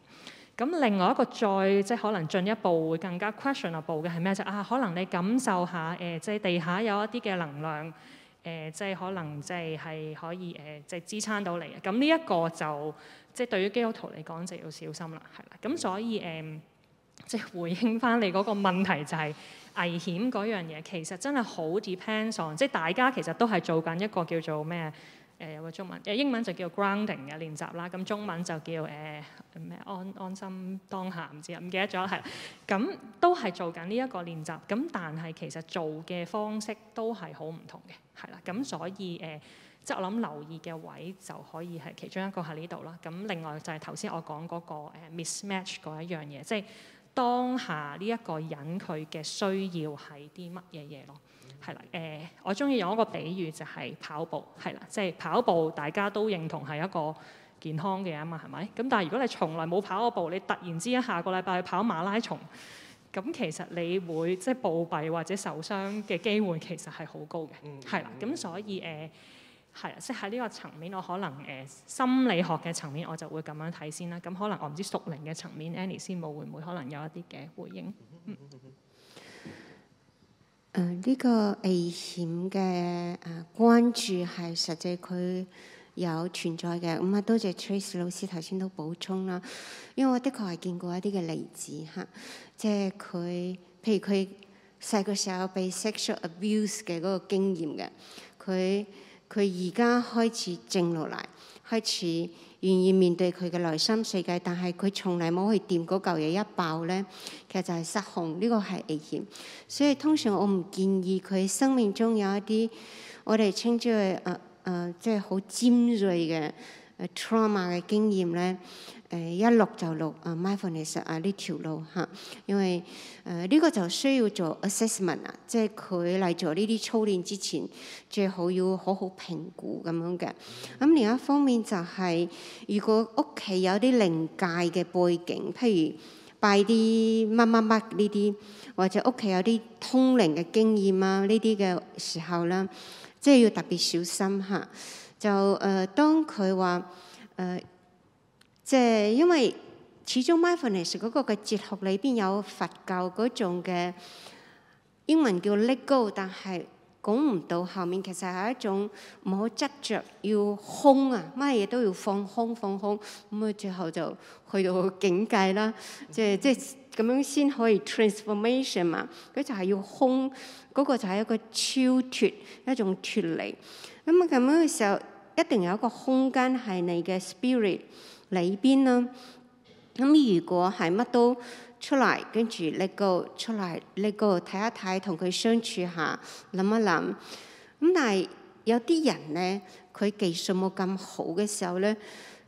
咁另外一個再即係可能進一步會更加 questionable 嘅係咩？就是、啊，可能你感受下誒、呃，即係地下有一啲嘅能量誒、呃，即係可能即係係可以誒、呃，即係支撐到你。咁呢一個就即係對於基督徒嚟講就要小心啦，係啦。咁所以誒、呃，即係回應翻你嗰個問題就係危險嗰樣嘢，其實真係好 depends on，即係大家其實都係做緊一個叫做咩？誒、呃、有個中文，誒、呃、英文就叫 grounding 嘅練習啦，咁中文就叫誒咩、呃、安安心當下，唔知啊，唔記得咗，係，咁都係做緊呢一個練習，咁但係其實做嘅方式都係好唔同嘅，係啦，咁所以誒、呃，即係我諗留意嘅位就可以係其中一個喺呢度啦，咁另外就係頭先我講嗰個 mismatch 嗰一樣嘢，即係當下呢一個人佢嘅需要係啲乜嘢嘢咯。係啦，誒、呃，我中意用一個比喻就係跑步，係啦，即係跑步大家都認同係一個健康嘅啊嘛，係咪？咁但係如果你從來冇跑過步，你突然之下個禮拜去跑馬拉松，咁其實你會即係暴斃或者受傷嘅機會其實係好高嘅，係啦、嗯。咁所以誒，係、呃、啦，即係喺呢個層面，我可能誒、呃、心理學嘅層面我就會咁樣睇先啦。咁可能我唔知熟齡嘅層面，Annie 先冇會唔會可能有一啲嘅回應？嗯誒呢、呃這個危險嘅誒關注係實際佢有存在嘅，咁、嗯、啊多謝 Trace 老師頭先都補充啦，因為我的確係見過一啲嘅例子嚇，即係佢譬如佢細個時候被 sexual abuse 嘅嗰個經驗嘅，佢佢而家開始靜落嚟，開始願意面對佢嘅內心世界，但係佢從嚟冇去掂嗰嚿嘢一爆呢，其實就係失控，呢個係危險。所以通常我唔建議佢生命中有一啲我哋稱之為誒誒即係好尖鋭嘅、啊、trauma 嘅經驗呢。誒、uh, 一錄就錄啊，mindfulness 啊呢條路嚇，uh, 因為誒呢、uh, 個就需要做 assessment 啊，即係佢嚟做呢啲操練之前，最好要好好評估咁樣嘅。咁、mm hmm. 嗯、另一方面就係、是，如果屋企有啲靈界嘅背景，譬如拜啲乜乜乜呢啲，或者屋企有啲通靈嘅經驗啊，呢啲嘅時候啦，即、就、係、是、要特別小心嚇。Uh, 就誒，uh, 當佢話誒。Uh, 即係因為始終 mindfulness 嗰個嘅哲學裏邊有佛教嗰種嘅英文叫 let go，但係講唔到後面其實係一種唔好執着，要空啊，乜嘢都要放空放空，咁啊最後就去到境界啦。即係即係咁樣先可以 transformation 嘛。佢就係要空，嗰、嗰個就係一個超脱一種脱離。咁啊咁樣嘅時候，一定有一個空間係你嘅 spirit。裏邊啦，咁、嗯、如果係乜都出嚟，跟住呢個出嚟，呢個睇一睇，同佢相處下，諗一諗。咁、嗯、但係有啲人咧，佢技術冇咁好嘅時候咧，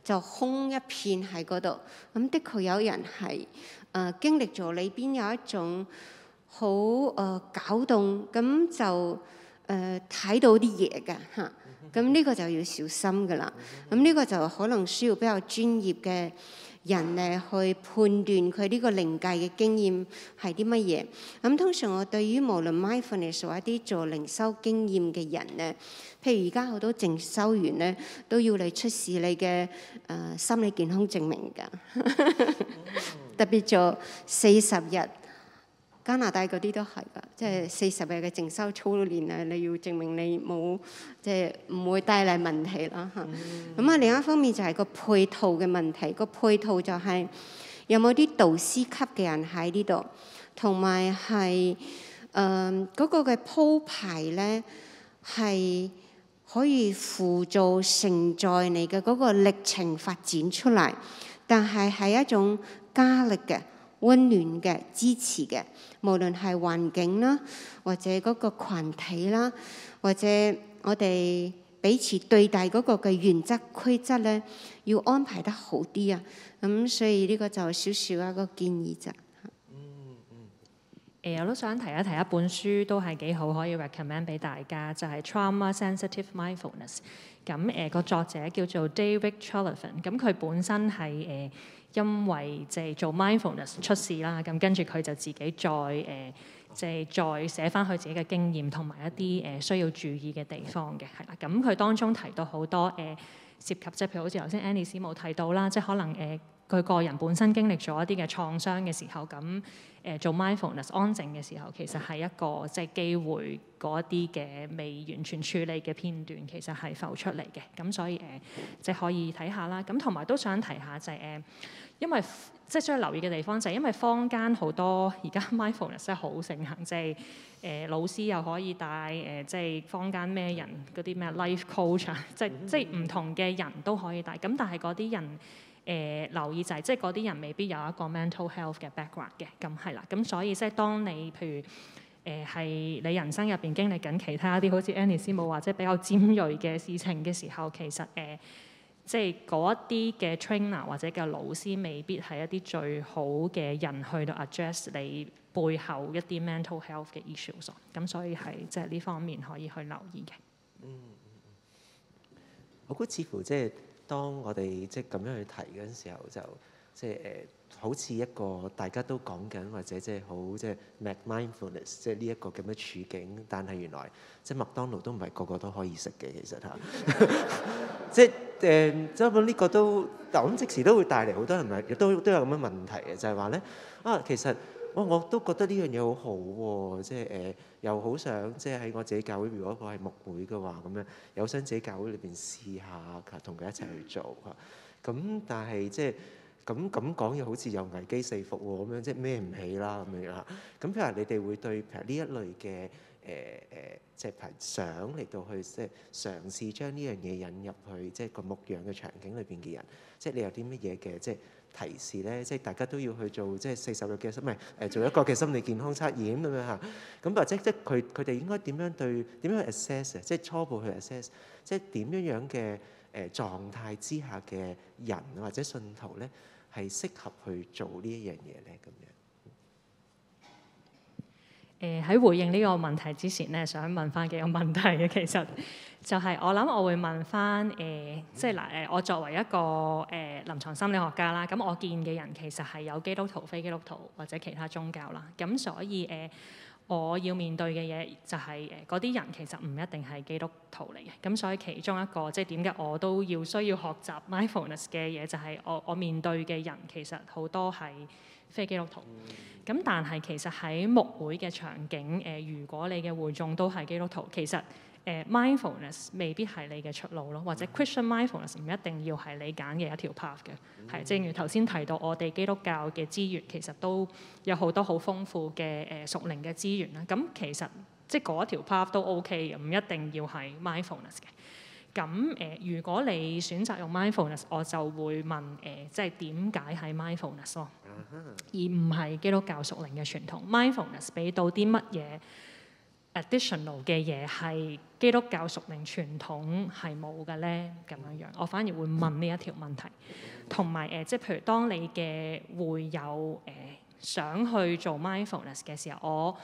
就空一片喺嗰度。咁、嗯、的確有人係誒、呃、經歷咗裏邊有一種好誒、呃、搞動，咁、嗯、就誒睇、呃、到啲嘢㗎嚇。咁呢個就要小心噶啦，咁、這、呢個就可能需要比較專業嘅人咧去判斷佢呢個靈界嘅經驗係啲乜嘢。咁通常我對於無論 mindfulness 呢或者一啲做靈修經驗嘅人咧，譬如而家好多淨修員咧都要你出示你嘅誒心理健康證明㗎， *laughs* 特別做四十日。加拿大嗰啲都係噶，即係四十日嘅淨修操練啊！你要證明你冇，即係唔會帶嚟問題啦吓，咁啊、mm，hmm。另一方面就係個配套嘅問題，個配套就係、是、有冇啲導師級嘅人喺呢度，同埋係誒嗰個嘅鋪排咧，係可以輔助承載你嘅嗰、那個歷程發展出嚟，但係係一種加力嘅溫暖嘅支持嘅。無論係環境啦，或者嗰個羣體啦，或者我哋彼此對待嗰個嘅原則規則咧，要安排得好啲啊！咁所以呢個就少少一個建議啫。嗯 *music* 我都想提一提一本書，都係幾好可以 recommend 俾大家，就係 Trauma-Sensitive Mindfulness。咁誒、個作者叫做 David Treleaven 咁佢本身係誒。因為即係做 mindfulness 出事啦，咁跟住佢就自己再誒，即、呃、係、就是、再寫翻佢自己嘅經驗同埋一啲誒需要注意嘅地方嘅，係啦。咁佢當中提到好多誒、呃、涉及即係，譬如好似頭先 Annie 師母提到啦，即係可能誒佢、呃、個人本身經歷咗一啲嘅創傷嘅時候，咁、呃、誒做 mindfulness 安靜嘅時候，其實係一個即係機會嗰一啲嘅未完全處理嘅片段，其實係浮出嚟嘅。咁所以誒，即、呃、係可以睇下啦。咁同埋都想提下就係、是、誒。呃因為即係需要留意嘅地方就係，因為坊間好多而家 mindfulness 真係好盛行，即係誒、呃、老師又可以帶誒、呃，即係坊間咩人嗰啲咩 life coach 啊，即係即係唔同嘅人都可以帶。咁但係嗰啲人誒、呃、留意就係、是，即係嗰啲人未必有一個 mental health 嘅 background 嘅。咁係啦，咁所以即係當你譬如誒係、呃、你人生入邊經歷緊其他啲好似 Annie 師母或者比較尖鋭嘅事情嘅時候，其實誒。呃即係嗰一啲嘅 trainer 或者嘅老師，未必係一啲最好嘅人去到 address 你背後一啲 mental health 嘅 issues。咁所以係即係呢方面可以去留意嘅。嗯，我估似乎即係當我哋即係咁樣去提嗰陣時候就。即係誒，好似一個大家都講緊，或者即係好即係、就是、make mindfulness，即係呢一個咁嘅處境。但係原來即係麥當勞都唔係個個都可以食嘅，其實嚇。即係誒，根本呢個都，但係即時都會帶嚟好多人亦都都有咁嘅問題嘅，就係話咧啊，其實我我都覺得呢樣嘢好好、啊、喎，即係誒，又好想即係喺我自己教會，如果我係牧會嘅話，咁樣有心喺自己教會裏邊試下，同佢一齊去做嚇。咁、啊、但係即係。就是咁咁講嘢好似又危機四伏喎，咁樣即係孭唔起啦咁樣啦。咁 *music* 譬如你哋會對譬如呢一類嘅誒誒，即係想嚟到去即係嘗試將呢樣嘢引入去即係個牧養嘅場景裏邊嘅人，即係你有啲乜嘢嘅即係？提示咧，即係大家都要去做即係四十六嘅心，唔係做一個嘅心理健康測驗咁樣吓，咁或者即係佢佢哋應該點樣對，點樣去 assess？啊，即係初步去 assess，即係點樣樣嘅誒狀態之下嘅人或者信徒咧，係適合去做呢一樣嘢咧咁樣。誒、呃，喺回應呢個問題之前咧，想問翻幾個問題嘅其實。就係、是、我諗，我會問翻誒，即係嗱誒，我作為一個誒、呃、臨床心理學家啦，咁我見嘅人其實係有基督徒、非基督徒或者其他宗教啦，咁所以誒、呃，我要面對嘅嘢就係誒嗰啲人其實唔一定係基督徒嚟嘅，咁所以其中一個即係點解我都要需要學習 mindfulness 嘅嘢，就是，就係我我面對嘅人其實好多係非基督徒，咁但係其實喺牧會嘅場景誒、呃，如果你嘅會眾都係基督徒，其實。誒 mindfulness 未必係你嘅出路咯，或者 Christian mindfulness 唔一定要係你揀嘅一條 path 嘅，係、mm hmm. 正如頭先提到，我哋基督教嘅資源其實都有好多好豐富嘅誒、呃、屬靈嘅資源啦。咁其實即係嗰條 path 都 OK，唔一定要係 mindfulness 嘅。咁誒、呃，如果你選擇用 mindfulness，我就會問誒、呃，即係點解係 mindfulness 咯？Mind uh huh. 而唔係基督教屬靈嘅傳統，mindfulness 俾到啲乜嘢？additional 嘅嘢係基督教靈命傳統係冇嘅咧咁樣樣，我反而會問呢一條問題，同埋誒，即係譬如當你嘅會友誒、呃、想去做 mindfulness 嘅時候，我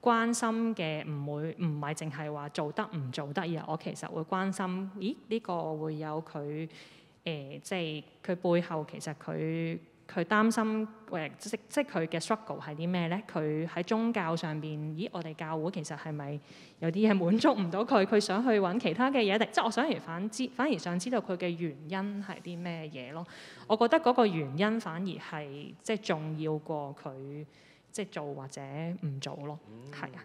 關心嘅唔會唔係淨係話做得唔做得，而我其實會關心，咦呢、呢個會友佢誒、呃，即係佢背後其實佢。佢擔心誒，即即佢嘅 struggle 係啲咩咧？佢喺宗教上邊，咦？我哋教會其實係咪有啲嘢滿足唔到佢？佢想去揾其他嘅嘢，定即我想而反知，反而想知道佢嘅原因係啲咩嘢咯？我覺得嗰個原因反而係即重要過佢即做或者唔做咯，係啊。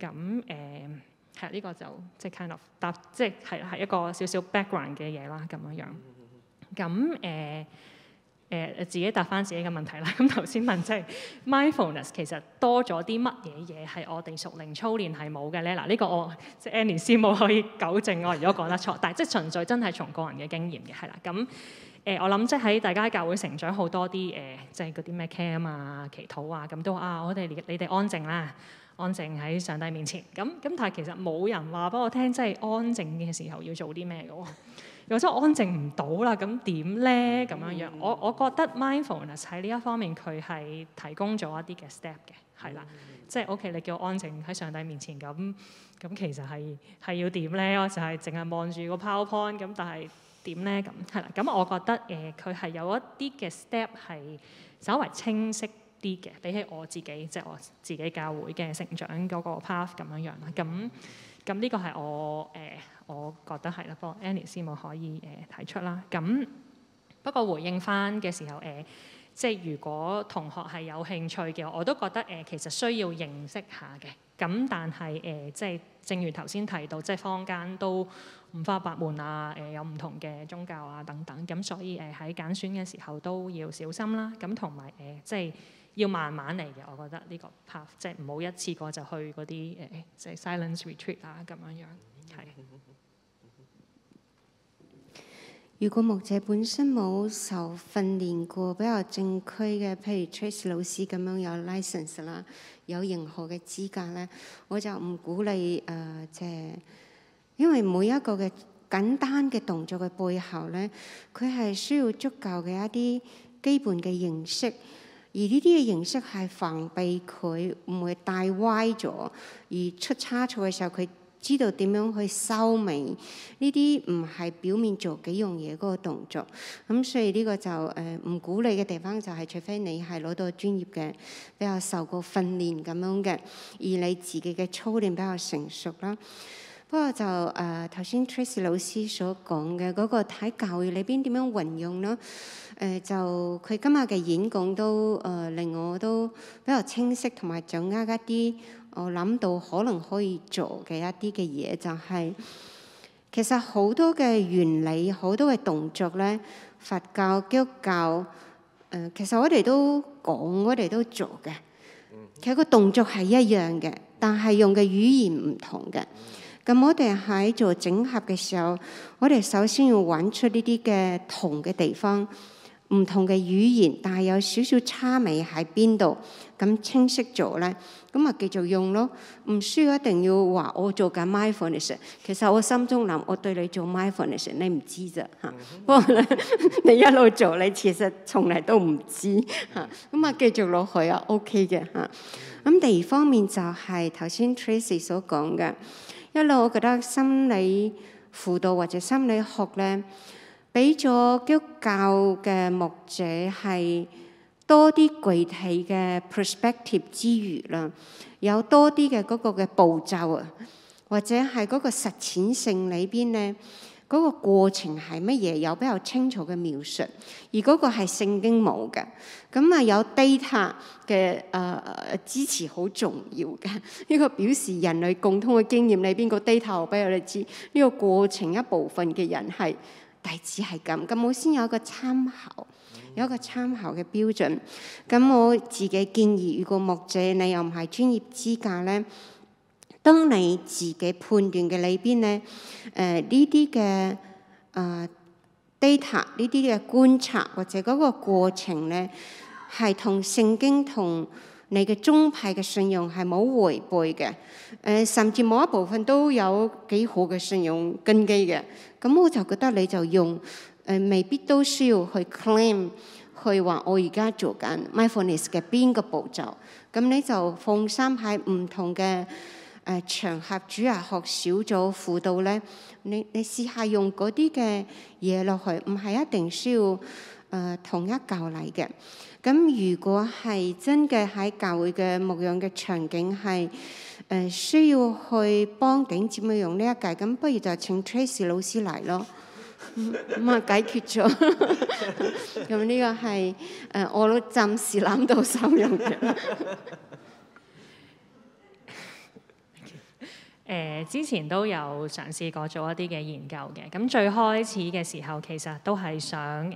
咁誒，係、呃、呢、這個就即 kind of 搭，即係係一個少少 background 嘅嘢啦，咁樣樣。咁誒。呃誒自己答翻自己嘅問題啦。咁頭先問即係、就是、mindfulness 其實多咗啲乜嘢嘢係我哋屬靈操練係冇嘅咧。嗱、這、呢個我即係 Annie 師母可以糾正我，如果講得錯。但係即係純粹真係從個人嘅經驗嘅係啦。咁誒、呃、我諗即係喺大家教會成長好多啲誒，即係嗰啲咩 cam 啊、祈禱啊，咁都啊，我哋你哋安靜啦，安靜喺上帝面前。咁咁但係其實冇人話俾我聽，即係安靜嘅時候要做啲咩嘅喎。或者我安靜唔到啦，咁點咧咁樣樣？嗯、我我覺得 mindfulness 喺呢一方面佢係提供咗一啲嘅 step 嘅，係啦，嗯、即係 OK，你叫我安靜喺上帝面前，咁咁其實係係要點咧？我就係淨係望住個 powerpoint，咁但係點咧？咁係啦，咁我覺得誒佢係有一啲嘅 step 係稍為清晰啲嘅，比起我自己即係、即係、我自己教會嘅成長嗰個 path 咁樣樣啦，咁。咁呢個係我誒、呃，我覺得係啦。不過 Annie 先冇可以誒、呃、提出啦。咁不過回應返嘅時候誒、呃，即係如果同學係有興趣嘅，我都覺得誒、呃、其實需要認識下嘅。咁但係誒、呃，即係正如頭先提到，即係坊間都五花八門啊，誒、呃、有唔同嘅宗教啊等等。咁所以誒喺揀選嘅時候都要小心啦。咁同埋誒，即係。要慢慢嚟嘅，我覺得呢個 part 即係唔好一次過就去嗰啲誒，即係 silence retreat 啊咁樣樣。係。如果牧者本身冇受訓練過比較正規嘅，譬如 Trace 老師咁樣有 license 啦，有任何嘅資格咧，我就唔鼓勵誒，即、呃、係、就是、因為每一個嘅簡單嘅動作嘅背後咧，佢係需要足夠嘅一啲基本嘅認識。而呢啲嘅形式係防備佢唔會帶歪咗，而出差錯嘅時候，佢知道點樣去收尾。呢啲唔係表面做幾樣嘢嗰個動作，咁所以呢個就誒、呃、唔鼓勵嘅地方就係，除非你係攞到專業嘅，比較受過訓練咁樣嘅，而你自己嘅操練比較成熟啦。不過就誒頭、呃、先 Tracy 老師所講嘅嗰個喺教育裏邊點樣運用咯？誒、呃、就佢今日嘅演講都誒、呃、令我都比較清晰同埋掌握一啲我諗到可能可以做嘅一啲嘅嘢，就係、是、其實好多嘅原理，好多嘅動作咧，佛教基督教誒、呃，其實我哋都講，我哋都做嘅。其實個動作係一樣嘅，但係用嘅語言唔同嘅。咁我哋喺做整合嘅時候，我哋首先要揾出呢啲嘅同嘅地方，唔同嘅語言，但係有少少差異喺邊度，咁清晰咗咧，咁啊繼續用咯。唔需要一定要話我做緊 mindfulness，其實我心中諗，我對你做 mindfulness，你唔知咋嚇。不過、mm hmm. *laughs* 你一路做，你其實從嚟都唔知嚇。咁啊繼續落去啊，OK 嘅嚇。咁、mm hmm. 第二方面就係頭先 Tracy 所講嘅。一路，我覺得心理輔導或者心理學咧，俾咗基督教嘅牧者係多啲具體嘅 perspective 之餘啦，有多啲嘅嗰個嘅步驟啊，或者係嗰個實踐性裏邊咧。嗰個過程係乜嘢有比較清楚嘅描述，而嗰個係聖經冇嘅，咁啊有 data 嘅誒、呃、支持好重要嘅，呢、這個表示人類共通嘅經驗。你邊個 data 俾我哋知呢、這個過程一部分嘅人係大致係咁，咁我先有一個參考，有一個參考嘅標準。咁我自己建議目，如果牧者你又唔係專業資格呢。當你自己判斷嘅裏邊咧，誒呢啲嘅啊 data 呢啲嘅觀察或者嗰個過程咧，係同聖經同你嘅宗派嘅信仰係冇違背嘅。誒、呃、甚至某一部分都有幾好嘅信仰根基嘅。咁、嗯、我就覺得你就用誒、呃、未必都需要去 claim 去話我而家做緊 mindfulness 嘅邊個步驟。咁、嗯、你就放心喺唔同嘅。誒、呃、場合主啊學小組輔導咧，你你試下用嗰啲嘅嘢落去，唔係一定需要誒、呃、統一教嚟嘅。咁如果係真嘅喺教會嘅牧養嘅場景係誒、呃、需要去幫頂尖嘅用呢一計，咁不如就請 Tracy 老師嚟咯，咁啊 *laughs* *laughs* 解決咗。咁 *laughs* 呢個係誒、呃、我都暫時諗到使用嘅。 *laughs* 誒之前都有嘗試過做一啲嘅研究嘅，咁最開始嘅時候其實都係想誒，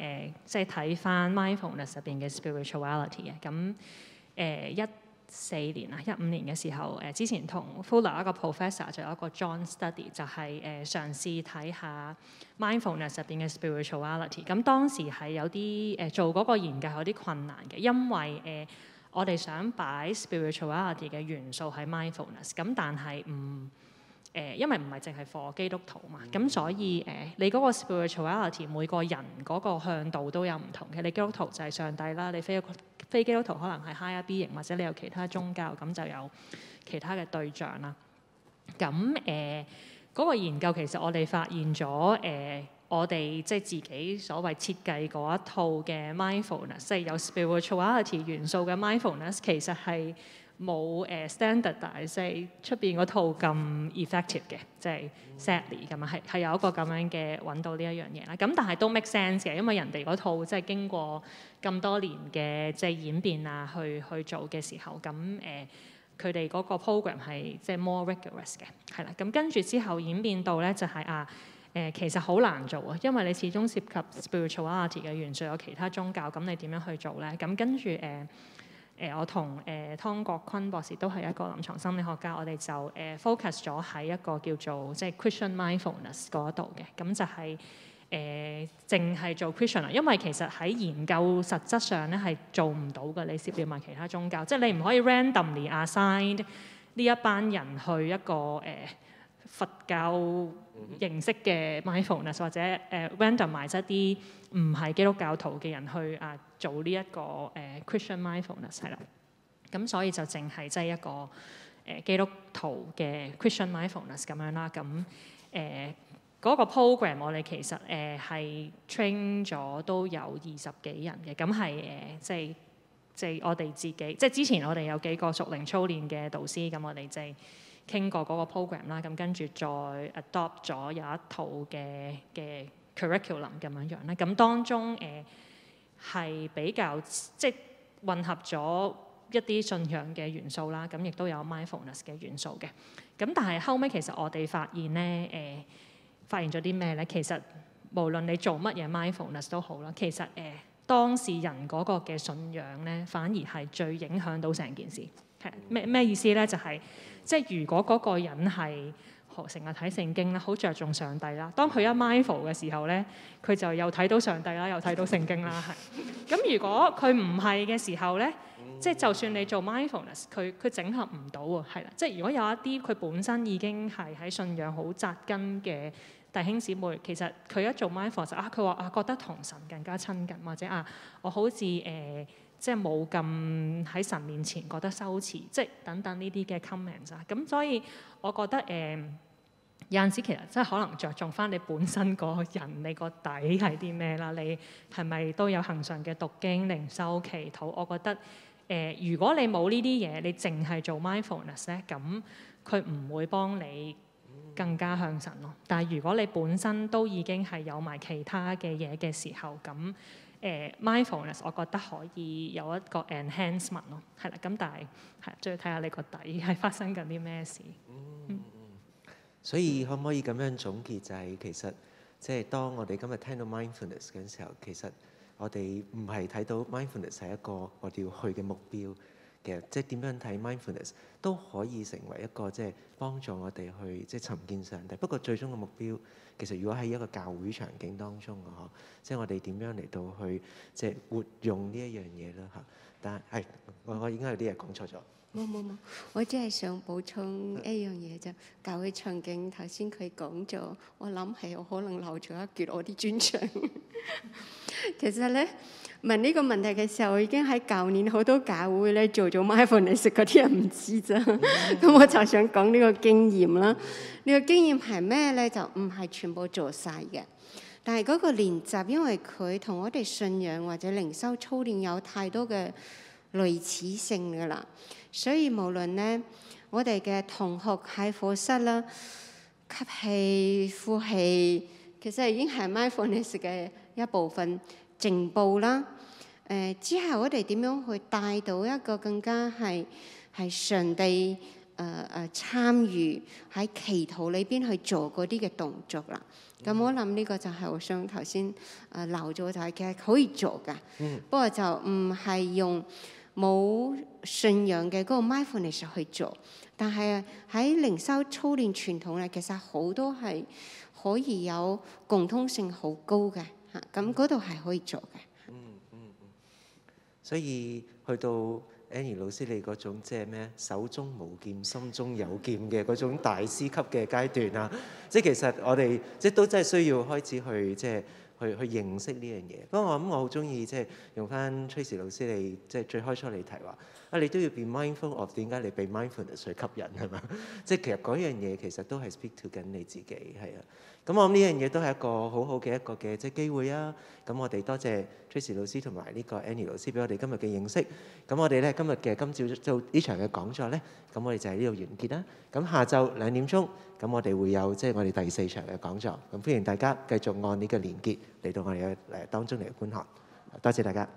即、呃、係睇、就、翻、是、mindfulness 入邊嘅 spirituality 嘅。咁誒一四年啊，一五年嘅時候，誒、呃、之前同 Fuller 一個 professor 就有一個 joint study，就係、是、誒、呃、嘗試睇下 mindfulness 入邊嘅 spirituality。咁當時係有啲誒、呃、做嗰個研究有啲困難嘅，因為誒、呃、我哋想擺 spirituality 嘅元素喺 mindfulness，咁但係唔～、嗯誒，因為唔係淨係 for 基督徒嘛，咁所以誒、呃，你嗰個 spirituality 每個人嗰個向度都有唔同嘅。你基督徒就係上帝啦，你非非基督徒可能係 higher being，或者你有其他宗教，咁就有其他嘅對象啦。咁誒，嗰、呃那個研究其實我哋發現咗誒、呃，我哋即係自己所謂設計嗰一套嘅 mindfulness，即係有 spirituality 元素嘅 mindfulness，其實係冇誒 standardize，即係出邊嗰套咁 effective 嘅，即係 *noise* sadly 咁啊，係係有一個咁樣嘅揾到呢一樣嘢啦。咁但係都 make sense 嘅，因為人哋嗰套即係經過咁多年嘅即係演變啊，去去做嘅時候，咁誒佢哋嗰個 program 係即係 more rigorous 嘅，係啦。咁跟住之後演變到咧就係、是、啊誒、呃，其實好難做啊，因為你始終涉及 spirituality 嘅元素，有其他宗教，咁你點樣去做咧？咁跟住誒。呃呃誒、呃，我同誒湯國坤博士都係一個臨床心理學家，我哋就誒 focus 咗喺一個叫做即係 Christian mindfulness 嗰度嘅，咁就係誒淨係做 Christian 因為其實喺研究實質上咧係做唔到嘅，你涉獵埋其他宗教，即係你唔可以 randomly assigned 呢一班人去一個誒、呃、佛教形式嘅 mindfulness，或者誒、呃、random 埋一啲唔係基督教徒嘅人去啊。呃做呢一個誒 Christian mindfulness 係啦，咁所以就淨係即係一個誒、呃、基督徒嘅 Christian mindfulness 咁樣啦。咁誒嗰個 program 我哋其實誒係、呃、train 咗都有二十幾人嘅。咁係誒即係即係我哋自己，即係之前我哋有幾個熟齡操練嘅導師，咁我哋即係傾過嗰個 program 啦。咁跟住再 adopt 咗有一套嘅嘅 curriculum 咁樣樣啦。咁當中誒、呃係比較即、就是、混合咗一啲信仰嘅元素啦，咁亦都有 mindfulness 嘅元素嘅。咁但係後尾其實我哋發現咧，誒、呃、發現咗啲咩咧？其實無論你做乜嘢 mindfulness 都好啦，其實誒、呃、當事人嗰個嘅信仰咧，反而係最影響到成件事。係咩咩意思咧？就係、是、即、就是、如果嗰個人係。成日睇聖經啦，好着重上帝啦。當佢一 mindful 嘅時候咧，佢就又睇到上帝啦，又睇到聖經啦。係咁，如果佢唔係嘅時候咧，即係 *laughs* 就算你做 mindfulness，佢佢整合唔到喎。係啦，即係如果有一啲佢本身已經係喺信仰好扎根嘅弟兄姊妹，其實佢一做 mindful，就啊佢話啊覺得同神更加親近，或者啊我好似誒、呃、即係冇咁喺神面前覺得羞恥，即係等等呢啲嘅 comments 啊。咁所以我覺得誒。呃。有陣時其實真係可能着重翻你本身個人，你個底係啲咩啦？你係咪都有恆常嘅讀經、靈修、祈禱？我覺得誒、呃，如果你冇呢啲嘢，你淨係做 mindfulness 咧，咁佢唔會幫你更加向神咯。但係如果你本身都已經係有埋其他嘅嘢嘅時候，咁誒、呃、mindfulness，我覺得可以有一個 enhancement 咯，係、嗯、啦。咁但係係要睇下你個底係發生緊啲咩事。所以可唔可以咁樣總結？就係其實即係當我哋今日聽到 mindfulness 嘅時候，其實我哋唔係睇到 mindfulness 係一個我哋要去嘅目標。其實即係點樣睇 mindfulness 都可以成為一個即係幫助我哋去即係尋見上帝。不過最終嘅目標其實如果喺一個教會場景當中嘅呵，即係我哋點樣嚟到去即係活用呢一樣嘢啦。嚇。但係我我應該有啲嘢講錯咗。冇冇冇，我只係想補充一樣嘢。就教會場景頭先佢講咗，我諗起，我可能漏咗一橛我啲專長。 *laughs* 其實咧問呢個問題嘅時候，我已經喺舊年好多教會咧做咗 mindfulness，嗰啲人唔知咋？咁我就想講呢個經驗啦。呢 *laughs* 個經驗係咩咧？就唔係全部做晒嘅。但係嗰個練習，因為佢同我哋信仰或者靈修操練有太多嘅類似性噶啦。所以無論咧，我哋嘅同學喺課室啦，吸氣、呼氣，其實已經係 mindfulness 嘅一部分靜步啦。誒、呃、之後我哋點樣去帶到一個更加係係上帝誒誒參與喺祈禱裏邊去做嗰啲嘅動作啦。咁、嗯、我諗呢個就係、呃、我想頭先誒留咗就係其實可以做噶，嗯、不過就唔係用，冇信仰嘅嗰個 mindfulness 去做，但係喺靈修操練傳統咧，其實好多係可以有共通性好高嘅嚇，咁嗰度係可以做嘅。嗯嗯嗯，所以去到 Annie 老師你嗰種即係咩，手中無劍，心中有劍嘅嗰種大師級嘅階段啊，即係其實我哋即都真係需要開始去即係。去去認識呢樣嘢，不過我諗我好中意即係用翻崔老師你即係最開初你提話啊，你都要 be mindful of 點解你被 mindfulness 去吸引係嘛？ *laughs* 即係其實嗰樣嘢其實都係 speak to 緊你自己係啊。咁我諗呢樣嘢都係一個好好嘅一個嘅即係機會啊！咁我哋多謝 Tracy 老師同埋呢個 Annie 老師俾我哋今日嘅認識。咁我哋咧今日嘅今朝做呢場嘅講座咧，咁我哋就喺呢度完結啦。咁下晝兩點鐘，咁我哋會有即係、就是、我哋第四場嘅講座。咁歡迎大家繼續按呢個連結嚟到我哋嘅誒當中嚟觀看。多謝大家。